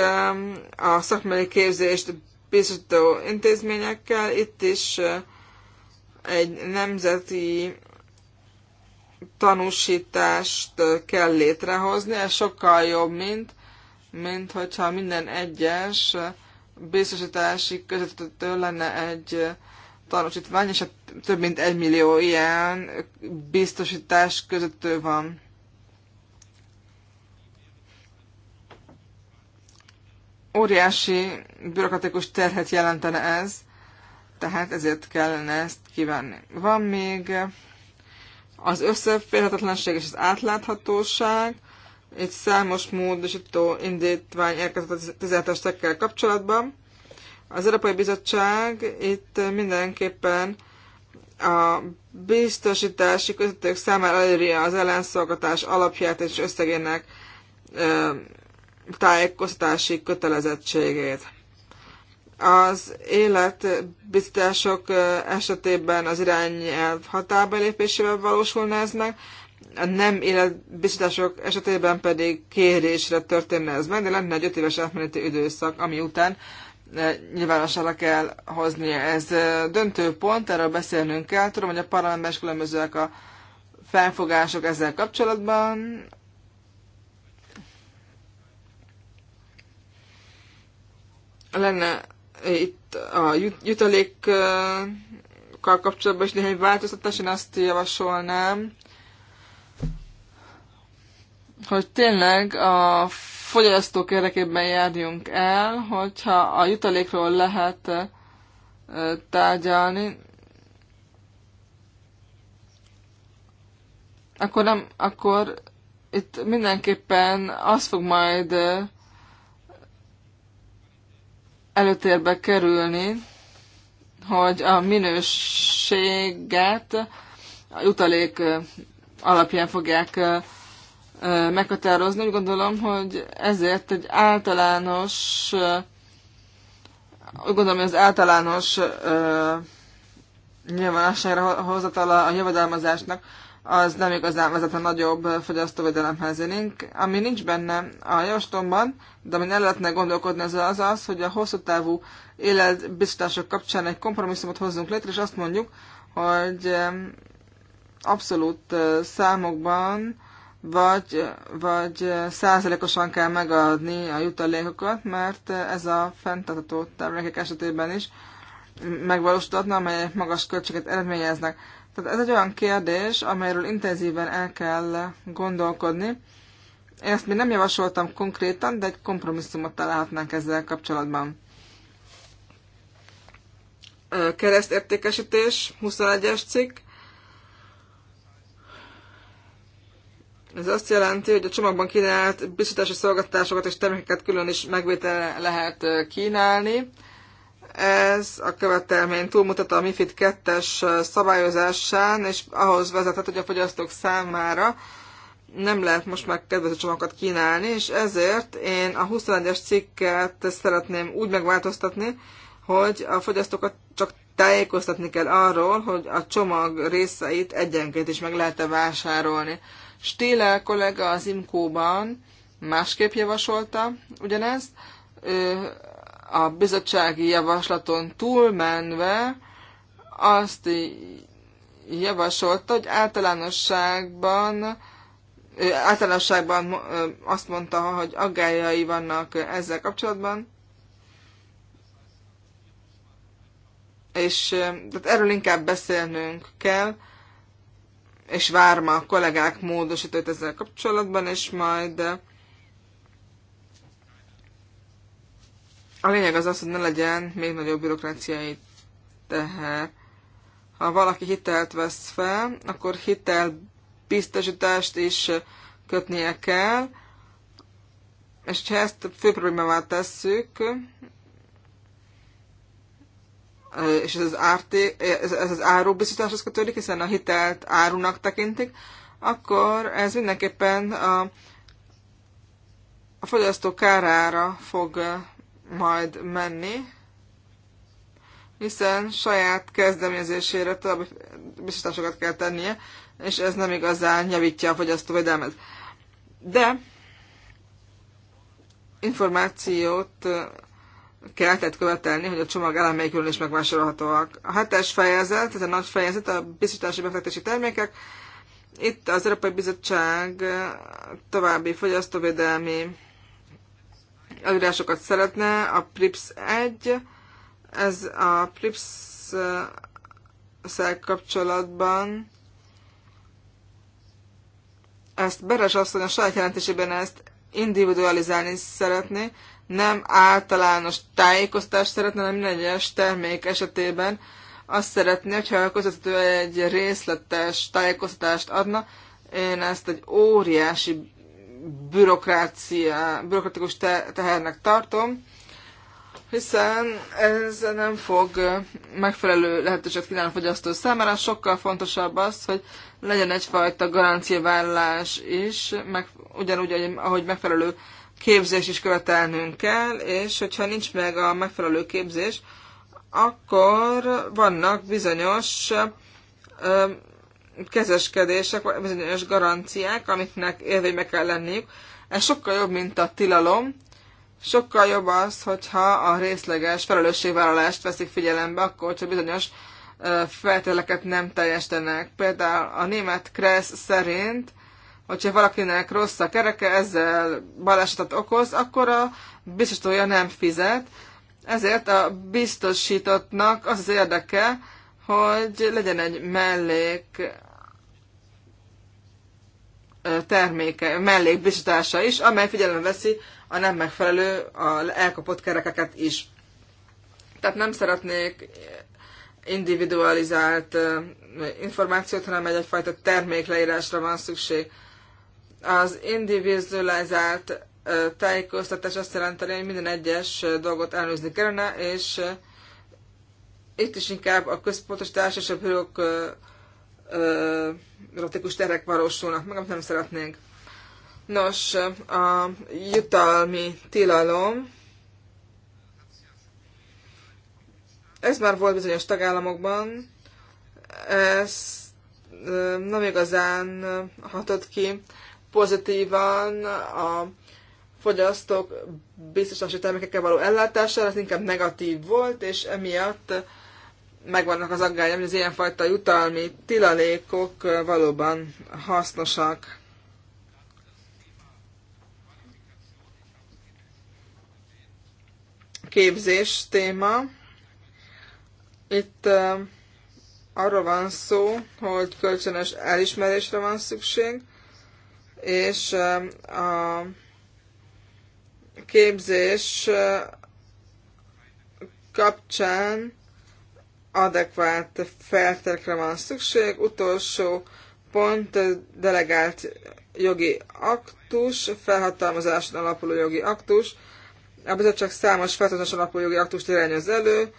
a szakmai képzést biztosító intézményekkel. Itt is egy nemzeti tanúsítást kell létrehozni, ez sokkal jobb, mint, mint hogyha minden egyes biztosítási közöttető lenne egy tanúsítvány, és hát több mint egy millió ilyen biztosítás közöttő van. óriási bürokratikus terhet jelentene ez, tehát ezért kellene ezt kívánni. Van még az összeférhetetlenség és az átláthatóság, egy számos módosító indítvány érkezett a 17 kapcsolatban. Az Európai Bizottság itt mindenképpen a biztosítási közöttők számára előírja az ellenszolgatás alapját és összegének tájékoztatási kötelezettségét. Az életbiztosítások eh, esetében az irányelv hatába lépésével valósulna ez meg, a nem életbiztosítások esetében pedig kérésre történne ez meg, de lenne egy 5 éves átmeneti időszak, ami után eh, nyilvánosságra kell hoznia. Ez eh, döntő pont, erről beszélnünk kell. Tudom, hogy a parlamentben is különbözőek a felfogások ezzel kapcsolatban. lenne itt a jutalékkal kapcsolatban is néhány változtatás, én azt javasolnám, hogy tényleg a fogyasztók érdekében járjunk el, hogyha a jutalékról lehet tárgyalni, akkor nem, akkor itt mindenképpen az fog majd előtérbe kerülni, hogy a minőséget a jutalék alapján fogják meghatározni. Úgy gondolom, hogy ezért egy általános, úgy gondolom, hogy az általános nyilvánosságra hozatala a jövedelmezésnek, az nem igazán vezet a nagyobb fogyasztóvédelemhez. Én ami nincs benne a javaslomban, de amin el lehetne gondolkodni, az az, az hogy a hosszú távú életbiztosítások kapcsán egy kompromisszumot hozzunk létre, és azt mondjuk, hogy abszolút számokban vagy, vagy százalékosan kell megadni a jutalékokat, mert ez a fenntartató termékek esetében is megvalósítatna, amelyek magas költséget eredményeznek. Tehát ez egy olyan kérdés, amelyről intenzíven el kell gondolkodni. Én ezt még nem javasoltam konkrétan, de egy kompromisszumot találhatnánk ezzel kapcsolatban. Keresztértékesítés, 21-es cikk. Ez azt jelenti, hogy a csomagban kínált biztosítási szolgáltatásokat és termékeket külön is megvétel lehet kínálni. Ez a követelmény túlmutat a MIFID 2-es szabályozásán, és ahhoz vezetett, hogy a fogyasztók számára nem lehet most már kedvező csomagokat kínálni, és ezért én a 21-es cikket szeretném úgy megváltoztatni, hogy a fogyasztókat csak tájékoztatni kell arról, hogy a csomag részeit egyenként is meg lehet-e vásárolni. Stíle kollega az Imkóban másképp javasolta ugyanezt, ő a bizottsági javaslaton túlmenve azt javasolta, hogy általánosságban általánosságban azt mondta, hogy aggályai vannak ezzel kapcsolatban, és tehát erről inkább beszélnünk kell, és várma a kollégák módosítót ezzel kapcsolatban, és majd A lényeg az az, hogy ne legyen még nagyobb bürokráciai teher. Ha valaki hitelt vesz fel, akkor hitel biztosítást is kötnie kell, és ha ezt fő problémává tesszük, és ez az, árté, ez, ez az árubiztosításhoz kötődik, hiszen a hitelt árunak tekintik, akkor ez mindenképpen a, a fogyasztó kárára fog majd menni, hiszen saját kezdeményezésére további biztosításokat kell tennie, és ez nem igazán javítja a fogyasztóvédelmet. De információt kell tehát követelni, hogy a csomag elemeikről is megvásárolhatóak. A hetes fejezet, ez a nagy fejezet, a biztosítási befektetési termékek. Itt az Európai Bizottság további fogyasztóvédelmi előírásokat szeretne, a PRIPS 1, ez a PRIPS eh, szel kapcsolatban ezt Beres asszony a saját jelentésében ezt individualizálni szeretné, nem általános tájékoztást szeretne, hanem minden egyes termék esetében azt szeretné, hogyha a közvetítő egy részletes tájékoztatást adna, én ezt egy óriási bürokrácia, bürokratikus tehernek tartom, hiszen ez nem fog megfelelő lehetőséget kínálni a fogyasztó számára. Sokkal fontosabb az, hogy legyen egyfajta garanciavállás is, meg, ugyanúgy, ahogy megfelelő képzés is követelnünk kell, és hogyha nincs meg a megfelelő képzés, akkor vannak bizonyos kezeskedések, bizonyos garanciák, amiknek érvénybe kell lenniük. Ez sokkal jobb, mint a tilalom. Sokkal jobb az, hogyha a részleges felelősségvállalást veszik figyelembe, akkor, hogyha bizonyos feltételeket nem teljesítenek. Például a német Kressz szerint, hogyha valakinek rossz a kereke, ezzel balesetet okoz, akkor a biztosítója nem fizet. Ezért a biztosítottnak az az érdeke, hogy legyen egy mellék terméke, mellék biztosítása is, amely figyelembe veszi a nem megfelelő, a elkapott kerekeket is. Tehát nem szeretnék individualizált információt, hanem egy egyfajta termékleírásra van szükség. Az individualizált tájékoztatás azt jelenti, hogy minden egyes dolgot elnőzni kellene, és itt is inkább a központos társasabb a erotikus terek valósulnak meg, amit nem szeretnénk. Nos, a jutalmi tilalom, ez már volt bizonyos tagállamokban, ez nem igazán hatott ki pozitívan a fogyasztók biztosítási termékekkel való ellátására, ez inkább negatív volt, és emiatt megvannak az aggályom, hogy az ilyenfajta jutalmi tilalékok valóban hasznosak. Képzés téma. Itt uh, arra van szó, hogy kölcsönös elismerésre van szükség, és uh, a képzés uh, kapcsán adekvát feltekre van szükség. Utolsó pont delegált jogi aktus, felhatalmazáson alapuló jogi aktus. A bizottság számos feltartáson alapuló jogi aktust irányoz elő,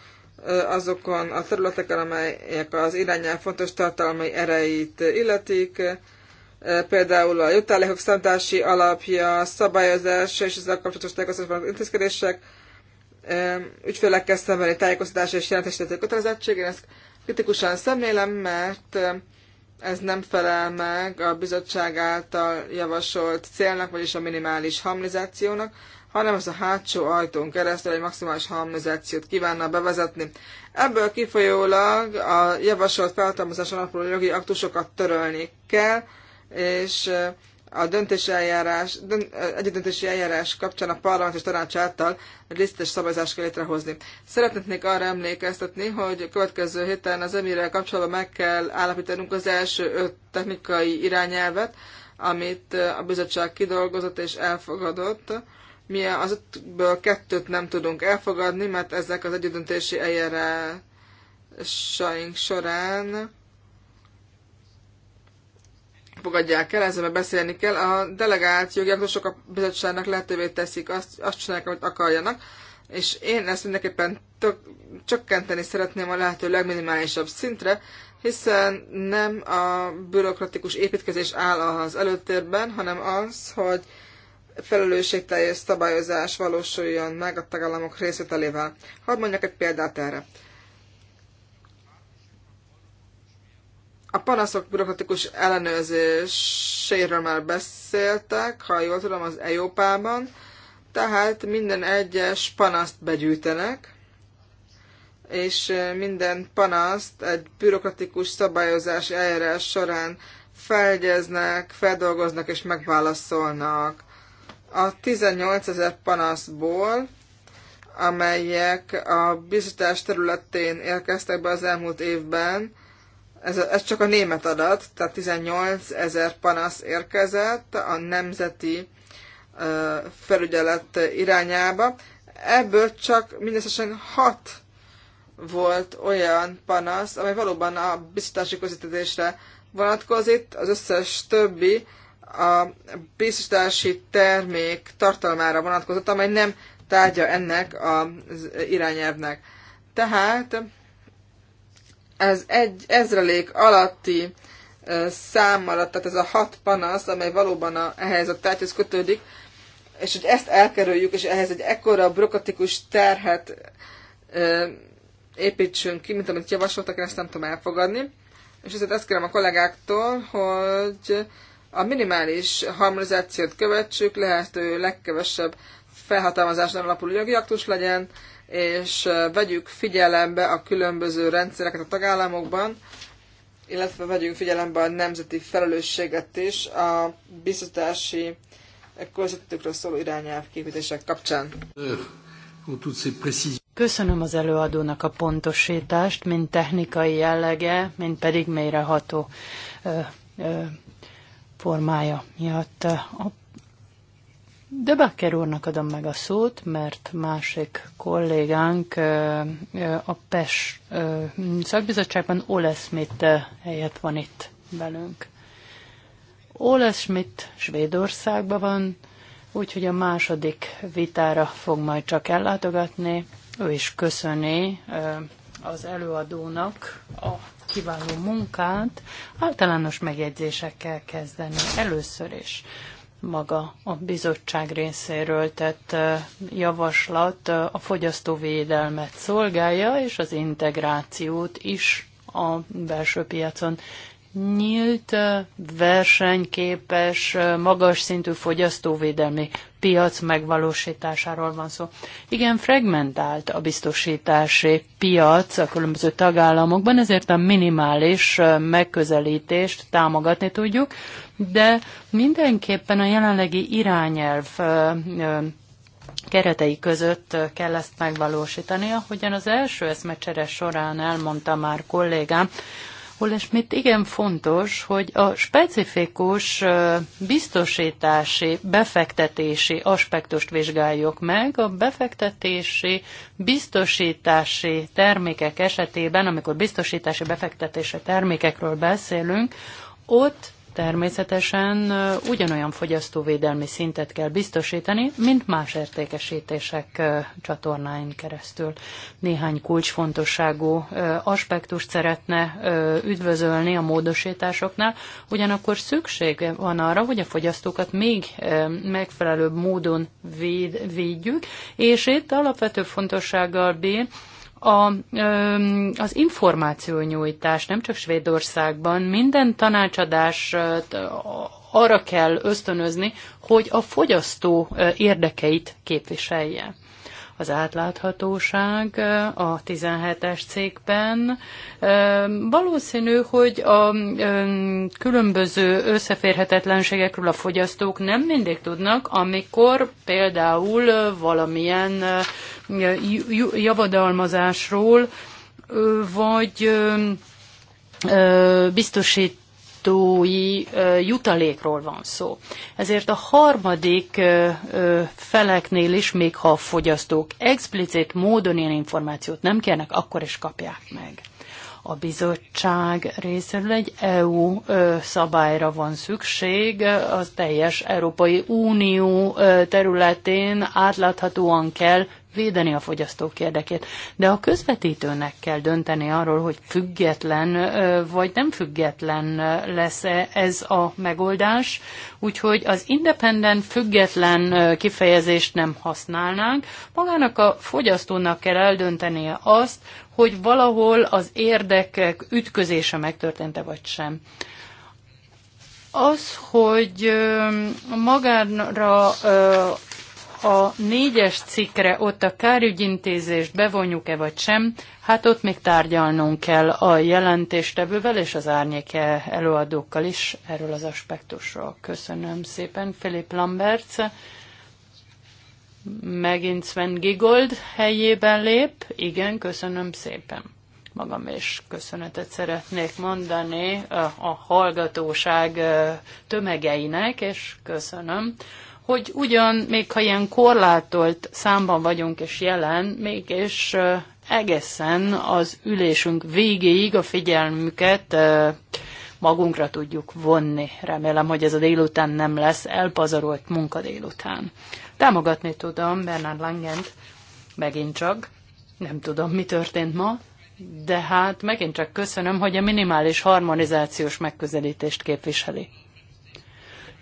azokon a területeken, amelyek az irányán fontos tartalmai erejét illetik, például a jutálékok szántási alapja, szabályozás és ezzel kapcsolatos tájékoztatásban intézkedések, ügyfélekkel szembeni tájékoztatása és jelentéstétő kötelezettség. Én ezt kritikusan szemlélem, mert ez nem felel meg a bizottság által javasolt célnak, vagyis a minimális harmonizációnak, hanem az a hátsó ajtón keresztül egy maximális harmonizációt kívánna bevezetni. Ebből kifolyólag a javasolt feltalmazáson alapuló jogi aktusokat törölni kell, és a döntési eljárás, egyedöntési eljárás kapcsán a parlament és tanács által részletes szabályzást kell létrehozni. Szeretnék arra emlékeztetni, hogy a következő héten az emirrel kapcsolatban meg kell állapítanunk az első öt technikai irányelvet, amit a bizottság kidolgozott és elfogadott. Mi az ötből kettőt nem tudunk elfogadni, mert ezek az egyedöntési eljárásaink során fogadják el, ezzel beszélni kell. A delegált jogi a bizottságnak lehetővé teszik, azt, azt csinálják, amit akarjanak, és én ezt mindenképpen tök, csökkenteni szeretném a lehető legminimálisabb szintre, hiszen nem a bürokratikus építkezés áll az előtérben, hanem az, hogy felelősségteljes szabályozás valósuljon meg a tagállamok részvételével. Hadd mondjak egy példát erre. A panaszok bürokratikus ellenőrzéséről már beszéltek, ha jól tudom, az EIOPA-ban, tehát minden egyes panaszt begyűjtenek, és minden panaszt egy bürokratikus szabályozás eljárás során felgyeznek, feldolgoznak és megválaszolnak. A 18 ezer panaszból, amelyek a biztosítás területén érkeztek be az elmúlt évben, ez, ez csak a német adat, tehát 18 ezer panasz érkezett a nemzeti felügyelet irányába. Ebből csak mindösszesen 6 volt olyan panasz, amely valóban a biztosítási közvetítésre vonatkozik, az összes többi a biztosítási termék tartalmára vonatkozott, amely nem tárgya ennek az irányelvnek. Tehát ez egy ezrelék alatti számmal, tehát ez a hat panasz, amely valóban a, ehhez a tárgyhoz kötődik, és hogy ezt elkerüljük, és ehhez egy ekkora brokatikus terhet ö, építsünk ki, mint amit javasoltak, én ezt nem tudom elfogadni. És ezért azt kérem a kollégáktól, hogy a minimális harmonizációt követsük, lehető legkevesebb felhatalmazáson alapuló jogi aktus legyen, és vegyük figyelembe a különböző rendszereket a tagállamokban, illetve vegyük figyelembe a nemzeti felelősséget is a biztosítási közöttükről szóló irányelv képítések kapcsán.
Köszönöm az előadónak a pontosítást, mind technikai jellege, mind pedig mélyreható ö, ö, formája miatt. A de Becker úrnak adom meg a szót, mert másik kollégánk a PES szakbizottságban Ole Smith helyett van itt velünk. Ole Schmidt Svédországban van, úgyhogy a második vitára fog majd csak ellátogatni. Ő is köszöni az előadónak a kiváló munkát. Általános megjegyzésekkel kezdeni először is maga a bizottság részéről tett javaslat a fogyasztóvédelmet szolgálja, és az integrációt is a belső piacon nyílt, versenyképes, magas szintű fogyasztóvédelmi piac megvalósításáról van szó. Igen, fragmentált a biztosítási piac a különböző tagállamokban, ezért a minimális megközelítést támogatni tudjuk, de mindenképpen a jelenlegi irányelv keretei között kell ezt megvalósítani, ahogyan az első eszmecsere során elmondta már kollégám, és mit igen fontos, hogy a specifikus biztosítási, befektetési aspektust vizsgáljuk meg. A befektetési, biztosítási termékek esetében, amikor biztosítási, befektetési termékekről beszélünk, ott Természetesen ugyanolyan fogyasztóvédelmi szintet kell biztosítani, mint más értékesítések csatornáin keresztül. Néhány kulcsfontosságú aspektust szeretne üdvözölni a módosításoknál, ugyanakkor szükség van arra, hogy a fogyasztókat még megfelelőbb módon véd, védjük, és itt alapvető fontossággal bír, a, az információnyújtás nem csak Svédországban, minden tanácsadást arra kell ösztönözni, hogy a fogyasztó érdekeit képviselje az átláthatóság eh, a 17-es cégben. Eh, valószínű, hogy a eh, különböző összeférhetetlenségekről a fogyasztók nem mindig tudnak, amikor például valamilyen javadalmazásról vagy biztosít fogyasztói jutalékról van szó. Ezért a harmadik feleknél is, még ha a fogyasztók explicit módon ilyen információt nem kérnek, akkor is kapják meg a bizottság részéről egy EU szabályra van szükség, az teljes Európai Unió területén átláthatóan kell védeni a fogyasztók érdekét. De a közvetítőnek kell dönteni arról, hogy független vagy nem független lesz -e ez a megoldás. Úgyhogy az independent, független kifejezést nem használnánk. Magának a fogyasztónak kell eldöntenie azt, hogy valahol az érdekek ütközése megtörtént-e vagy sem. Az, hogy magára a négyes cikkre ott a kárügyintézést bevonjuk-e vagy sem, hát ott még tárgyalnunk kell a jelentéstevővel és az árnyék előadókkal is erről az aspektusról. Köszönöm szépen, Filip Lamberts. Megint Sven Gigold helyében lép. Igen, köszönöm szépen. Magam is köszönetet szeretnék mondani a hallgatóság tömegeinek, és köszönöm hogy ugyan, még ha ilyen korlátolt számban vagyunk és jelen, mégis egészen az ülésünk végéig a figyelmüket magunkra tudjuk vonni. Remélem, hogy ez a délután nem lesz elpazarolt munka délután. Támogatni tudom Bernard Langent megint csak. Nem tudom, mi történt ma, de hát megint csak köszönöm, hogy a minimális harmonizációs megközelítést képviseli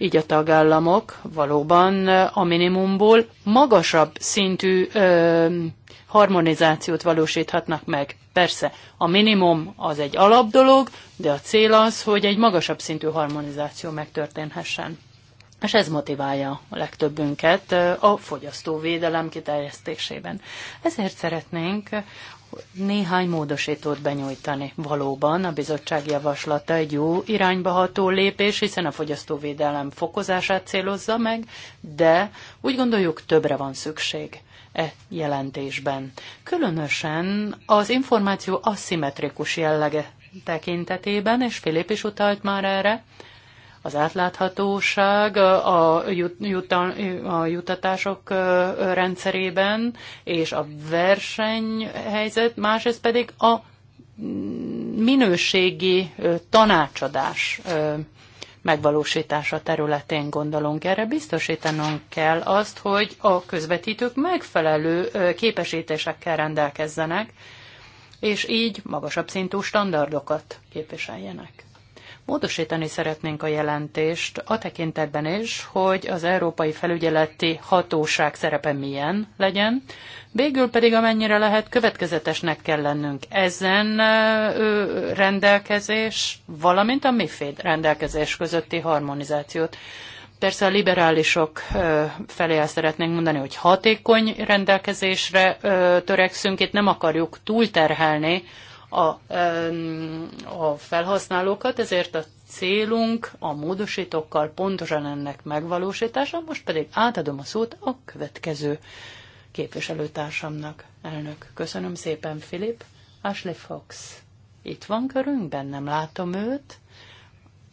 így a tagállamok valóban a minimumból magasabb szintű ö, harmonizációt valósíthatnak meg. Persze, a minimum az egy alapdolog, de a cél az, hogy egy magasabb szintű harmonizáció megtörténhessen. És ez motiválja a legtöbbünket a fogyasztóvédelem kiterjesztésében. Ezért szeretnénk néhány módosítót benyújtani. Valóban a bizottság javaslata egy jó irányba ható lépés, hiszen a fogyasztóvédelem fokozását célozza meg, de úgy gondoljuk többre van szükség e jelentésben. Különösen az információ aszimmetrikus jellege tekintetében, és Filip is utalt már erre, az átláthatóság a, jutal, a jutatások rendszerében és a versenyhelyzet, másrészt pedig a minőségi tanácsadás megvalósítása területén gondolunk erre, biztosítanunk kell azt, hogy a közvetítők megfelelő képesítésekkel rendelkezzenek, és így magasabb szintű standardokat képviseljenek. Módosítani szeretnénk a jelentést a tekintetben is, hogy az Európai Felügyeleti Hatóság szerepe milyen legyen, végül pedig amennyire lehet következetesnek kell lennünk ezen rendelkezés, valamint a MIFID rendelkezés közötti harmonizációt. Persze a liberálisok felé el szeretnénk mondani, hogy hatékony rendelkezésre törekszünk, itt nem akarjuk túlterhelni a, a felhasználókat, ezért a célunk a módosítókkal pontosan ennek megvalósítása, most pedig átadom a szót a következő képviselőtársamnak. Elnök, köszönöm szépen, Filip. Ashley Fox. Itt van körünkben, nem látom őt.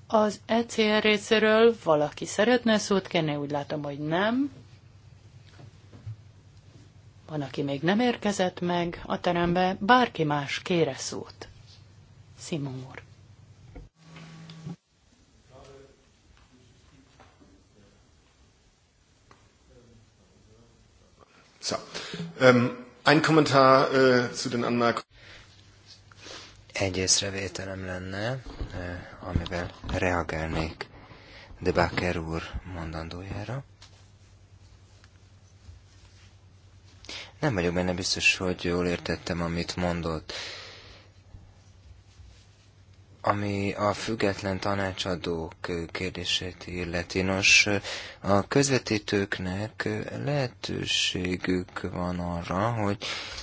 Az ECR részéről valaki szeretne szót kérni, úgy látom, hogy nem. Van, aki még nem érkezett meg a terembe, bárki más kére szót. Simon úr. So. Um, ein Kommentar uh, zu den Anmerkungen.
Egy észrevételem lenne, äh, amivel reagálnék Debaker úr mondandójára. Nem vagyok benne biztos, hogy jól értettem, amit mondott. Ami a független tanácsadók kérdését illeti, nos, a közvetítőknek lehetőségük van arra, hogy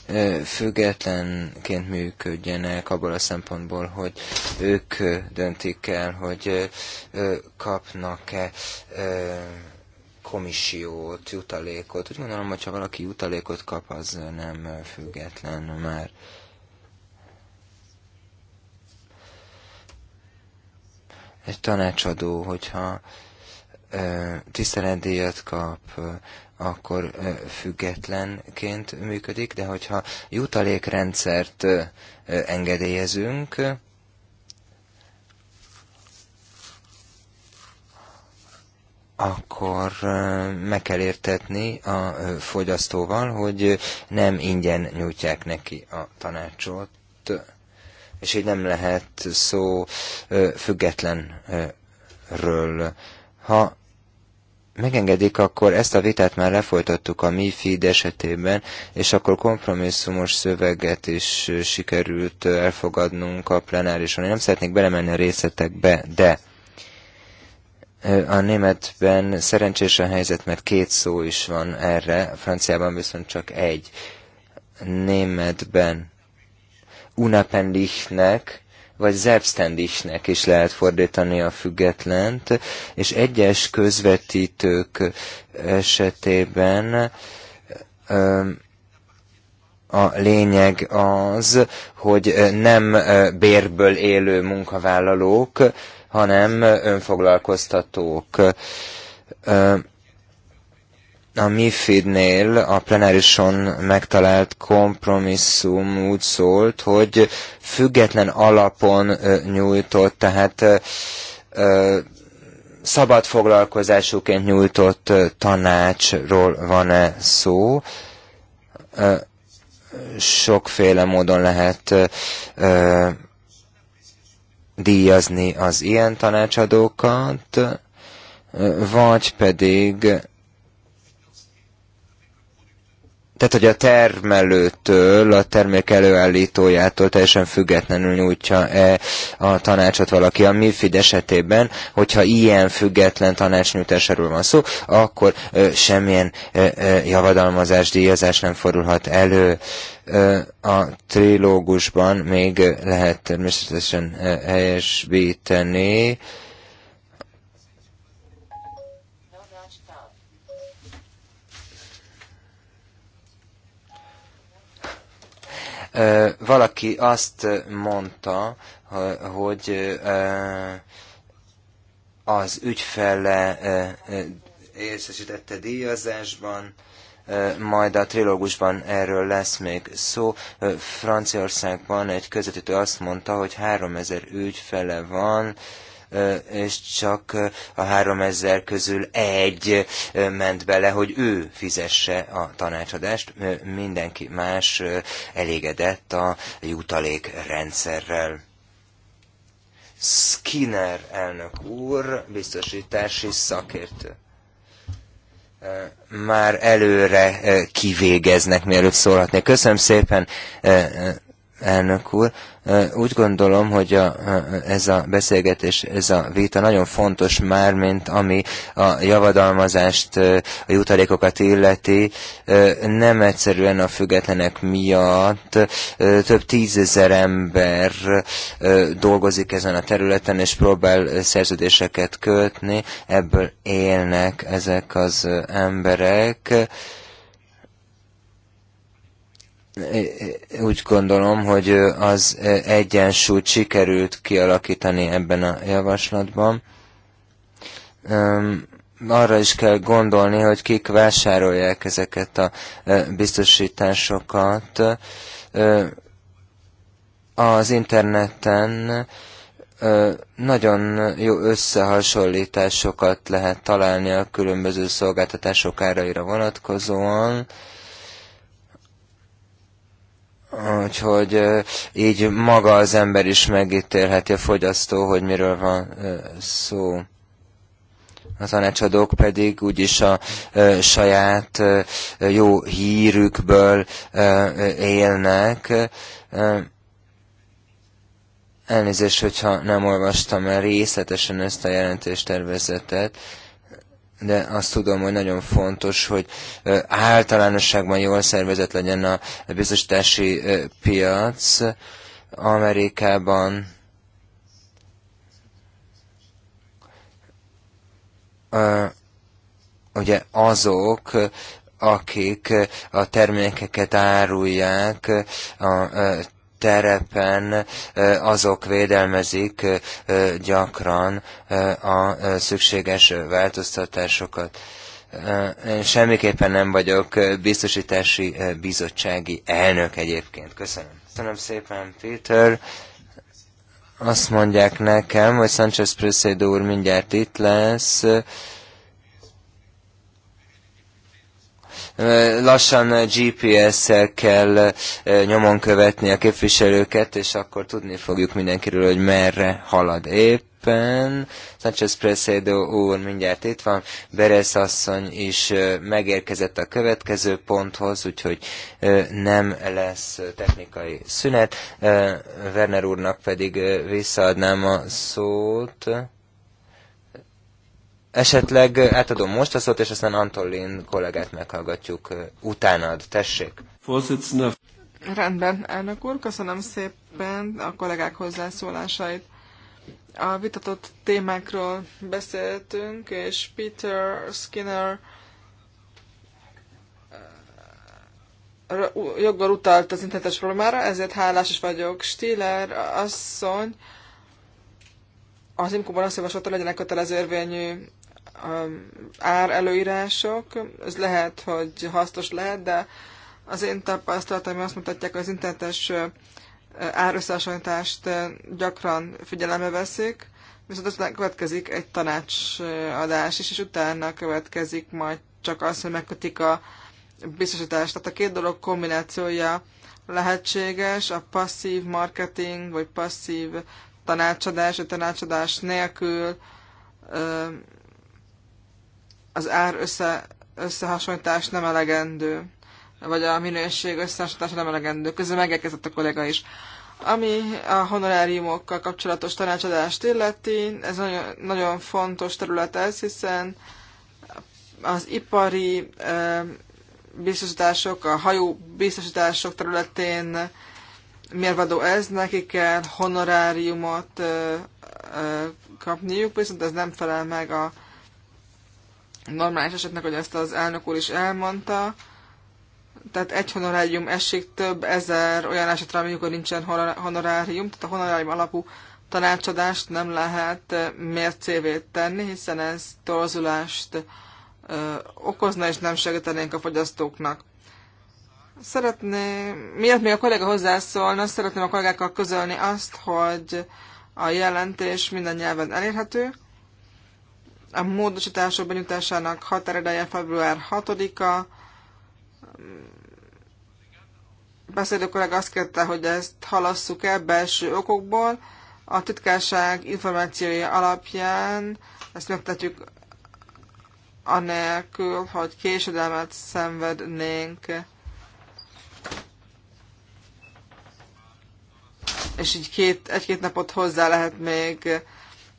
eh, függetlenként működjenek abból a szempontból, hogy ők döntik el, hogy eh, eh, kapnak-e komissiót, jutalékot. Úgy gondolom, hogy ha valaki jutalékot kap, az nem független már. Egy tanácsadó, hogyha tiszteletdíjat kap, akkor függetlenként működik, de hogyha jutalékrendszert engedélyezünk, akkor meg kell értetni a fogyasztóval, hogy nem ingyen nyújtják neki a tanácsot, és így nem lehet szó függetlenről. Ha megengedik, akkor ezt a vitát már lefolytattuk a MIFID esetében, és akkor kompromisszumos szöveget is sikerült elfogadnunk a plenárison. Én nem szeretnék belemenni a részletekbe, de a németben szerencsés a helyzet, mert két szó is van erre, a franciában viszont csak egy. Németben unapendichnek, vagy selbständichnek is lehet fordítani a függetlent, és egyes közvetítők esetében a lényeg az, hogy nem bérből élő munkavállalók, hanem önfoglalkoztatók. A MIFID-nél a plenárison megtalált kompromisszum úgy szólt, hogy független alapon nyújtott, tehát szabad foglalkozásuként nyújtott tanácsról van-e szó. Sokféle módon lehet díjazni az ilyen tanácsadókat, vagy pedig tehát, hogy a termelőtől, a termék előállítójától teljesen függetlenül nyújtja-e a tanácsot valaki. A MIFID esetében, hogyha ilyen független tanácsnyújtásáról van szó, akkor ö, semmilyen ö, ö, javadalmazás, díjazás nem fordulhat elő. Ö, a trilógusban még lehet természetesen helyesbíteni, valaki azt mondta, hogy az ügyfele érzesítette díjazásban, majd a trilógusban erről lesz még szó. Franciaországban egy közvetítő azt mondta, hogy 3000 ügyfele van, és csak a 3000 közül egy ment bele, hogy ő fizesse a tanácsadást, mindenki más elégedett a jutalékrendszerrel. Skinner elnök úr, biztosítási szakértő már előre kivégeznek, mielőtt szólhatnék. Köszönöm szépen, elnök úr. Úgy gondolom, hogy a, ez a beszélgetés, ez a vita nagyon fontos már, mint ami a javadalmazást, a jutalékokat illeti, nem egyszerűen a függetlenek miatt több tízezer ember dolgozik ezen a területen, és próbál szerződéseket kötni, ebből élnek ezek az emberek, úgy gondolom, hogy az egyensúlyt sikerült kialakítani ebben a javaslatban. Arra is kell gondolni, hogy kik vásárolják ezeket a biztosításokat. Az interneten nagyon jó összehasonlításokat lehet találni a különböző szolgáltatások áraira vonatkozóan Úgyhogy így maga az ember is megítélheti a fogyasztó, hogy miről van szó. A tanácsadók pedig úgyis a saját jó hírükből élnek. Elnézést, hogyha nem olvastam el részletesen ezt a jelentéstervezetet, de azt tudom, hogy nagyon fontos, hogy általánosságban jól szervezett legyen a biztosítási piac Amerikában. Ugye azok, akik a termékeket árulják a terepen eh, azok védelmezik eh, gyakran eh, a szükséges változtatásokat. Én semmiképpen nem vagyok biztosítási bizottsági elnök egyébként. Köszönöm. Köszönöm szépen, Peter. Azt mondják nekem, hogy Sanchez Presedo úr mindjárt itt lesz. Lassan GPS-szel kell eh, nyomon követni a képviselőket, és akkor tudni fogjuk mindenkiről, hogy merre halad éppen. Sanchez Presedo úr mindjárt itt van, Beres asszony is eh, megérkezett a következő ponthoz, úgyhogy eh, nem lesz technikai szünet. Werner úrnak pedig visszaadnám a szót. Esetleg átadom most a szót, és aztán Antolin kollégát meghallgatjuk utánad. Tessék!
Rendben, elnök úr, köszönöm szépen a kollégák hozzászólásait. A vitatott témákról beszéltünk, és Peter Skinner joggal utalt az internetes problémára, ezért hálás is vagyok. Stiller asszony az imkóban azt javasolta, legyenek kötelező érvényű ár előírások, ez lehet, hogy hasznos lehet, de az én tapasztalataim azt mutatják, hogy az internetes árösszehasonlítást gyakran figyelembe veszik, viszont aztán következik egy tanácsadás is, és utána következik majd csak az, hogy megkötik a biztosítást. Tehát a két dolog kombinációja lehetséges, a passzív marketing, vagy passzív tanácsadás, vagy tanácsadás nélkül az ár össze, összehasonlítás nem elegendő, vagy a minőség összehasonlítása nem elegendő. Közben megérkezett a kollega is. Ami a honoráriumokkal kapcsolatos tanácsadást illeti, ez nagyon, nagyon fontos terület ez, hiszen az ipari biztosítások, a hajó biztosítások területén mérvadó ez, neki kell honoráriumot kapniuk, viszont ez nem felel meg a normális esetnek, hogy ezt az elnök úr is elmondta. Tehát egy honorárium esik több ezer olyan esetre, amikor nincsen honorárium, tehát a honorárium alapú tanácsadást nem lehet eh, mércévét tenni, hiszen ez torzulást ö, eh, okozna, és nem segítenénk a fogyasztóknak. Szeretném, miért még a kollega hozzászólna, szeretném a kollégákkal közölni azt, hogy a jelentés minden nyelven elérhető, a módosítások benyújtásának határideje február 6-a. Beszélő kollega azt kérte, hogy ezt halasszuk el belső okokból. A titkárság információi alapján ezt megtetjük anélkül, hogy késedelmet szenvednénk. És így két, egy-két napot hozzá lehet még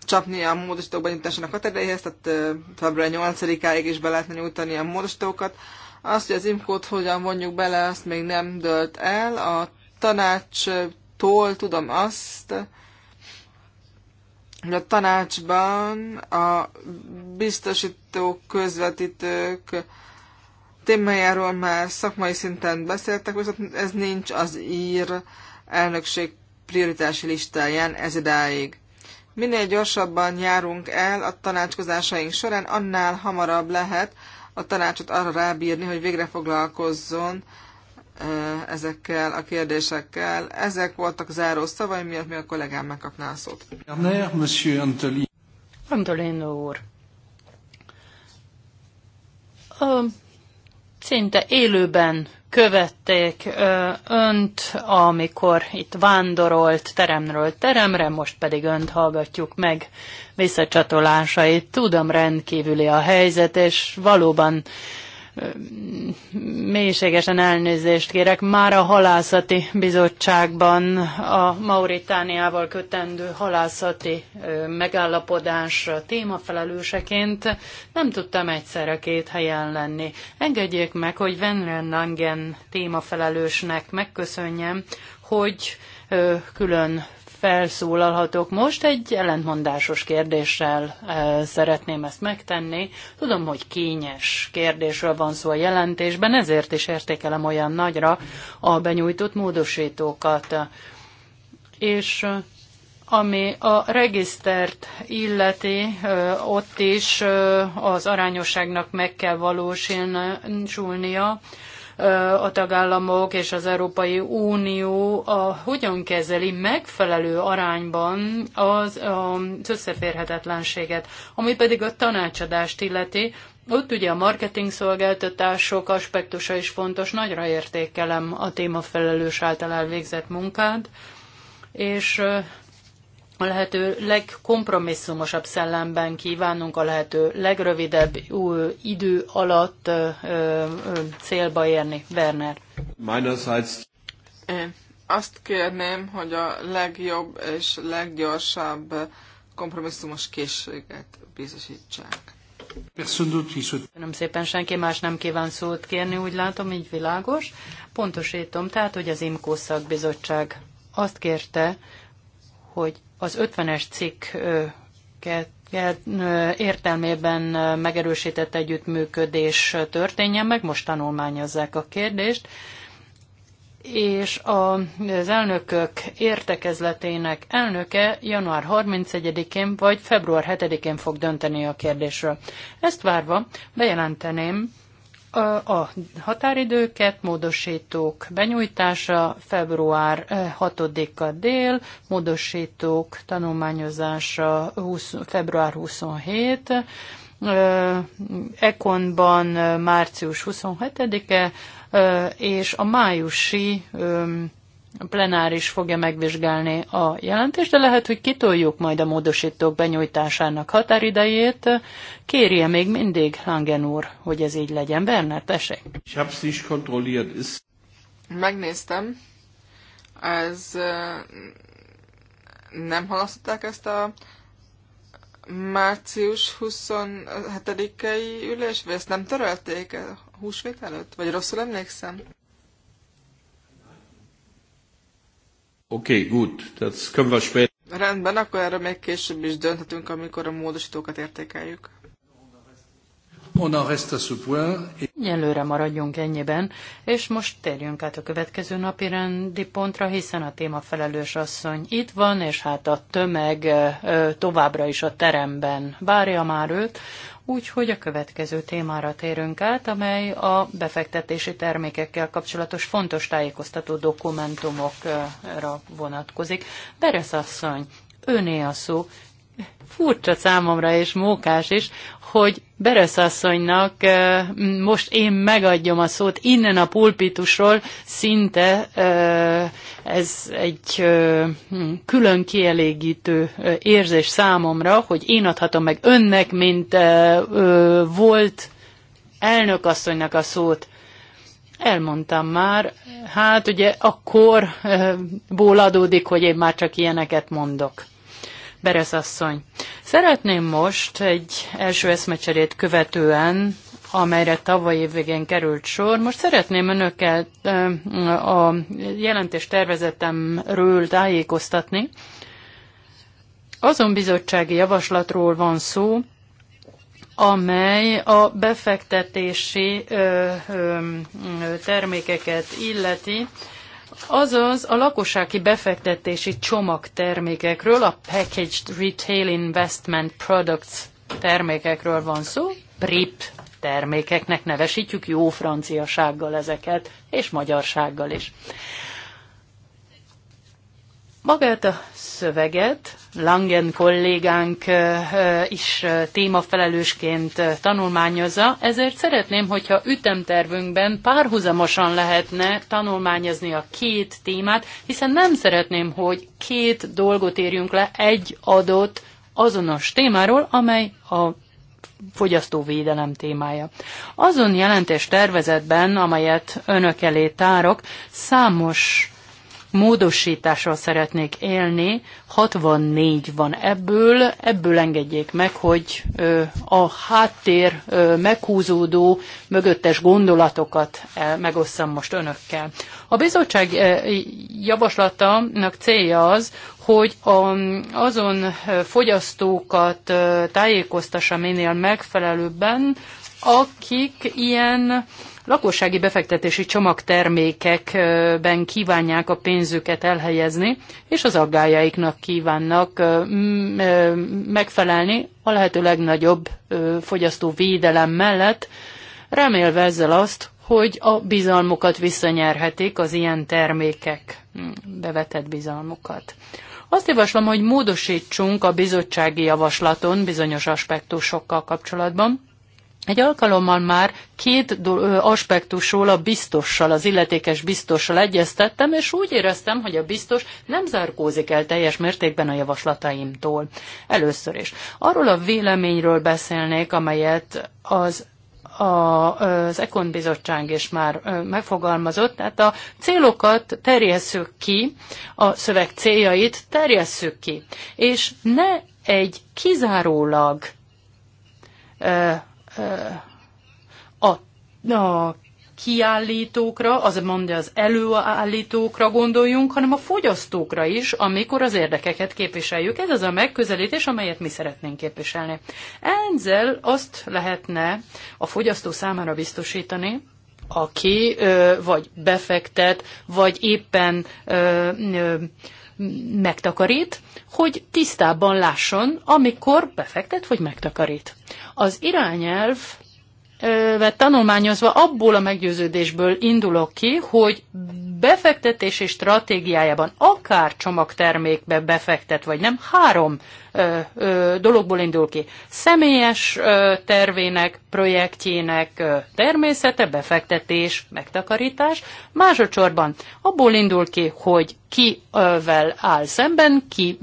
csapni a módosítók benyújtásának határidejéhez, tehát február 8-áig is be lehetne nyújtani a módosítókat. Azt, hogy az imkót hogyan vonjuk bele, azt még nem dölt el. A tanácstól tudom azt, hogy a tanácsban a biztosítók, közvetítők témájáról már szakmai szinten beszéltek, viszont ez nincs az ír elnökség prioritási listáján ez idáig. Minél gyorsabban járunk el a tanácskozásaink során, annál hamarabb lehet a tanácsot arra rábírni, hogy végre foglalkozzon ezekkel a kérdésekkel. Ezek voltak záró szavai, miatt mi a kollégám megkapná
a szót. Antolino úr. Ö, szinte élőben követték önt, amikor itt vándorolt teremről teremre, most pedig önt hallgatjuk meg visszacsatolásait. Tudom, rendkívüli a helyzet, és valóban mélységesen elnézést kérek. Már a halászati bizottságban a Mauritániával kötendő halászati megállapodás témafelelőseként nem tudtam egyszerre két helyen lenni. Engedjék meg, hogy Venren Nangen témafelelősnek megköszönjem, hogy külön felszólalhatok most. Egy ellentmondásos kérdéssel e, szeretném ezt megtenni. Tudom, hogy kényes kérdésről van szó a jelentésben, ezért is értékelem olyan nagyra a benyújtott módosítókat. És ami a regisztert illeti, ott is az arányosságnak meg kell valósulnia a tagállamok és az Európai Unió a, hogyan kezeli megfelelő arányban az, az összeférhetetlenséget, ami pedig a tanácsadást illeti, ott ugye a marketing szolgáltatások aspektusa is fontos, nagyra értékelem a témafelelős által elvégzett munkát, és a lehető legkompromisszumosabb szellemben kívánunk a lehető legrövidebb idő alatt célba érni. Werner.
Én azt kérném, hogy a legjobb és leggyorsabb kompromisszumos készséget biztosítsák.
Köszönöm
szépen, senki más nem kíván szót kérni, úgy látom, így világos. Pontosítom, tehát, hogy az IMKO szakbizottság azt kérte, hogy az 50-es cikket értelmében megerősített együttműködés történjen meg, most tanulmányozzák a kérdést, és az elnökök értekezletének elnöke január 31-én vagy február 7-én fog dönteni a kérdésről. Ezt várva bejelenteném, a határidőket, módosítók benyújtása február 6-a eh, dél, módosítók tanulmányozása 20, február 27, eh, Ekonban eh, március 27-e, és a májusi plenáris fogja megvizsgálni a jelentést, de lehet, hogy kitoljuk majd a módosítók benyújtásának határidejét. Kérje még mindig Langen úr, hogy ez így legyen. Berner, tessék.
Megnéztem. Ez nem halasztották ezt a március 27-i ülés, vagy ezt nem törölték húsvét előtt? Vagy rosszul emlékszem?
Oké, okay, good. das können wir später.
Rendben, akkor erre még később is dönthetünk, amikor a módosítókat értékeljük.
Nyelőre maradjunk ennyiben, és most térjünk át a következő napi rendi pontra, hiszen a felelős asszony itt van, és hát a tömeg továbbra is a teremben várja már őt úgyhogy a következő témára térünk át, amely a befektetési termékekkel kapcsolatos fontos tájékoztató dokumentumokra vonatkozik. Beres asszony, öné a szó. Furcsa számomra és mókás is, hogy Beresz asszonynak eh, most én megadjam a szót innen a pulpitusról, szinte eh, ez egy hm, külön kielégítő érzés számomra, hogy én adhatom meg önnek, mint volt elnökasszonynak a szót. Elmondtam már, hát ugye akkor ból adódik, hogy én már csak ilyeneket mondok. Beresz asszony, szeretném most egy első eszmecserét követően amelyre tavaly év végén került sor. Most szeretném önöket a jelentés tervezetemről tájékoztatni. Azon bizottsági javaslatról van szó, amely a befektetési ö, ö, termékeket illeti, azaz a lakossági befektetési csomagtermékekről, a Packaged Retail Investment Products termékekről van szó, PRIP termékeknek nevesítjük jó franciasággal ezeket, és magyarsággal is. Magát a szöveget Langen kollégánk is témafelelősként tanulmányozza, ezért szeretném, hogyha ütemtervünkben párhuzamosan lehetne tanulmányozni a két témát, hiszen nem szeretném, hogy két dolgot érjünk le egy adott azonos témáról, amely a fogyasztóvédelem témája. Azon jelentés tervezetben, amelyet önök elé tárok, számos módosítással szeretnék élni, 64 van ebből, ebből engedjék meg, hogy a háttér meghúzódó mögöttes gondolatokat megosszam most önökkel. A bizottság javaslatának célja az, hogy azon fogyasztókat tájékoztassa minél megfelelőbben, akik ilyen lakossági befektetési csomagtermékekben kívánják a pénzüket elhelyezni, és az aggájaiknak kívánnak megfelelni a lehető legnagyobb fogyasztóvédelem mellett, remélve ezzel azt, hogy a bizalmukat visszanyerhetik az ilyen termékek bevetett bizalmukat. Azt javaslom, hogy módosítsunk a bizottsági javaslaton bizonyos aspektusokkal kapcsolatban, egy alkalommal már két aspektusról a biztossal, az illetékes biztossal egyeztettem, és úgy éreztem, hogy a biztos nem zárkózik el teljes mértékben a javaslataimtól. Először is. Arról a véleményről beszélnék, amelyet az a, az Econ Bizottság is már megfogalmazott, tehát a célokat terjesszük ki, a szöveg céljait terjesszük ki, és ne egy kizárólag a, a kiállítókra, az mondja az előállítókra gondoljunk, hanem a fogyasztókra is, amikor az érdekeket képviseljük. Ez az a megközelítés, amelyet mi szeretnénk képviselni. Ezzel azt lehetne a fogyasztó számára biztosítani, aki ö, vagy befektet, vagy éppen ö, ö, megtakarít, hogy tisztában lásson, amikor befektet vagy megtakarít. Az irányelv tanulmányozva abból a meggyőződésből indulok ki, hogy befektetési stratégiájában akár csomagtermékbe befektet, vagy nem, három dologból indul ki. Személyes tervének, projektjének természete, befektetés, megtakarítás. Másodszorban abból indul ki, hogy kivel áll szemben, ki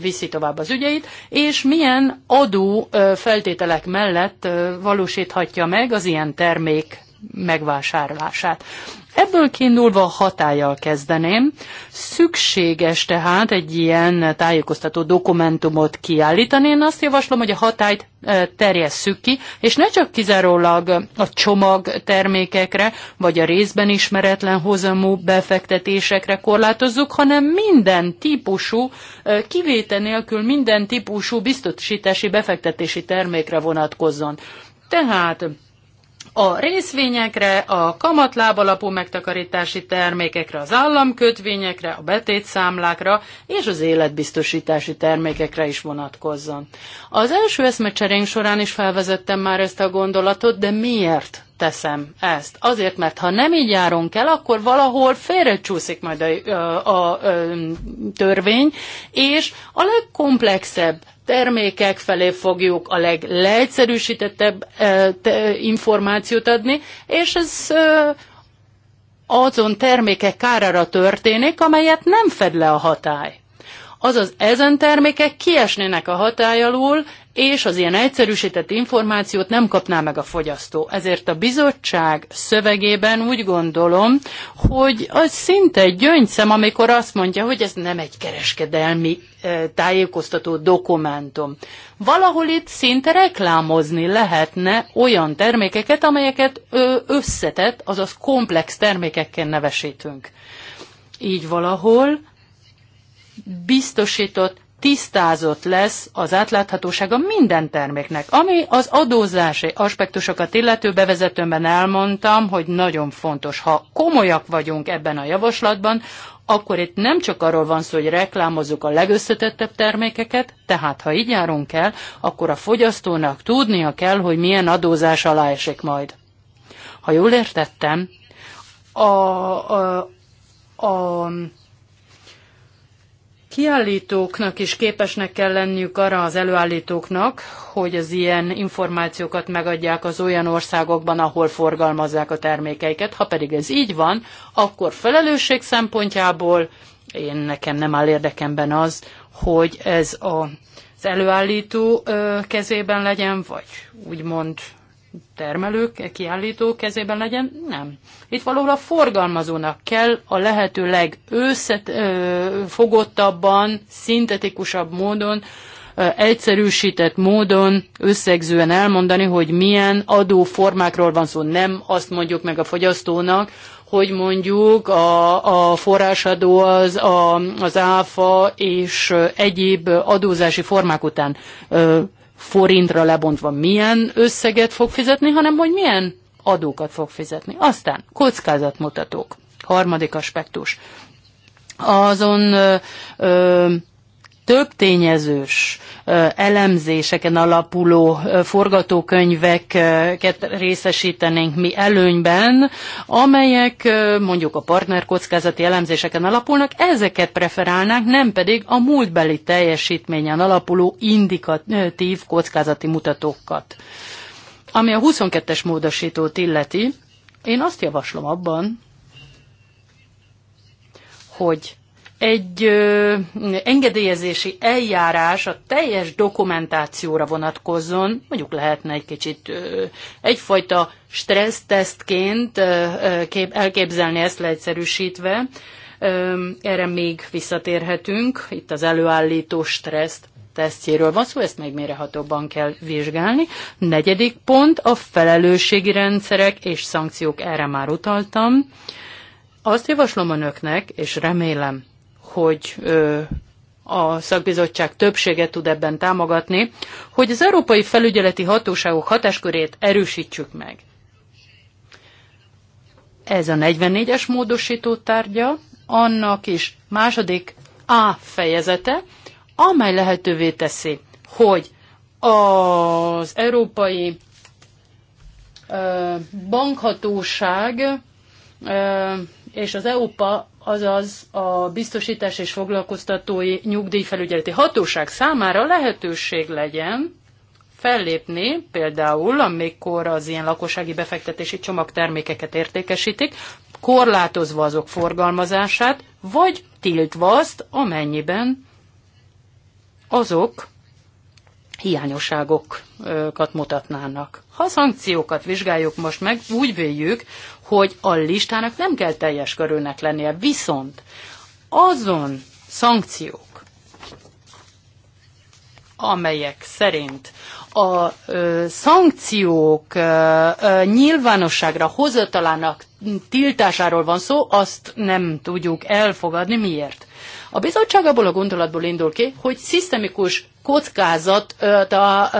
viszi tovább az ügyeit, és milyen adó feltételek mellett valósíthatja meg az ilyen termék megvásárlását. Ebből kiindulva a hatállyal kezdeném. Szükséges tehát egy ilyen tájékoztató dokumentumot kiállítani. Én azt javaslom, hogy a hatályt e, terjesszük ki, és ne csak kizárólag a csomag termékekre, vagy a részben ismeretlen hozamú befektetésekre korlátozzuk, hanem minden típusú, e, kivétel nélkül minden típusú biztosítási befektetési termékre vonatkozzon. Tehát a részvényekre, a kamatláb alapú megtakarítási termékekre, az államkötvényekre, a betétszámlákra és az életbiztosítási termékekre is vonatkozzon. Az első eszmecserénk során is felvezettem már ezt a gondolatot, de miért teszem ezt? Azért, mert ha nem így járunk el, akkor valahol félrecsúszik majd a, a, a, a törvény, és a legkomplexebb termékek felé fogjuk a legleegyszerűsítettebb eh, információt adni, és ez eh, azon termékek kárára történik, amelyet nem fed le a hatály azaz ezen termékek kiesnének a hatály alól, és az ilyen egyszerűsített információt nem kapná meg a fogyasztó. Ezért a bizottság szövegében úgy gondolom, hogy az szinte egy gyöngyszem, amikor azt mondja, hogy ez nem egy kereskedelmi eh, tájékoztató dokumentum. Valahol itt szinte reklámozni lehetne olyan termékeket, amelyeket összetett, azaz komplex termékekkel nevesítünk. Így valahol biztosított tisztázott lesz az átláthatósága minden terméknek. Ami az adózási aspektusokat illető bevezetőben elmondtam, hogy nagyon fontos, ha komolyak vagyunk ebben a javaslatban, akkor itt nem csak arról van szó, hogy reklámozzuk a legösszetettebb termékeket, tehát ha így járunk el, akkor a fogyasztónak tudnia kell, hogy milyen adózás alá esik majd. Ha jól értettem, a, a, a kiállítóknak is képesnek kell lenniük arra az előállítóknak, hogy az ilyen információkat megadják az olyan országokban, ahol forgalmazzák a termékeiket. Ha pedig ez így van, akkor felelősség szempontjából én nekem nem áll érdekemben az, hogy ez a, az előállító ö, kezében legyen, vagy úgymond termelők, kiállítók kezében legyen? Nem. Itt valóban a forgalmazónak kell a lehető legösszefogottabban, szintetikusabb módon, egyszerűsített módon összegzően elmondani, hogy milyen adóformákról van szó. Nem azt mondjuk meg a fogyasztónak, hogy mondjuk a, a forrásadó az, a, az áfa és egyéb adózási formák után forintra lebontva milyen összeget fog fizetni, hanem hogy milyen adókat fog fizetni. Aztán kockázatmutatók. Harmadik aspektus. Azon ö, ö, több tényezős elemzéseken alapuló forgatókönyveket részesítenénk mi előnyben, amelyek mondjuk a partnerkockázati elemzéseken alapulnak, ezeket preferálnánk, nem pedig a múltbeli teljesítményen alapuló indikatív kockázati mutatókat. Ami a 22-es módosítót illeti, én azt javaslom abban, hogy egy ö, engedélyezési eljárás a teljes dokumentációra vonatkozzon, mondjuk lehetne egy kicsit ö, egyfajta stressztesztként elképzelni ezt leegyszerűsítve. Ö, erre még visszatérhetünk, itt az előállító stresszt tesztjéről van szó, ezt még mérehatóban kell vizsgálni. Negyedik pont a felelősségi rendszerek és szankciók, erre már utaltam. Azt javaslom önöknek, és remélem, hogy a szakbizottság többséget tud ebben támogatni, hogy az európai felügyeleti hatóságok hatáskörét erősítsük meg. Ez a 44-es módosító tárgya, annak is második A fejezete, amely lehetővé teszi, hogy az európai bankhatóság és az EUPA azaz a biztosítás és foglalkoztatói nyugdíjfelügyeleti hatóság számára lehetőség legyen fellépni, például amikor az ilyen lakossági befektetési csomagtermékeket értékesítik, korlátozva azok forgalmazását, vagy tiltva azt, amennyiben azok hiányosságokat mutatnának. Ha szankciókat vizsgáljuk most meg, úgy véljük, hogy a listának nem kell teljes körülnek lennie, viszont azon szankciók, amelyek szerint a ö, szankciók ö, ö, nyilvánosságra hozatalának tiltásáról van szó, azt nem tudjuk elfogadni. Miért? A bizottság abból a gondolatból indul ki, hogy szisztemikus kockázat ö, ta, ö,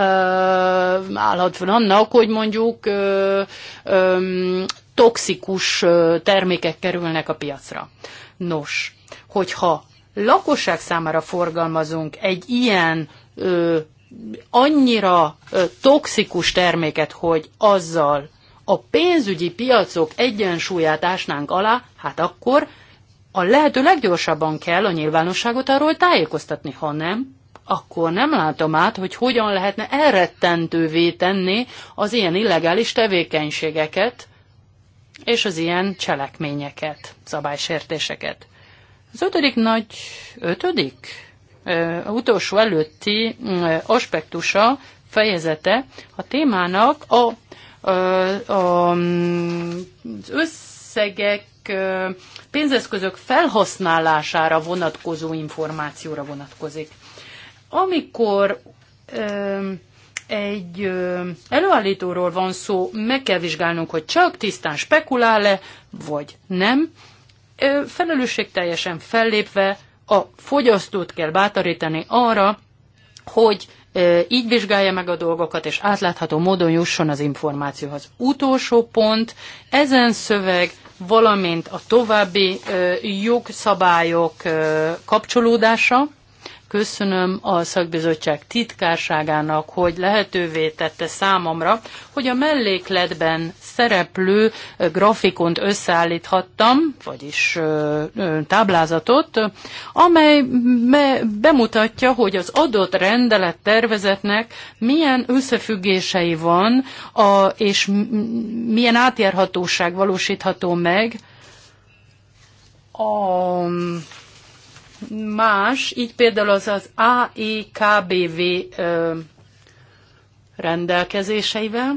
állhat fel annak, hogy mondjuk ö, ö, toxikus termékek kerülnek a piacra. Nos, hogyha lakosság számára forgalmazunk egy ilyen ö, annyira ö, toxikus terméket, hogy azzal a pénzügyi piacok egyensúlyát ásnánk alá, hát akkor a lehető leggyorsabban kell a nyilvánosságot arról tájékoztatni, ha nem, akkor nem látom át, hogy hogyan lehetne elrettentővé tenni az ilyen illegális tevékenységeket, és az ilyen cselekményeket, szabálysértéseket. Az ötödik nagy, ötödik, ö, utolsó előtti ö, aspektusa, fejezete a témának a, ö, a, mm, az összegek, ö, pénzeszközök felhasználására vonatkozó információra vonatkozik. Amikor ö, egy előállítóról van szó, meg kell vizsgálnunk, hogy csak tisztán spekulál-e, vagy nem. Felelősség teljesen fellépve a fogyasztót kell bátorítani arra, hogy így vizsgálja meg a dolgokat, és átlátható módon jusson az információhoz. Utolsó pont, ezen szöveg, valamint a további jogszabályok kapcsolódása, köszönöm a szakbizottság titkárságának, hogy lehetővé tette számomra, hogy a mellékletben szereplő grafikont összeállíthattam, vagyis táblázatot, amely bemutatja, hogy az adott rendelet tervezetnek milyen összefüggései van, és milyen átjárhatóság valósítható meg a más, így például az az AEKBV rendelkezéseivel,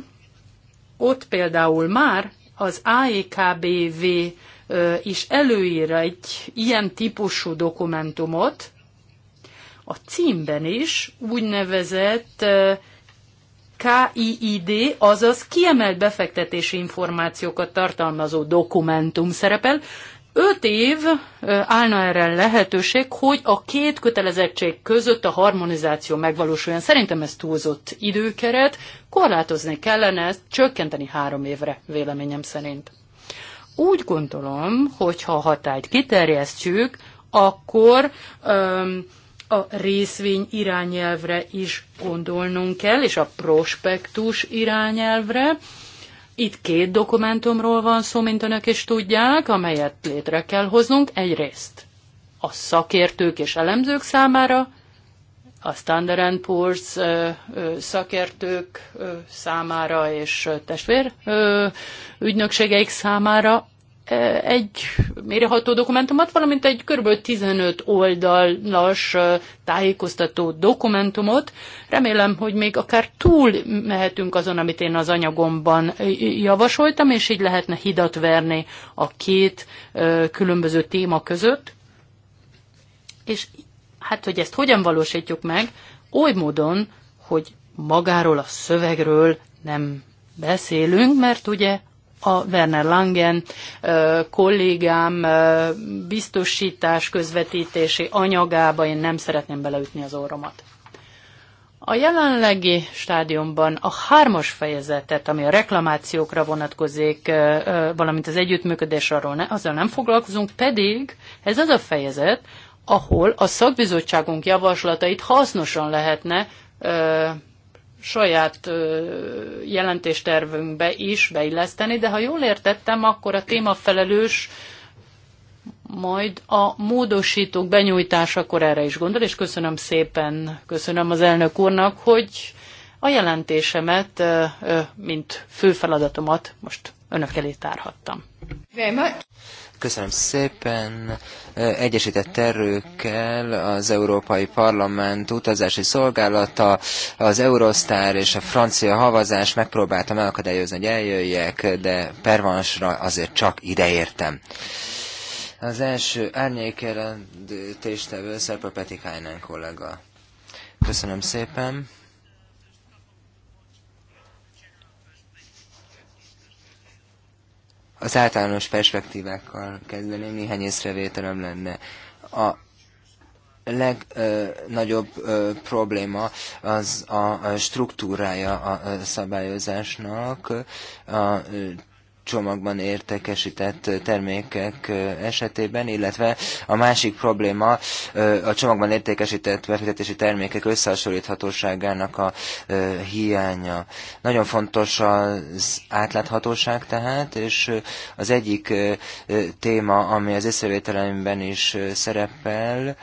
ott például már az AEKBV is előír egy ilyen típusú dokumentumot, a címben is úgynevezett KIID, azaz kiemelt befektetési információkat tartalmazó dokumentum szerepel, Öt év állna erre lehetőség, hogy a két kötelezettség között a harmonizáció megvalósuljon. Szerintem ez túlzott időkeret, korlátozni kellene ezt, csökkenteni három évre, véleményem szerint. Úgy gondolom, hogy ha a hatályt kiterjesztjük, akkor öm, a részvény irányelvre is gondolnunk kell, és a prospektus irányelvre, itt két dokumentumról van szó, mint önök is tudják, amelyet létre kell hoznunk egyrészt a szakértők és elemzők számára, a Standard Poor's szakértők számára és testvér ügynökségeik számára, egy méreható dokumentumot, valamint egy kb. 15 oldalas tájékoztató dokumentumot. Remélem, hogy még akár túl mehetünk azon, amit én az anyagomban javasoltam, és így lehetne hidat verni a két különböző téma között. És hát, hogy ezt hogyan valósítjuk meg, oly módon, hogy magáról a szövegről nem beszélünk, mert ugye a Werner Langen kollégám biztosítás közvetítési anyagába én nem szeretném beleütni az orromat. A jelenlegi stádiumban a hármas fejezetet, ami a reklamációkra vonatkozik, valamint az együttműködés arról ne, azzal nem foglalkozunk, pedig ez az a fejezet, ahol a szakbizottságunk javaslatait hasznosan lehetne saját jelentéstervünkbe is beilleszteni, de ha jól értettem, akkor a témafelelős majd a módosítók benyújtásakor erre is gondol, és köszönöm szépen, köszönöm az elnök úrnak, hogy a jelentésemet, mint fő feladatomat most önök elé tárhattam.
Köszönöm szépen. Egyesített erőkkel az Európai Parlament utazási szolgálata, az Eurostar és a francia havazás megpróbáltam elakadályozni, hogy eljöjjek, de pervansra azért csak ideértem. Az első árnyékjelentéstevő tevő Szerpa Petikainen kollega. Köszönöm szépen. Az általános perspektívákkal kezdeném, néhány észrevételem lenne. A legnagyobb probléma az a struktúrája a szabályozásnak. A csomagban értékesített termékek esetében, illetve a másik probléma a csomagban értékesített befektetési termékek összehasonlíthatóságának a hiánya. Nagyon fontos az átláthatóság tehát, és az egyik téma, ami az észrevételemben is szerepel,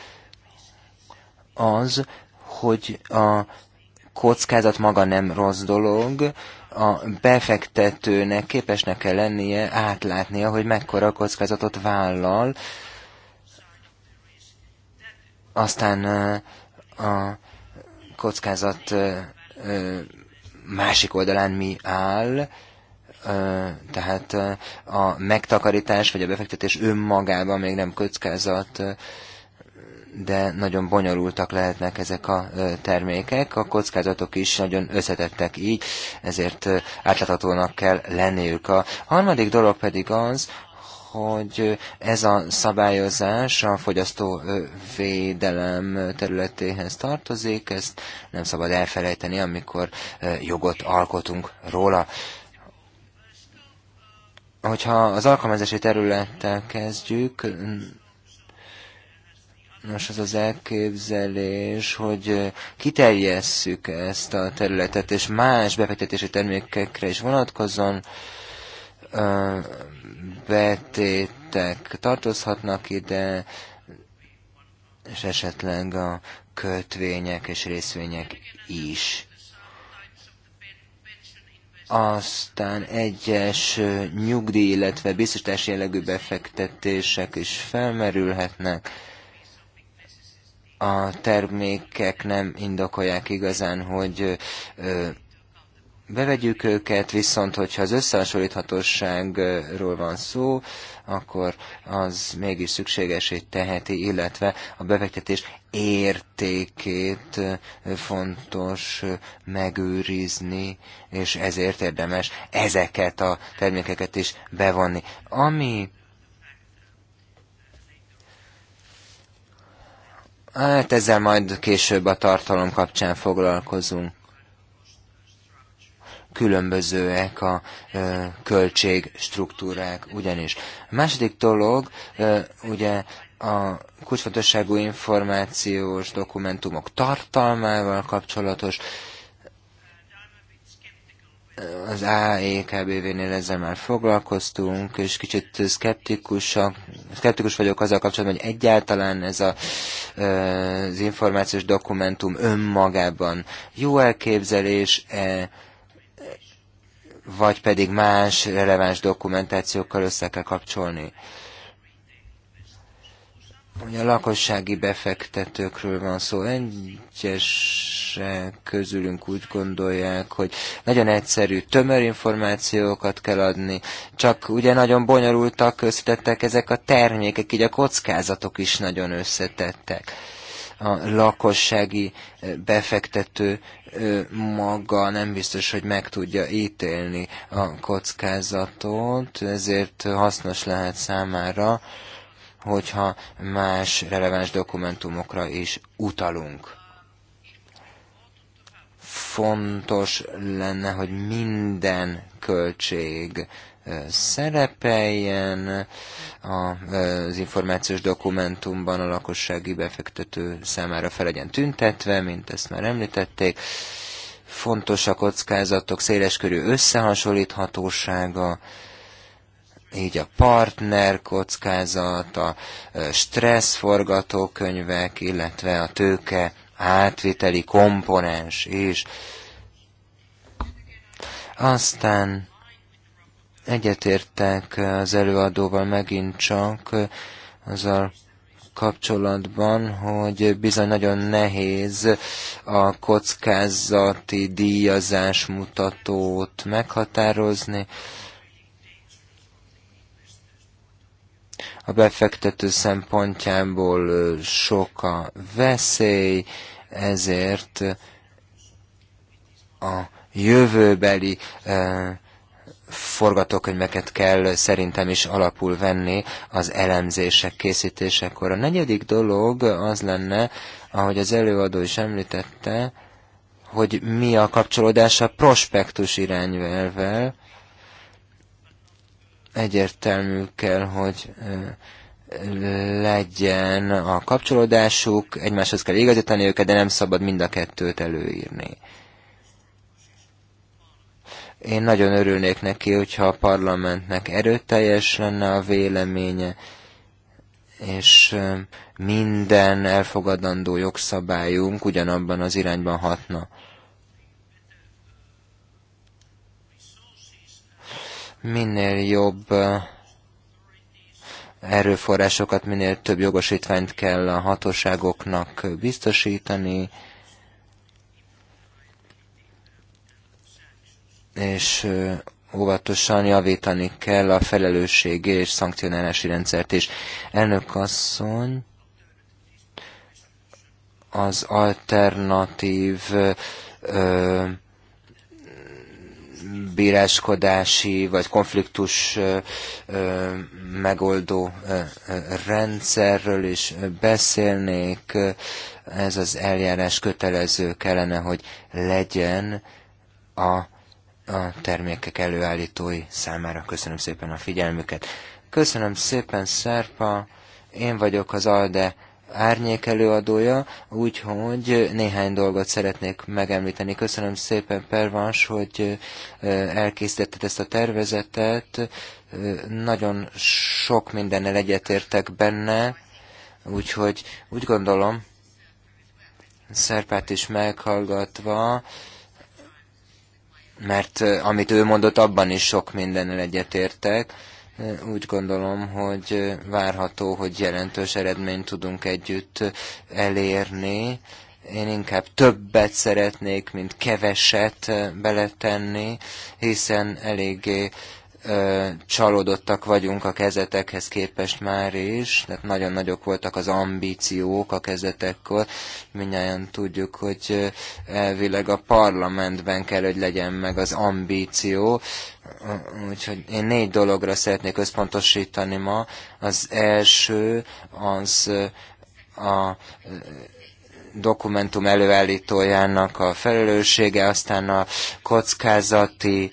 az, hogy a kockázat maga nem rossz dolog, a befektetőnek képesnek kell lennie átlátnia, hogy mekkora kockázatot vállal, aztán a kockázat másik oldalán mi áll, tehát a megtakarítás vagy a befektetés önmagában még nem kockázat de nagyon bonyolultak lehetnek ezek a termékek, a kockázatok is nagyon összetettek így, ezért átláthatónak kell lenniük. A harmadik dolog pedig az, hogy ez a szabályozás a fogyasztó védelem területéhez tartozik, ezt nem szabad elfelejteni, amikor jogot alkotunk róla. Hogyha az alkalmazási területtel kezdjük, Nos, az az elképzelés, hogy kiterjesszük ezt a területet, és más befektetési termékekre is vonatkozzon, betétek tartozhatnak ide, és esetleg a kötvények és részvények is. Aztán egyes nyugdíj, illetve biztosítási jellegű befektetések is felmerülhetnek a termékek nem indokolják igazán, hogy bevegyük őket, viszont hogyha az összehasonlíthatóságról van szó, akkor az mégis szükségesé teheti, illetve a befektetés értékét fontos megőrizni, és ezért érdemes ezeket a termékeket is bevonni. Ami Hát ezzel majd később a tartalom kapcsán foglalkozunk. Különbözőek a ö, költségstruktúrák ugyanis. A második dolog, ö, ugye a kulcsfontosságú információs dokumentumok tartalmával kapcsolatos, az AEKBV-nél ezzel már foglalkoztunk, és kicsit szkeptikus vagyok azzal kapcsolatban, hogy egyáltalán ez a, az információs dokumentum önmagában jó elképzelés, -e, vagy pedig más releváns dokumentációkkal össze kell kapcsolni hogy a lakossági befektetőkről van szó. Egyesek közülünk úgy gondolják, hogy nagyon egyszerű, tömör információkat kell adni, csak ugye nagyon bonyolultak, összetettek ezek a termékek, így a kockázatok is nagyon összetettek. A lakossági befektető maga nem biztos, hogy meg tudja ítélni a kockázatot, ezért hasznos lehet számára, hogyha más releváns dokumentumokra is utalunk. Fontos lenne, hogy minden költség szerepeljen az információs dokumentumban a lakossági befektető számára fel legyen tüntetve, mint ezt már említették. Fontos a kockázatok széleskörű összehasonlíthatósága, így a partner kockázat, a stressz forgatókönyvek, illetve a tőke átviteli komponens is. Aztán egyetértek az előadóval megint csak azzal kapcsolatban, hogy bizony nagyon nehéz a kockázati díjazás mutatót meghatározni. a befektető szempontjából sok a veszély, ezért a jövőbeli forgatókönyveket kell szerintem is alapul venni az elemzések készítésekor. A negyedik dolog az lenne, ahogy az előadó is említette, hogy mi a kapcsolódás a prospektus irányvelvel, egyértelmű kell, hogy legyen a kapcsolódásuk, egymáshoz kell igazítani őket, de nem szabad mind a kettőt előírni. Én nagyon örülnék neki, hogyha a parlamentnek erőteljes lenne a véleménye, és minden elfogadandó jogszabályunk ugyanabban az irányban hatna. minél jobb erőforrásokat, minél több jogosítványt kell a hatóságoknak biztosítani, és óvatosan javítani kell a felelősség és szankcionálási rendszert is. Elnök asszony az alternatív ö, bíráskodási vagy konfliktus megoldó rendszerről is beszélnék. Ez az eljárás kötelező kellene, hogy legyen a, a termékek előállítói számára. Köszönöm szépen a figyelmüket. Köszönöm szépen, Szerpa. Én vagyok az ALDE árnyék előadója, úgyhogy néhány dolgot szeretnék megemlíteni. Köszönöm szépen, Pervans, hogy elkészítetted ezt a tervezetet. Nagyon sok mindennel egyetértek benne, úgyhogy úgy gondolom, Szerpát is meghallgatva, mert amit ő mondott, abban is sok mindennel egyetértek úgy gondolom, hogy várható, hogy jelentős eredményt tudunk együtt elérni. Én inkább többet szeretnék, mint keveset beletenni, hiszen eléggé csalódottak vagyunk a kezetekhez képest már is, tehát nagyon nagyok voltak az ambíciók a kezetekkor. Mindjárt tudjuk, hogy elvileg a parlamentben kell, hogy legyen meg az ambíció. Úgyhogy én négy dologra szeretnék összpontosítani ma. Az első az a dokumentum előállítójának a felelőssége, aztán a kockázati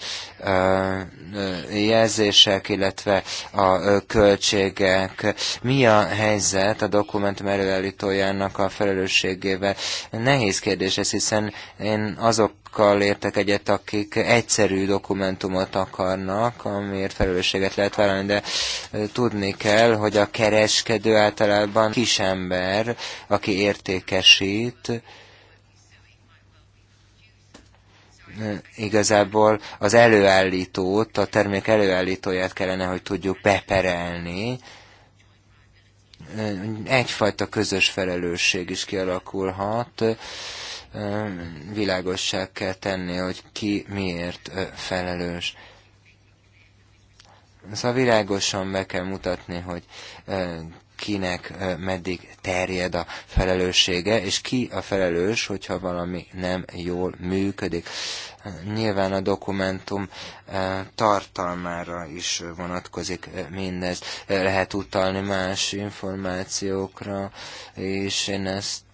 jelzések, illetve a költségek. Mi a helyzet a dokumentum előállítójának a felelősségével? Nehéz kérdés ez, hiszen én azok azokkal értek egyet, akik egyszerű dokumentumot akarnak, amiért felelősséget lehet vállalni, de tudni kell, hogy a kereskedő általában kis ember, aki értékesít, igazából az előállítót, a termék előállítóját kellene, hogy tudjuk beperelni, egyfajta közös felelősség is kialakulhat, világossá kell tenni, hogy ki miért felelős. Szóval világosan be kell mutatni, hogy kinek meddig terjed a felelőssége, és ki a felelős, hogyha valami nem jól működik. Nyilván a dokumentum tartalmára is vonatkozik mindez. Lehet utalni más információkra, és én ezt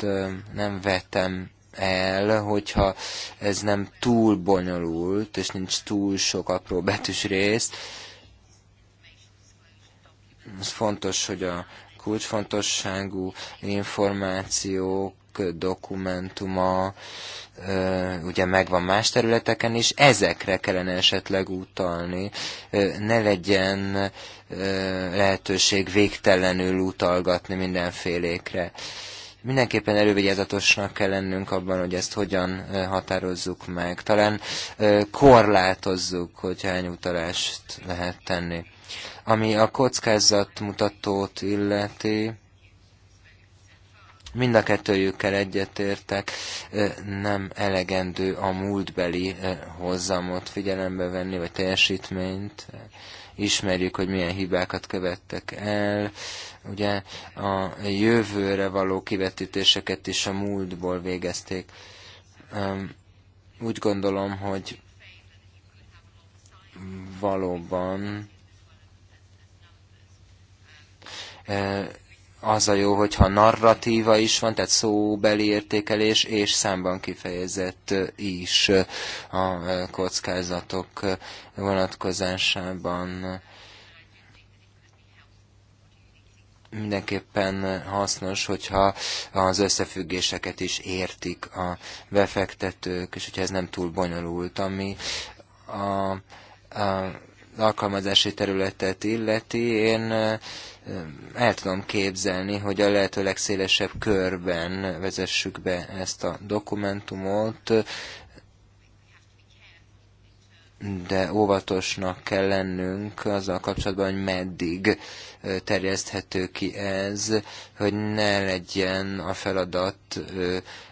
nem vetem el, hogyha ez nem túl bonyolult, és nincs túl sok apró betűs rész, ez fontos, hogy a kulcsfontosságú információk dokumentuma ugye megvan más területeken is, ezekre kellene esetleg utalni. Ne legyen lehetőség végtelenül utalgatni mindenfélékre. Mindenképpen elővigyázatosnak kell lennünk abban, hogy ezt hogyan határozzuk meg. Talán korlátozzuk, hogy hány utalást lehet tenni. Ami a kockázatmutatót illeti, mind a kettőjükkel egyetértek, nem elegendő a múltbeli hozzamot figyelembe venni, vagy teljesítményt. Ismerjük, hogy milyen hibákat követtek el. Ugye a jövőre való kivetítéseket is a múltból végezték. Úgy gondolom, hogy valóban E, az a jó, hogyha narratíva is van, tehát szóbeli értékelés, és számban kifejezett e, is a e, kockázatok vonatkozásában mindenképpen hasznos, hogyha az összefüggéseket is értik a befektetők, és hogyha ez nem túl bonyolult, ami a, a alkalmazási területet illeti. Én el tudom képzelni, hogy a lehető legszélesebb körben vezessük be ezt a dokumentumot, de óvatosnak kell lennünk azzal kapcsolatban, hogy meddig terjeszthető ki ez, hogy ne legyen a feladat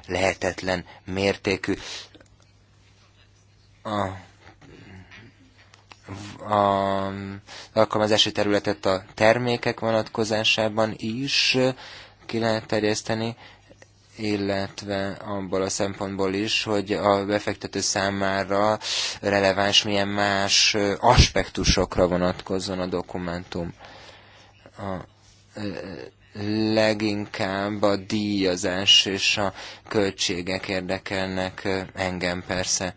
lehetetlen mértékű. A a alkalmazási területet a termékek vonatkozásában is ki lehet terjeszteni, illetve abból a szempontból is, hogy a befektető számára releváns milyen más aspektusokra vonatkozzon a dokumentum. A leginkább a díjazás és a költségek érdekelnek engem persze.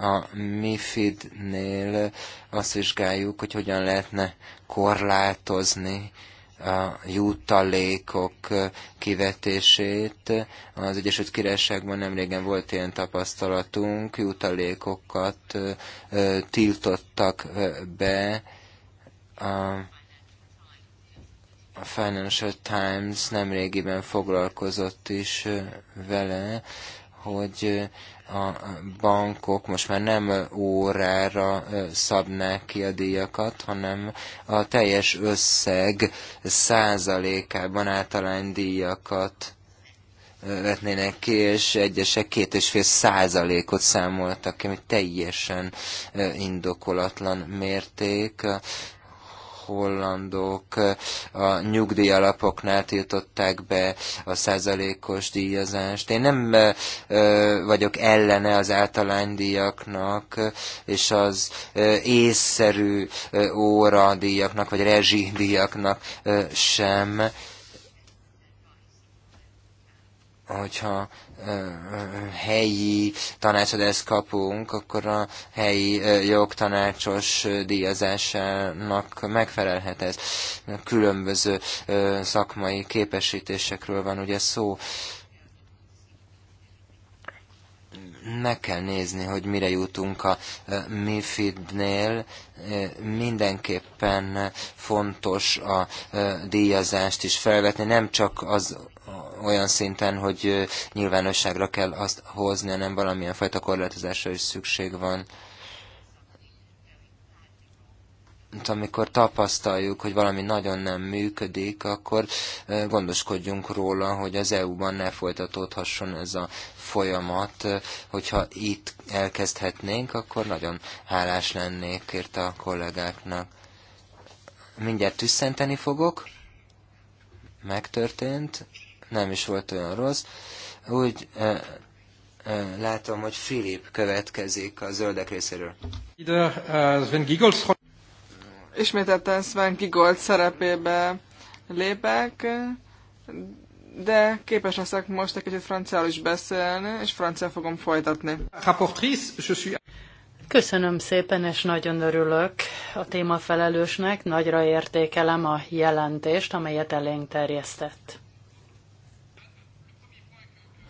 A MIFID-nél azt vizsgáljuk, hogy hogyan lehetne korlátozni a jutalékok kivetését. Az Egyesült Királyságban nemrégen volt ilyen tapasztalatunk, jutalékokat tiltottak be a Financial Times nemrégiben foglalkozott is vele, hogy a bankok most már nem órára szabnák ki a díjakat, hanem a teljes összeg százalékában díjakat vetnének ki, és egyesek két és fél százalékot számoltak ki, ami teljesen indokolatlan mérték hollandok a nyugdíjalapoknál tiltották be a százalékos díjazást. Én nem vagyok ellene az általánydíjaknak és az észszerű óradíjaknak vagy rezsidíjaknak sem. Hogyha helyi tanácsadást kapunk, akkor a helyi jogtanácsos díjazásának megfelelhet ez. Különböző szakmai képesítésekről van ugye szó. Meg kell nézni, hogy mire jutunk a MIFID-nél. Mindenképpen fontos a díjazást is felvetni, nem csak az olyan szinten, hogy nyilvánosságra kell azt hozni, hanem valamilyen fajta korlátozásra is szükség van. Amikor tapasztaljuk, hogy valami nagyon nem működik, akkor gondoskodjunk róla, hogy az EU-ban ne folytatódhasson ez a folyamat. Hogyha itt elkezdhetnénk, akkor nagyon hálás lennék, kért a kollégáknak. Mindjárt tüsszenteni fogok megtörtént nem is volt olyan rossz. Úgy látom, hogy Filip következik a zöldek részéről.
Ismételten Sven Gigolt szerepébe lépek, de képes leszek most egy kicsit franciául is beszélni, és francia fogom folytatni.
Köszönöm szépen, és nagyon örülök a témafelelősnek. Nagyra értékelem a jelentést, amelyet elénk terjesztett.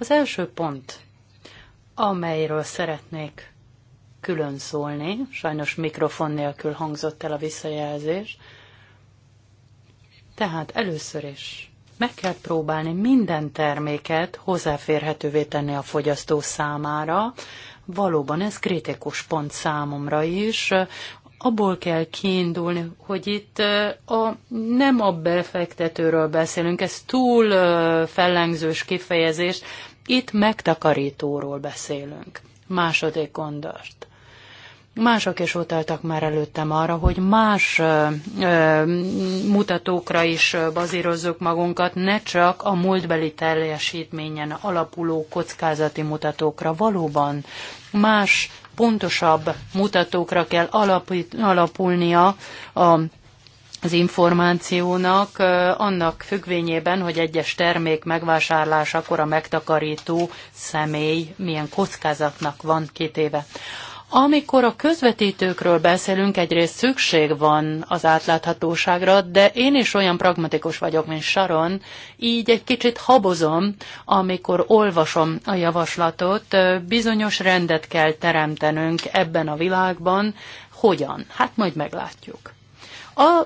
Az első pont, amelyről szeretnék külön szólni, sajnos mikrofon nélkül hangzott el a visszajelzés, tehát először is meg kell próbálni minden terméket hozzáférhetővé tenni a fogyasztó számára. Valóban ez kritikus pont számomra is. Abból kell kiindulni, hogy itt a, nem a befektetőről beszélünk, ez túl fellengzős kifejezés, itt megtakarítóról beszélünk. Második gondost. Mások is utaltak már előttem arra, hogy más ö, ö, mutatókra is bazírozzuk magunkat, ne csak a múltbeli teljesítményen alapuló kockázati mutatókra. Valóban más, pontosabb mutatókra kell alapít, alapulnia a az információnak, annak függvényében, hogy egyes termék akkor a megtakarító személy milyen kockázatnak van kitéve. Amikor a közvetítőkről beszélünk, egyrészt szükség van az átláthatóságra, de én is olyan pragmatikus vagyok, mint Sharon, így egy kicsit habozom, amikor olvasom a javaslatot, bizonyos rendet kell teremtenünk ebben a világban. Hogyan? Hát majd meglátjuk. A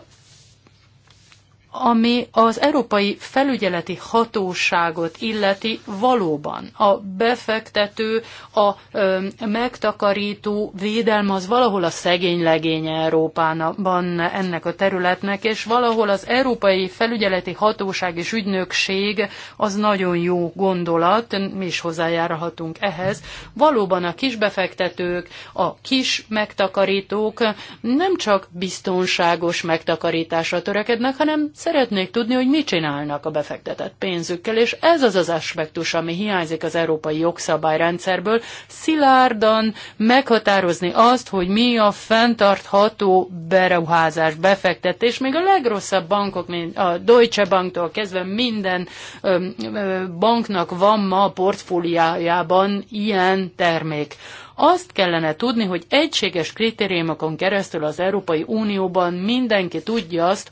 ami az Európai Felügyeleti Hatóságot illeti valóban a befektető, a ö, megtakarító védelme az valahol a szegény legény Európában ennek a területnek, és valahol az Európai Felügyeleti Hatóság és Ügynökség az nagyon jó gondolat, mi is hozzájárhatunk ehhez. Valóban a kisbefektetők, a kis megtakarítók nem csak biztonságos megtakarításra törekednek, hanem Szeretnék tudni, hogy mit csinálnak a befektetett pénzükkel, és ez az az aspektus, ami hiányzik az európai jogszabályrendszerből, szilárdan meghatározni azt, hogy mi a fenntartható beruházás, befektetés, még a legrosszabb bankok, mint a Deutsche Banktól kezdve minden ö, ö, banknak van ma a portfóliájában ilyen termék. Azt kellene tudni, hogy egységes kritériumokon keresztül az Európai Unióban mindenki tudja azt,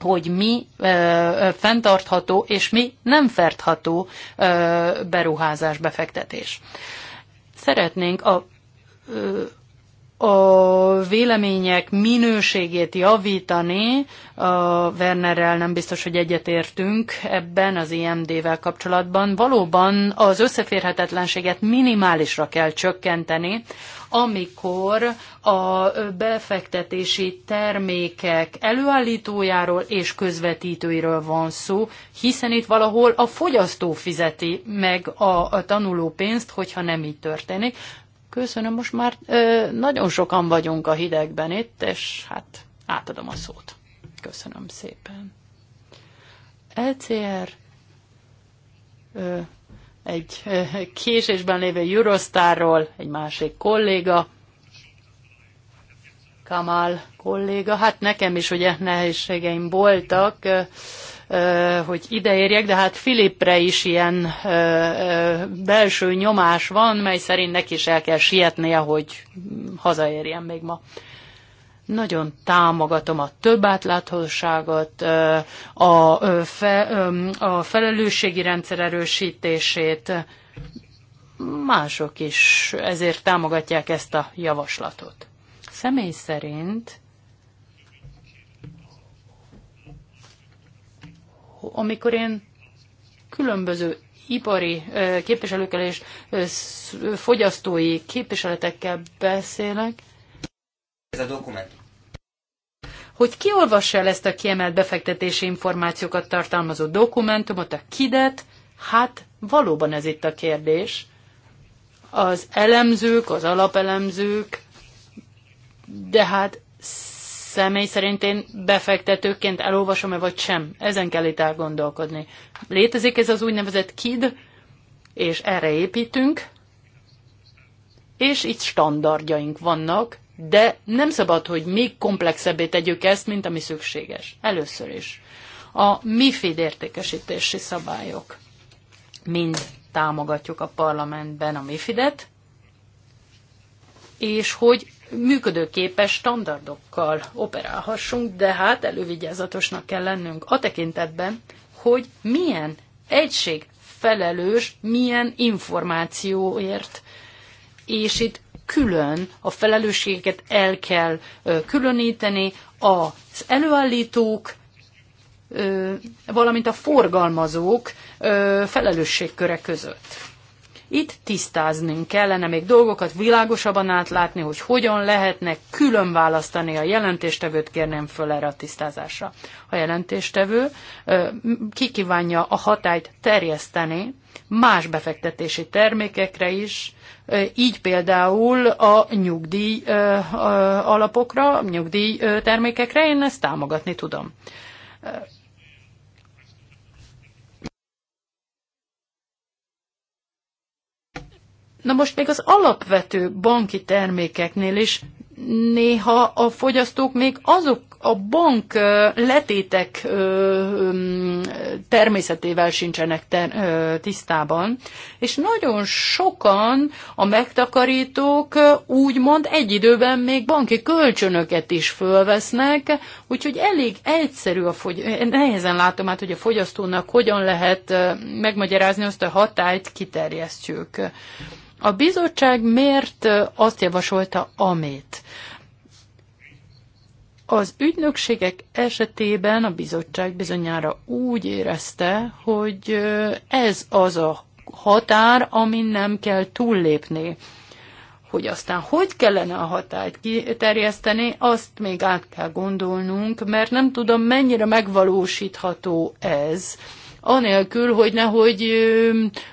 hogy mi ö, ö, fenntartható és mi nem ö, beruházás, befektetés. Szeretnénk a, ö, a vélemények minőségét javítani, a Wernerrel nem biztos, hogy egyetértünk ebben az IMD-vel kapcsolatban. Valóban az összeférhetetlenséget minimálisra kell csökkenteni, amikor a befektetési termékek előállítójáról és közvetítőiről van szó, hiszen itt valahol a fogyasztó fizeti meg a, a tanuló pénzt, hogyha nem így történik. Köszönöm, most már ö, nagyon sokan vagyunk a hidegben itt, és hát átadom a szót. Köszönöm szépen. ECR er, ö, egy késésben lévő Eurostarról egy másik kolléga, Kamal kolléga, hát nekem is ugye nehézségeim voltak, hogy ideérjek, de hát Filipre is ilyen belső nyomás van, mely szerint neki is el kell sietnie, hogy hazaérjen még ma. Nagyon támogatom a több átláthatóságot, a, fe, a felelősségi rendszer erősítését. Mások is ezért támogatják ezt a javaslatot. Személy szerint amikor én különböző ipari képviselőkkel és fogyasztói képviseletekkel beszélek,
ez a dokumentum.
Hogy kiolvassa el ezt a kiemelt befektetési információkat tartalmazó dokumentumot, a kidet, hát valóban ez itt a kérdés. Az elemzők, az alapelemzők, de hát személy szerint én befektetőként elolvasom-e vagy sem. Ezen kell itt elgondolkodni. Létezik ez az úgynevezett KID, és erre építünk, és itt standardjaink vannak, de nem szabad, hogy még komplexebbé tegyük ezt, mint ami szükséges. Először is. A MIFID értékesítési szabályok. Mind támogatjuk a parlamentben a MIFID-et, és hogy működőképes standardokkal operálhassunk, de hát elővigyázatosnak kell lennünk a tekintetben, hogy milyen egység felelős, milyen információért. És itt külön, a felelősséget el kell különíteni, az előállítók, valamint a forgalmazók felelősségköre között. Itt tisztáznunk kellene még dolgokat, világosabban átlátni, hogy hogyan lehetne külön választani a jelentéstevőt, kérném föl erre a tisztázásra. A jelentéstevő kikívánja a hatályt terjeszteni, más befektetési termékekre is, így például a nyugdíj alapokra, nyugdíj termékekre, én ezt támogatni tudom. Na most még az alapvető banki termékeknél is néha a fogyasztók még azok a bank letétek természetével sincsenek tisztában, és nagyon sokan a megtakarítók úgymond egy időben még banki kölcsönöket is fölvesznek, úgyhogy elég egyszerű a fogy... nehezen látom át, hogy a fogyasztónak hogyan lehet megmagyarázni azt a hatályt kiterjesztjük. A bizottság miért azt javasolta, amit? Az ügynökségek esetében a bizottság bizonyára úgy érezte, hogy ez az a határ, amin nem kell túllépni. Hogy aztán hogy kellene a hatályt kiterjeszteni, azt még át kell gondolnunk, mert nem tudom, mennyire megvalósítható ez, anélkül, hogy nehogy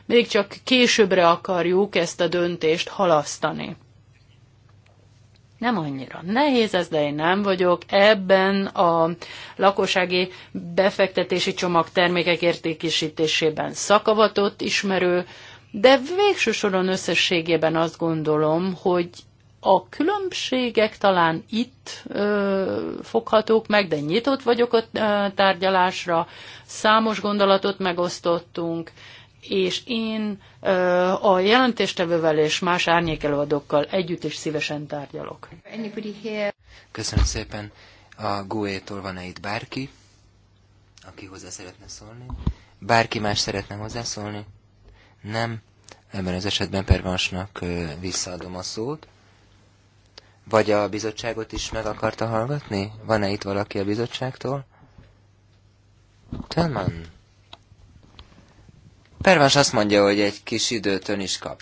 még csak későbbre akarjuk ezt a döntést halasztani. Nem annyira nehéz ez, de én nem vagyok ebben a lakossági befektetési csomag termékek értékesítésében szakavatott ismerő, de végső soron összességében azt gondolom, hogy a különbségek talán itt ö, foghatók meg, de nyitott vagyok a tárgyalásra, számos gondolatot megosztottunk, és én a jelentéstevővel és más árnyékelőadókkal együtt is szívesen tárgyalok.
Köszönöm szépen. A GUE-tól van-e itt bárki,
aki hozzá szeretne szólni?
Bárki más szeretne hozzászólni? Nem. Ebben az esetben Pervansnak visszaadom a szót. Vagy a bizottságot is meg akarta hallgatni? Van-e itt valaki a bizottságtól? Tellman Pervas azt mondja, hogy egy kis időt ön is kap.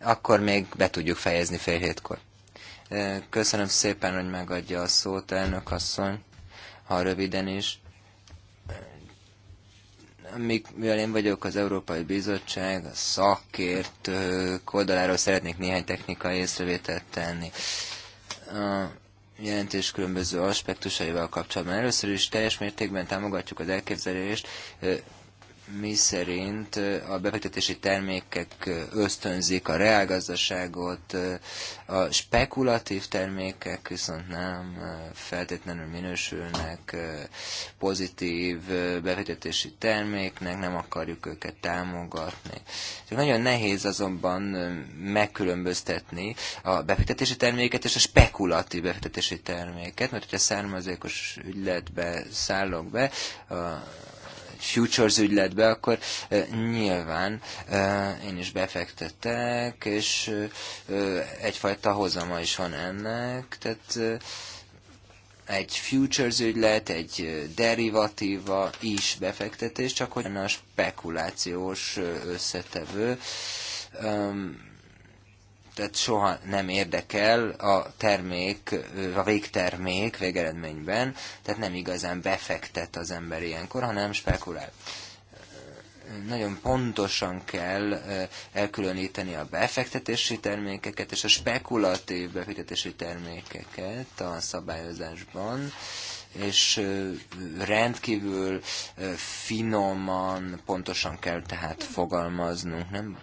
Akkor még be tudjuk fejezni fél hétkor. Köszönöm szépen, hogy megadja a szót, elnök asszony, ha röviden is. Mik, mivel én vagyok az Európai Bizottság, a szakértők oldaláról szeretnék néhány technikai észrevételt tenni. A jelentés különböző aspektusaival kapcsolatban. Először is teljes mértékben támogatjuk az elképzelést, mi szerint a befektetési termékek ösztönzik a reálgazdaságot, a spekulatív termékek viszont nem feltétlenül minősülnek pozitív befektetési terméknek, nem akarjuk őket támogatni. Csak nagyon nehéz azonban megkülönböztetni a befektetési terméket és a spekulatív befektetési terméket, mert hogyha származékos ügyletbe szállok be, a futures ügyletbe, akkor nyilván én is befektetek, és egyfajta hozama is van ennek, tehát egy futures ügylet, egy derivatíva is befektetés, csak hogy a spekulációs összetevő. Um, tehát soha nem érdekel a termék, a végtermék végeredményben, tehát nem igazán befektet az ember ilyenkor, hanem spekulál. Nagyon pontosan kell elkülöníteni a befektetési termékeket és a spekulatív befektetési termékeket a szabályozásban és rendkívül finoman, pontosan kell tehát fogalmaznunk, nem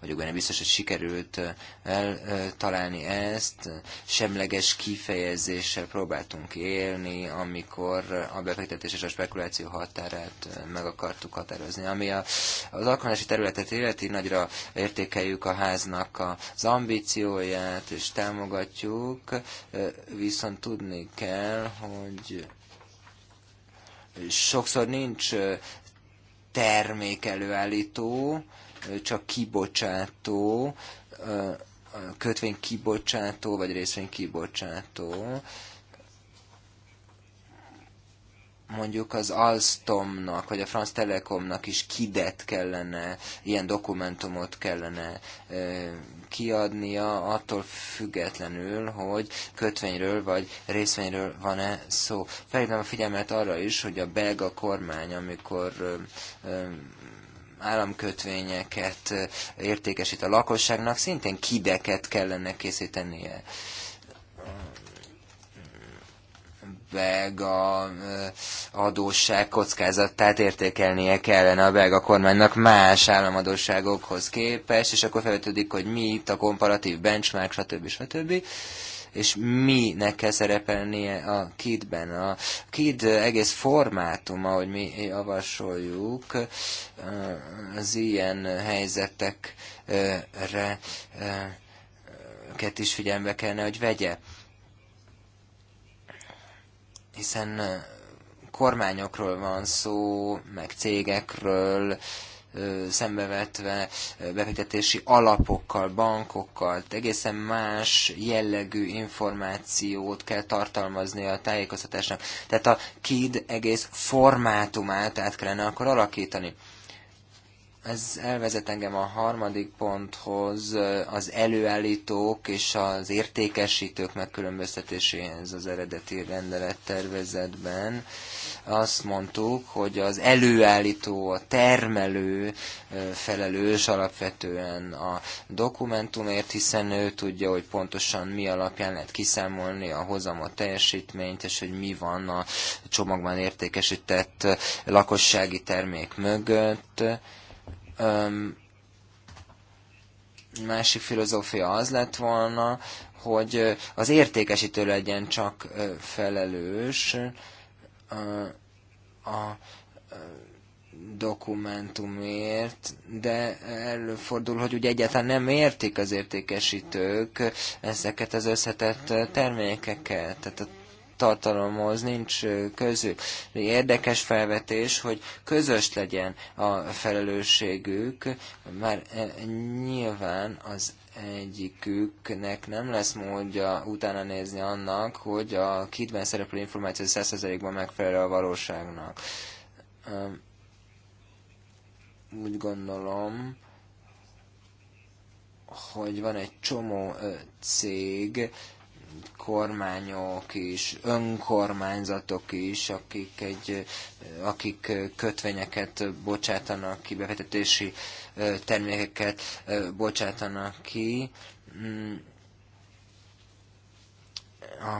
vagyok benne biztos, hogy sikerült eltalálni ezt. Semleges kifejezéssel próbáltunk élni, amikor a befektetés és a spekuláció határát meg akartuk határozni. Ami a, az alkalmazási területet illeti, nagyra értékeljük a háznak az ambícióját, és támogatjuk, viszont tudni kell, hogy sokszor nincs termékelőállító, csak kibocsátó, kibocsátó, vagy részvény kibocsátó. mondjuk az Alstomnak, vagy a France Telekomnak is kidet kellene, ilyen dokumentumot kellene kiadnia, attól függetlenül, hogy kötvényről vagy részvényről van-e szó. Felhívnám a figyelmet arra is, hogy a belga kormány, amikor államkötvényeket értékesít a lakosságnak, szintén kideket kellene készítenie belga adósság kockázatát értékelnie kellene a belga kormánynak más államadóságokhoz képest, és akkor felvetődik, hogy mi itt a komparatív benchmark, stb. stb. stb és minek kell szerepelnie a kid A KID egész formátum, ahogy mi javasoljuk, az ilyen helyzetekre eh, is figyelme kellene, hogy vegye. Hiszen eh, kormányokról van szó, meg cégekről, szembevetve befektetési alapokkal, bankokkal, egészen más jellegű információt kell tartalmazni a tájékoztatásnak. Tehát a KID egész formátumát át kellene akkor alakítani. Ez elvezet engem a harmadik ponthoz, az előállítók és az értékesítők megkülönböztetéséhez az eredeti rendelettervezetben. tervezetben azt mondtuk, hogy az előállító, a termelő felelős alapvetően a dokumentumért, hiszen ő tudja, hogy pontosan mi alapján lehet kiszámolni a hozamot, teljesítményt, és hogy mi van a csomagban értékesített lakossági termék mögött. Másik filozófia az lett volna, hogy az értékesítő legyen csak felelős, a dokumentumért, de előfordul, hogy ugye egyáltalán nem értik az értékesítők ezeket az összetett termékeket. Tehát a tartalomhoz nincs közük. Érdekes felvetés, hogy közös legyen a felelősségük, már eh, nyilván az egyiküknek nem lesz módja utána nézni annak, hogy a kitben szereplő információ 100%-ban megfelel a valóságnak. Úgy gondolom, hogy van egy csomó cég, kormányok is, önkormányzatok is, akik, egy, akik kötvényeket bocsátanak ki befektetési termékeket bocsátanak ki. Mm. A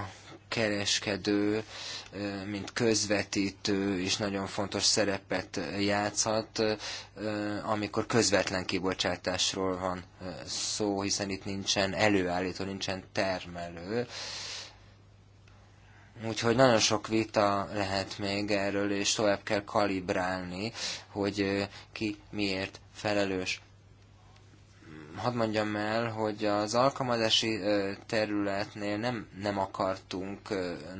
kereskedő, mint közvetítő is nagyon fontos szerepet játszhat, amikor közvetlen kibocsátásról van szó, hiszen itt nincsen előállító, nincsen termelő. Úgyhogy nagyon sok vita lehet még erről, és tovább kell kalibrálni, hogy ki miért felelős. Hadd mondjam el, hogy az alkalmazási területnél nem, nem akartunk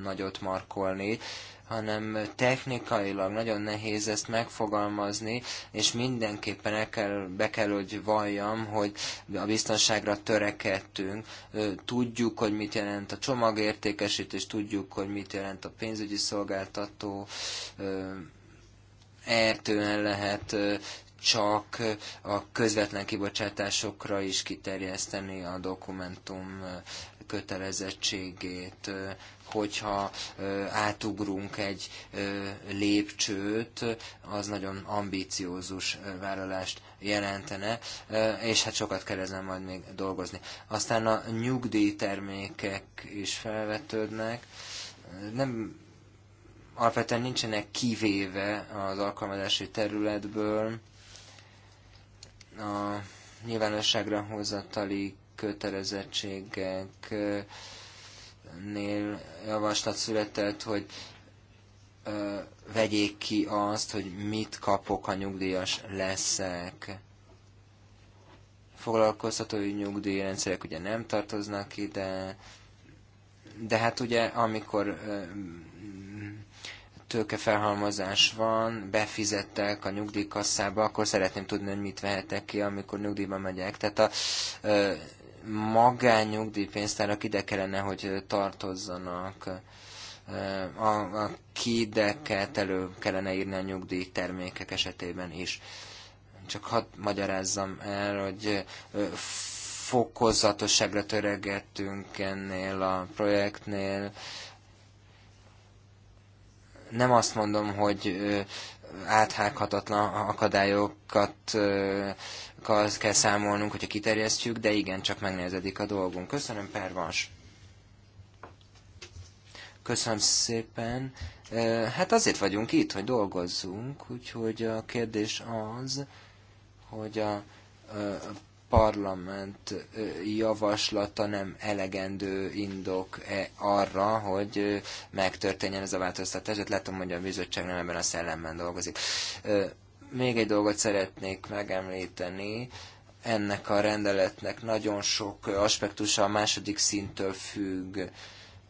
nagyot markolni, hanem technikailag nagyon nehéz ezt megfogalmazni, és mindenképpen el kell, be kell, hogy valljam, hogy a biztonságra törekedtünk. Tudjuk, hogy mit jelent a csomagértékesítés, tudjuk, hogy mit jelent a pénzügyi szolgáltató, ertően lehet csak a közvetlen kibocsátásokra is kiterjeszteni a dokumentum eh, kötelezettségét, eh, hogyha eh, átugrunk egy lépcsőt, az nagyon ambíciózus vállalást jelentene, és hát sokat kell ezen majd még dolgozni. Aztán a nyugdíjtermékek is felvetődnek, nem alapvetően nincsenek kivéve az alkalmazási területből, a nyilvánosságra hozatali kötelezettségeknél javaslat született, hogy vegyék ki azt, hogy mit kapok, a nyugdíjas leszek. Foglalkoztatói nyugdíjrendszerek ugye nem tartoznak ide, de hát ugye amikor tőkefelhalmozás van, befizettek a nyugdíjkasszába, akkor szeretném tudni, hogy mit vehetek ki, amikor nyugdíjba megyek. Tehát a ö, nyugdíjpénztárak ide kellene, hogy tartozzanak. A, a kideket elő kellene írni a nyugdíjtermékek esetében is. Csak hadd magyarázzam el, hogy fokozatosságra töregettünk ennél a projektnél, nem azt mondom, hogy áthághatatlan akadályokat kell számolnunk, hogyha kiterjesztjük, de igen, csak megnehezedik a dolgunk. Köszönöm, Pervans. Köszönöm szépen. Hát azért vagyunk itt, hogy dolgozzunk, úgyhogy a kérdés az, hogy a parlament javaslata nem elegendő indok -e arra, hogy megtörténjen ez a változtatás. Tehát látom, hogy a bizottság nem ebben a szellemben dolgozik. Még egy dolgot szeretnék megemlíteni. Ennek a rendeletnek nagyon sok aspektusa a második szinttől függ.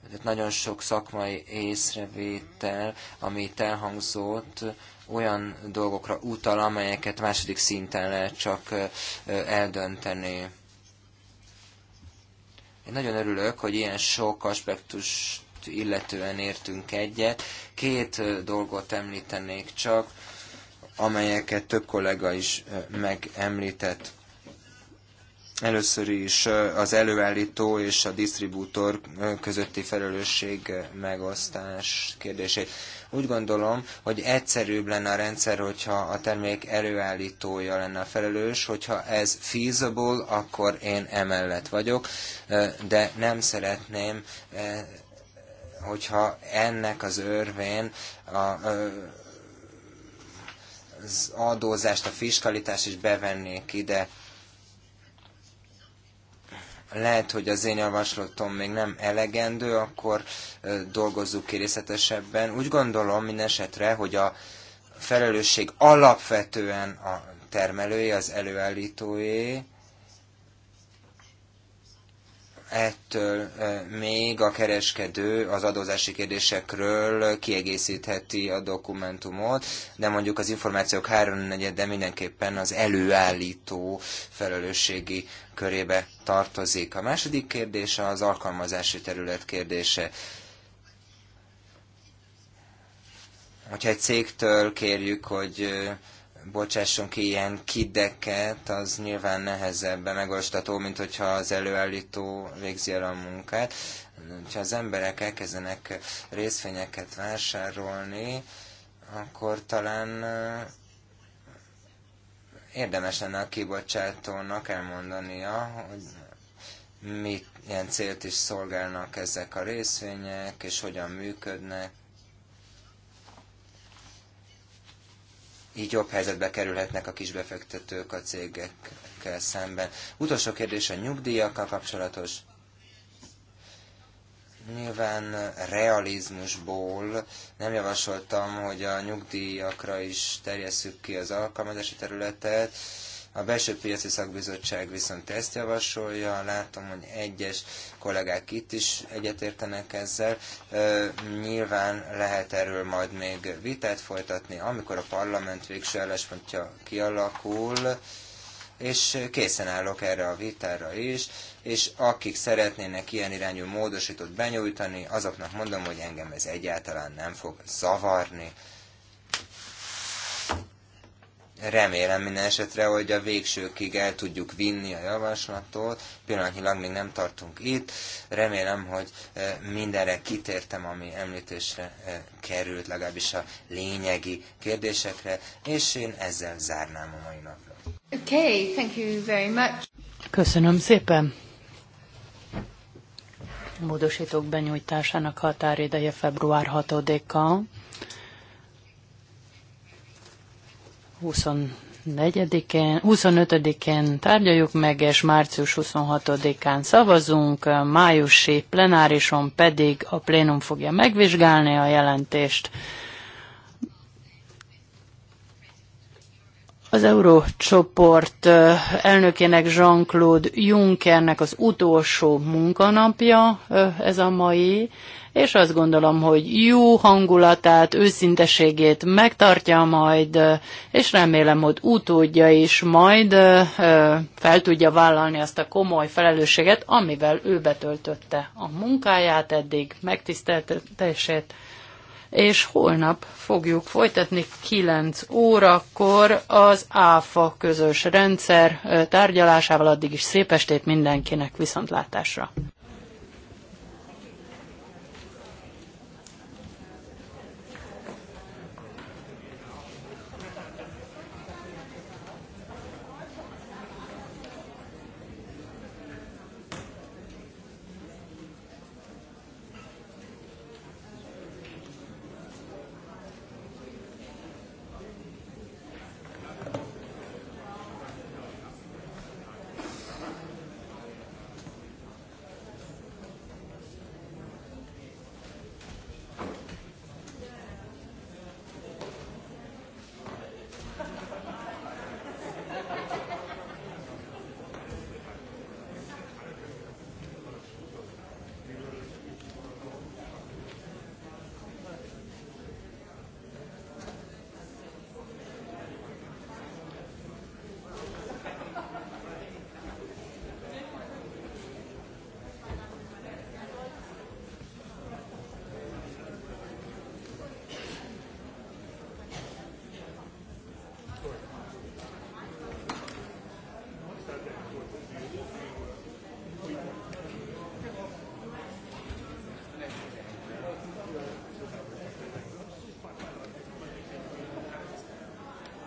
Tehát nagyon sok szakmai észrevétel, amit elhangzott, olyan dolgokra utal, amelyeket második szinten lehet csak eldönteni. Én nagyon örülök, hogy ilyen sok aspektust illetően értünk egyet. Két dolgot említenék csak, amelyeket több kollega is megemlített. Először is az előállító és a disztribútor közötti felelősség megosztás kérdését. Úgy gondolom, hogy egyszerűbb lenne a rendszer, hogyha a termék előállítója lenne a felelős, hogyha ez feasible, akkor én emellett vagyok, de nem szeretném, hogyha ennek az örvén a az adózást, a fiskalitást is bevennék ide lehet, hogy az én javaslatom még nem elegendő, akkor dolgozzuk ki részletesebben. Úgy gondolom minden esetre, hogy a felelősség alapvetően a termelői, az előállítói, ettől még a kereskedő az adózási kérdésekről kiegészítheti a dokumentumot, de mondjuk az információk háromnegyede mindenképpen az előállító felelősségi körébe tartozik. A második kérdés az alkalmazási terület kérdése. Hogyha egy cégtől kérjük, hogy bocsásson ki ilyen kideket, az nyilván nehezebb megoldható, mint hogyha az előállító végzi el a munkát. Ha az emberek elkezdenek részvényeket vásárolni, akkor talán érdemes lenne a kibocsátónak elmondania, hogy mit, milyen célt is szolgálnak ezek a részvények, és hogyan működnek. Így jobb helyzetbe kerülhetnek a kisbefektetők a cégekkel szemben. Utolsó kérdés a nyugdíjakkal kapcsolatos. Nyilván realizmusból nem javasoltam, hogy a nyugdíjakra is terjesszük ki az alkalmazási területet. A belső piaci szakbizottság viszont ezt javasolja, látom, hogy egyes kollégák itt is egyetértenek ezzel. nyilván lehet erről majd még vitát folytatni, amikor a parlament végső álláspontja kialakul, és készen állok erre a vitára is és akik szeretnének ilyen irányú módosítót benyújtani, azoknak mondom, hogy engem ez egyáltalán nem fog zavarni. Remélem minden esetre, hogy a végsőkig el tudjuk vinni a javaslatot. Pillanatnyilag még nem tartunk itt. Remélem, hogy eh, mindenre kitértem, ami említésre eh, került, legalábbis a lényegi kérdésekre, és én ezzel zárnám a mai napra.
Okay, thank you very much. Köszönöm szépen módosítók benyújtásának határideje február 6-a, 24 25-én tárgyaljuk meg, és március 26-án szavazunk, májusi plenárison pedig a plénum fogja megvizsgálni a jelentést. az Eurócsoport elnökének Jean-Claude Junckernek az utolsó munkanapja ez a mai, és azt gondolom, hogy jó hangulatát, őszinteségét megtartja majd, és remélem, hogy utódja is majd fel tudja vállalni azt a komoly felelősséget, amivel ő betöltötte a munkáját eddig, megtiszteltetését és holnap fogjuk folytatni 9 órakor az ÁFA közös rendszer tárgyalásával. Addig is szép estét mindenkinek viszontlátásra!